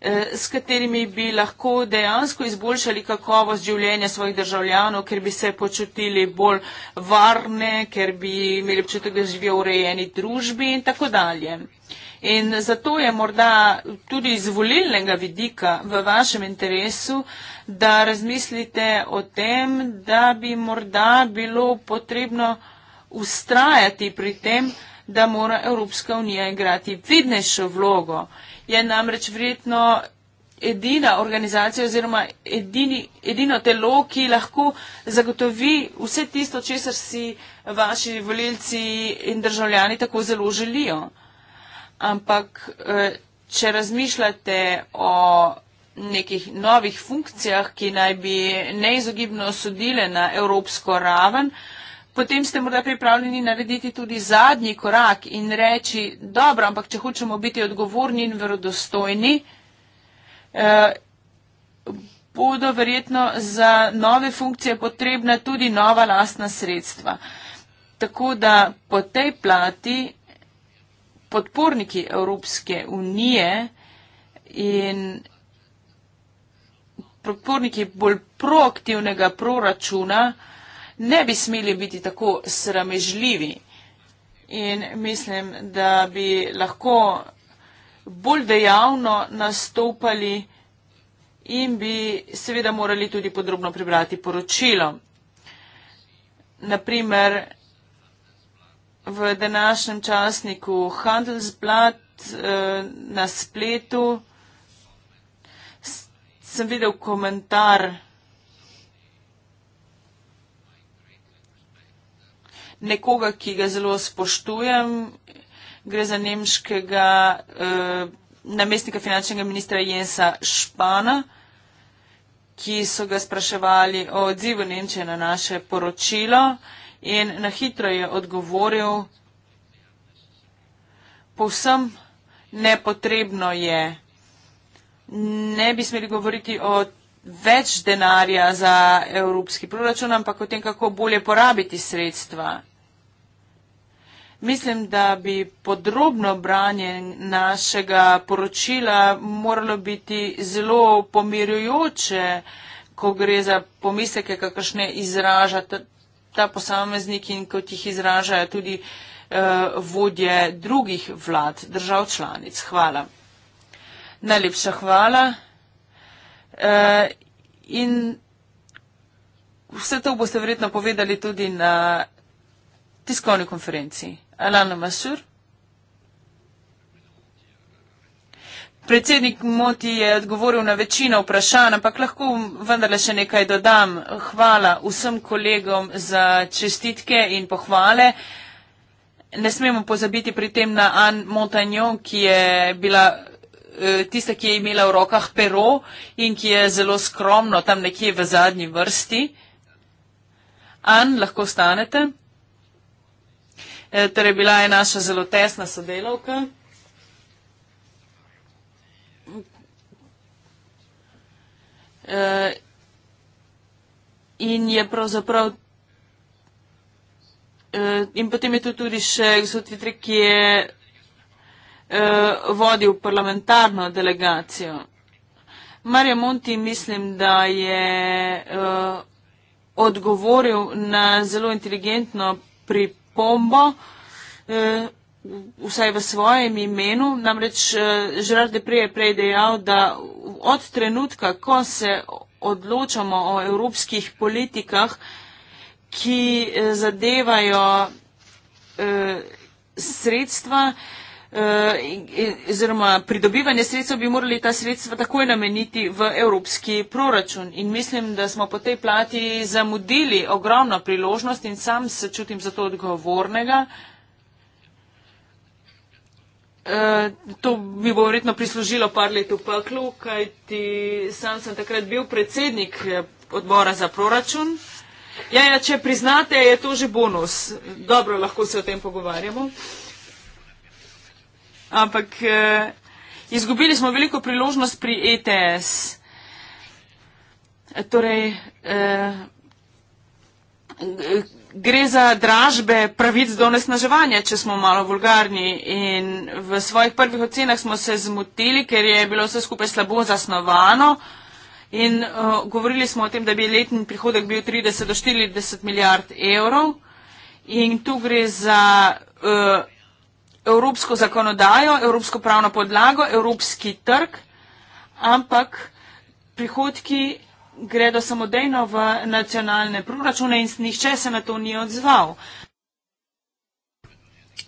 eh, s katerimi bi lahko dejansko izboljšali kakovost življenja svojih državljanov, ker bi se počutili bolj varne, ker bi imeli občutek, da živijo v urejeni družbi in tako dalje. In zato je morda tudi iz volilnega vidika v vašem interesu, da razmislite o tem, da bi morda bilo potrebno ustrajati pri tem, da mora Evropska unija igrati vidnejšo vlogo. Je namreč vredno edina organizacija oziroma edini, edino telo, ki lahko zagotovi vse tisto, česar si vaši voljivci in državljani tako zelo želijo ampak eh, če razmišljate o nekih novih funkcijah, ki naj bi neizogibno sodile na evropsko raven, potem ste morda pripravljeni narediti tudi zadnji korak in reči, dobro, ampak če hočemo biti odgovorni in verodostojni, eh, bodo verjetno za nove funkcije potrebna tudi nova lastna sredstva. Tako da po tej plati podporniki Evropske unije in podporniki bolj proaktivnega proračuna ne bi smeli biti tako sramežljivi. In mislim, da bi lahko bolj dejavno nastopali in bi seveda morali tudi podrobno prebrati poročilo. Naprimer, v današnjem časniku Handelsblad eh, na spletu sem videl komentar nekoga, ki ga zelo spoštujem. Gre za nemškega eh, namestnika finančnega ministra Jensa Špana, ki so ga spraševali o odzivu Nemčije na naše poročilo. In na hitro je odgovoril, povsem nepotrebno je. Ne bi smeli govoriti o več denarja za evropski proračun, ampak o tem, kako bolje porabiti sredstva. Mislim, da bi podrobno branje našega poročila moralo biti zelo pomirjujoče, ko gre za pomisleke, kakršne izražate ta posameznik in kot jih izražajo tudi eh, vodje drugih vlad držav članic. Hvala. Najlepša hvala. Eh, in vse to boste verjetno povedali tudi na tiskovni konferenci. Alana Masur. Predsednik Moti je odgovoril na večino vprašanj, ampak lahko vendarle še nekaj dodam. Hvala vsem kolegom za čestitke in pohvale. Ne smemo pozabiti pri tem na Anne Montagnon, ki je bila eh, tista, ki je imela v rokah pero in ki je zelo skromno tam nekje v zadnji vrsti. Anne, lahko stanete. Eh, torej, bila je naša zelo tesna sodelovka. Uh, in je pravzaprav. Uh, in potem je tu tudi še gospod Vitre, ki je uh, vodil parlamentarno delegacijo. Marja Monti mislim, da je uh, odgovoril na zelo inteligentno pripombo. Uh, vsaj v svojem imenu, namreč Žerar eh, Deprej je prej dejal, da od trenutka, ko se odločamo o evropskih politikah, ki eh, zadevajo eh, sredstva, eh, oziroma eh, pridobivanje sredstva, bi morali ta sredstva takoj nameniti v evropski proračun. In mislim, da smo po tej plati zamudili ogromno priložnost in sam se čutim za to odgovornega. Eh, Eh, to bi bo verjetno prislužilo par let v peklu, kajti sam sem takrat bil predsednik eh, odbora za proračun. Ja, ja, če priznate, je to že bonus. Dobro, lahko se o tem pogovarjamo. Ampak eh, izgubili smo veliko priložnost pri ETS. Eh, torej, eh, gre za dražbe pravic do onesnaževanja, če smo malo vulgarni. In v svojih prvih ocenah smo se zmotili, ker je bilo vse skupaj slabo zasnovano. In uh, govorili smo o tem, da bi letni prihodek bil 30 do 40 milijard evrov. In tu gre za uh, evropsko zakonodajo, evropsko pravno podlago, evropski trg, ampak prihodki gredo samodejno v nacionalne proračune in nihče se na to ni odzval.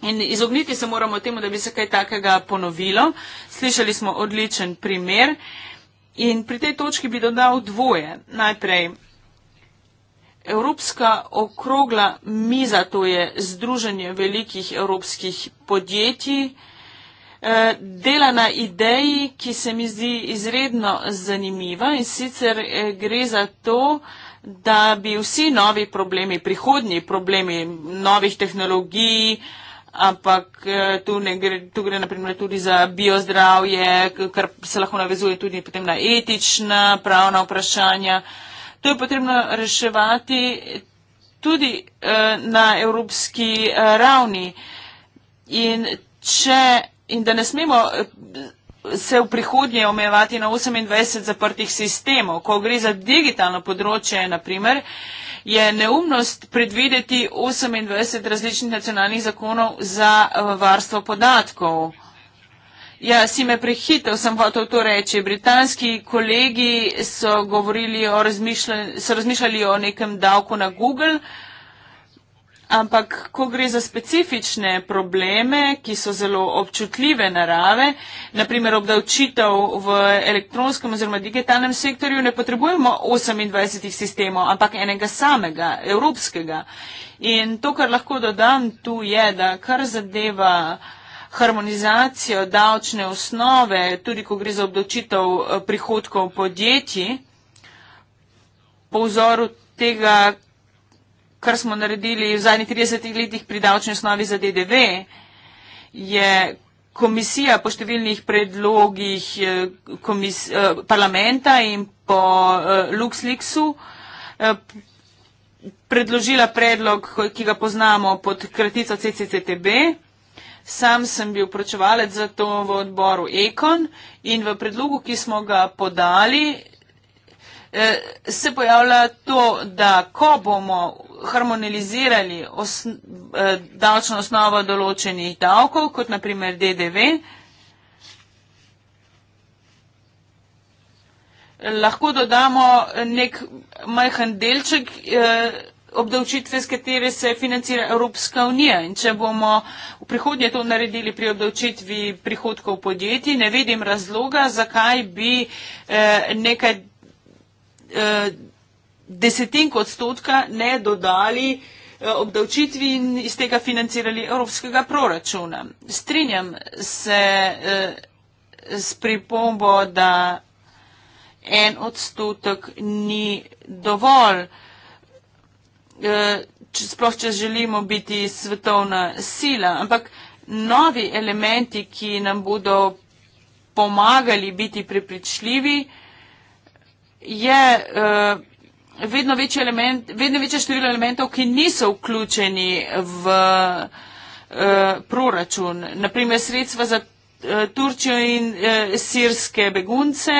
In izogniti se moramo temu, da bi se kaj takega ponovilo. Slišali smo odličen primer in pri tej točki bi dodal dvoje. Najprej, Evropska okrogla miza, to je združenje velikih evropskih podjetij, Eh, dela na ideji, ki se mi zdi izredno zanimiva in sicer eh, gre za to, da bi vsi novi problemi, prihodnji problemi novih tehnologij, ampak eh, tu, ne, tu gre naprimer tudi za biozdravje, kar se lahko navezuje tudi potem na etična, pravna vprašanja. To je potrebno reševati tudi na evropski ravni. In če in da ne smemo eh, se v prihodnje omejevati na 28 zaprtih sistemov. Ko gre za digitalno področje, naprimer, je neumnost predvideti 28 različnih nacionalnih zakonov za eh, varstvo podatkov. Ja, si me prehitev, sem hotel to reči. Britanski kolegi so, o razmišlj so razmišljali o nekem davku na Google. Ampak, ko gre za specifične probleme, ki so zelo občutljive narave, naprimer obdavčitev v elektronskem oziroma digitalnem sektorju, ne potrebujemo 28 sistemov, ampak enega samega, evropskega. In to, kar lahko dodam tu, je, da kar zadeva harmonizacijo davčne osnove, tudi ko gre za obdavčitev eh, prihodkov podjetij, po vzoru tega, kar smo naredili v zadnjih 30 letih pri davčni osnovi za DDV, je komisija po številnih predlogih eh, komis, eh, parlamenta in po eh, LuxLeaksu predložila predlog, ki ga poznamo pod kratico CCCTB. Sam sem bil pročevalec za to v odboru Ekon in v predlogu, ki smo ga podali, se pojavlja to, da ko bomo harmonizirali os, eh, davčno osnovo določenih davkov, kot naprimer DDV, lahko dodamo nek majhen delček eh, obdavčitve, s katere se financira Evropska unija. In če bomo v prihodnje to naredili pri obdavčitvi prihodkov podjetij, ne vidim razloga, zakaj bi eh, nekaj. Eh, desetink odstotka ne dodali eh, obdavčitvi in iz tega financirali evropskega proračuna. Strinjam se eh, s pripombo, da en odstotek ni dovolj. Eh, če sploh, če želimo biti svetovna sila, ampak novi elementi, ki nam bodo pomagali biti prepričljivi, je eh, vedno večje, element, vedno večje število elementov, ki niso vključeni v eh, proračun. Naprimer, sredstva za eh, Turčijo in eh, sirske begunce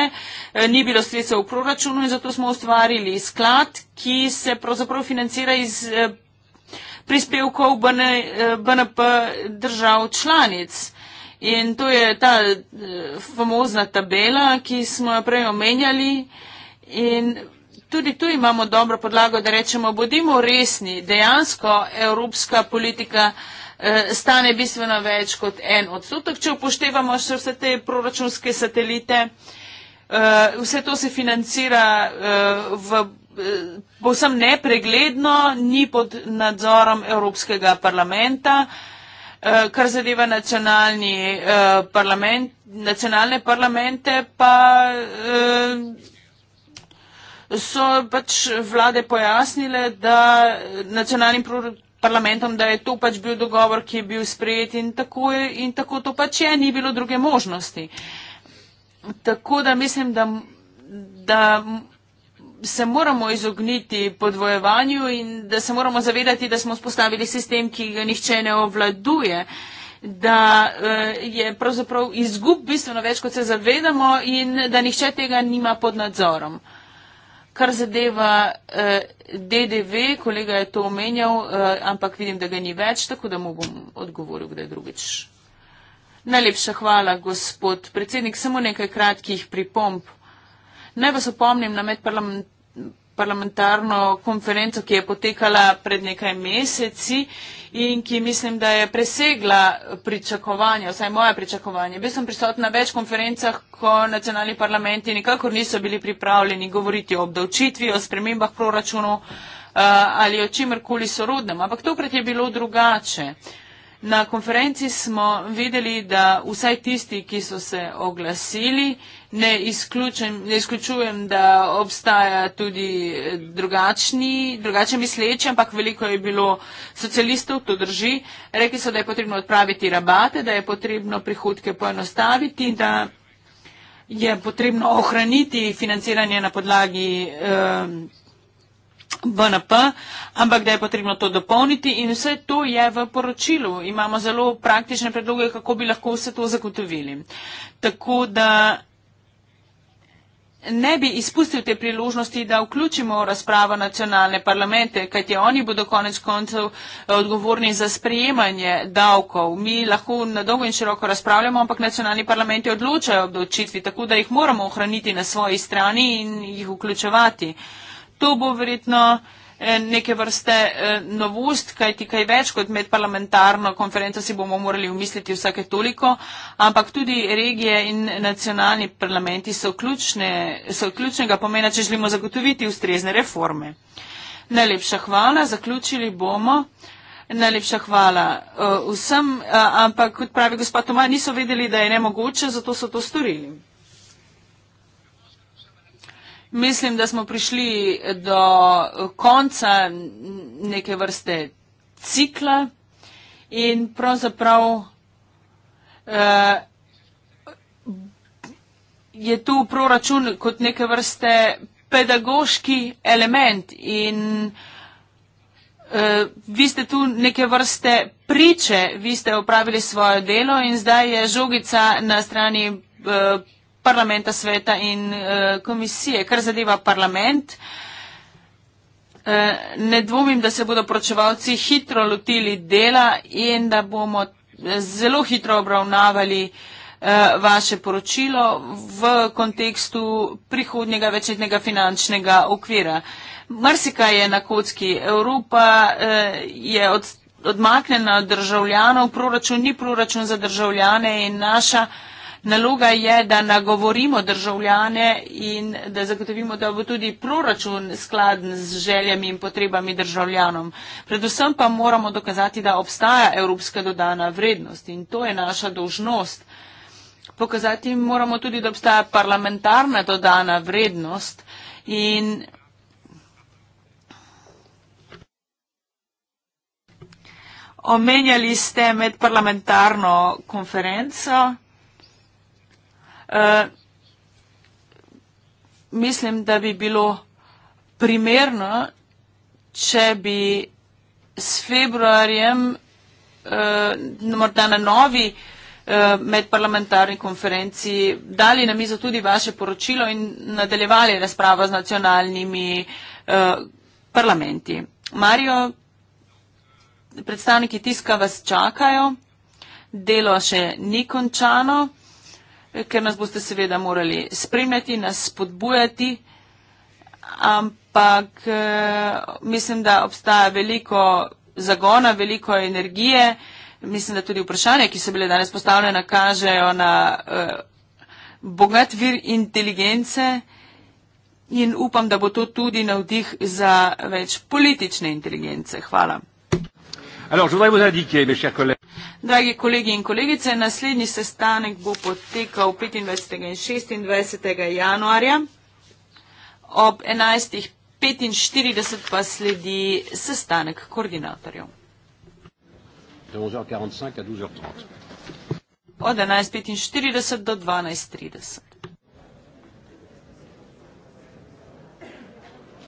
ni bilo sredstev v proračunu in zato smo ustvarili sklad, ki se pravzaprav financira iz prispevkov BNP držav članic. In to je ta famozna tabela, ki smo jo prej omenjali. In Tudi tu imamo dobro podlago, da rečemo, bodimo resni, dejansko evropska politika eh, stane bistveno več kot en odstotek, če upoštevamo še vse te proračunske satelite. Eh, vse to se financira eh, v povsem nepregledno, ni pod nadzorom Evropskega parlamenta, kar zadeva parlament, nacionalne parlamente, pa so pač vlade pojasnile, da nacionalnim parlamentom, da je to pač bil dogovor, ki je bil sprejet in tako, je, in tako to pač je, ni bilo druge možnosti. Tako da mislim, da, da se moramo izogniti podvojevanju in da se moramo zavedati, da smo spostavili sistem, ki ga nihče ne ovladuje da eh, je pravzaprav izgub bistveno več, kot se zavedamo in da nihče tega nima pod nadzorom. Kar zadeva eh, DDV, kolega je to omenjal, eh, ampak vidim, da ga ni več, tako da mu bom odgovoril, kdaj drugič. Najlepša hvala, gospod predsednik. Samo nekaj kratkih pripomb. Naj vas opomnim na medparlamentarno parlamentarno konferenco, ki je potekala pred nekaj meseci in ki mislim, da je presegla pričakovanja, vsaj moja pričakovanja. Bil sem prisotna na več konferencah, ko nacionalni parlamenti nikakor niso bili pripravljeni govoriti o obdavčitvi, o spremembah proračunov eh, ali o čimrkoli sorodnem, ampak tokrat je bilo drugače. Uh, Na konferenci smo videli, da vsaj tisti, ki so se oglasili, ne, ne izključujem, da obstaja tudi drugačni, drugače misleči, ampak veliko je bilo socialistov, to drži. Rekli so, da je potrebno odpraviti rabate, da je potrebno prihodke poenostaviti, da je potrebno ohraniti financiranje na podlagi. Um, BNP, ampak da je potrebno to dopolniti in vse to je v poročilu. Imamo zelo praktične predloge, kako bi lahko vse to zagotovili. Tako da ne bi izpustil te priložnosti, da vključimo razpravo nacionalne parlamente, kajti oni bodo konec koncev eh, odgovorni za sprejemanje davkov. Mi lahko na dolgo in široko razpravljamo, ampak nacionalni parlamenti odločajo o obdočitvi, tako da jih moramo ohraniti na svoji strani in jih vključevati to bo verjetno eh, neke vrste eh, novost, kajti kaj več kot medparlamentarno konferenco si bomo morali umisliti vsake toliko, ampak tudi regije in nacionalni parlamenti so, ključne, so ključnega pomena, če želimo zagotoviti ustrezne reforme. Najlepša hvala, zaključili bomo. Najlepša hvala eh, vsem, ampak kot pravi gospod Tomaj, niso vedeli, da je nemogoče, zato so to storili mislim, da smo prišli do konca neke vrste cikla in pravzaprav eh, je tu proračun kot neke vrste pedagoški element in eh, vi ste tu neke vrste priče, vi ste opravili svoje delo in zdaj je žogica na strani. Eh, parlamenta, sveta in uh, komisije. Kar zadeva parlament, eh, Ne dvomim, da se bodo pročevalci hitro lotili dela in da bomo eh, zelo hitro obravnavali vaše poročilo v kontekstu prihodnjega večetnega finančnega okvira. Mrsika je na kocki. Evropa je odmaknjena od državljanov, proračun ni proračun za državljane in naša. Naloga je, da nagovorimo državljane in da zagotovimo, da bo tudi proračun skladen z željami in potrebami državljanom. Predvsem pa moramo dokazati, da obstaja evropska dodana vrednost in to je naša dožnost. Pokazati moramo tudi, da obstaja parlamentarna dodana vrednost in omenjali ste med parlamentarno konferenco. Eh, mislim, da bi bilo primerno, če bi s februarjem, uh, morda na novi eh, medparlamentarni konferenci dali na mizo tudi vaše poročilo in nadaljevali razpravo z nacionalnimi eh, parlamenti. Marijo, predstavniki tiska vas čakajo, delo še ni končano ker nas boste seveda morali spremljati, nas spodbujati, ampak eh, mislim, da obstaja veliko zagona, veliko energije. Mislim, da tudi vprašanja, ki so bile danes postavljene, kažejo na eh, bogat vir inteligence in upam, da bo to tudi navdih za več politične inteligence. Hvala. Alors, je voudrais vous indiquer, mes chers collègues. Dragi kolegi in kolegice, naslednji sestanek bo potekal 25. in 26. januarja. Ob 11.45 pa sledi sestanek koordinatorjev. Od 11.45 do 12.30.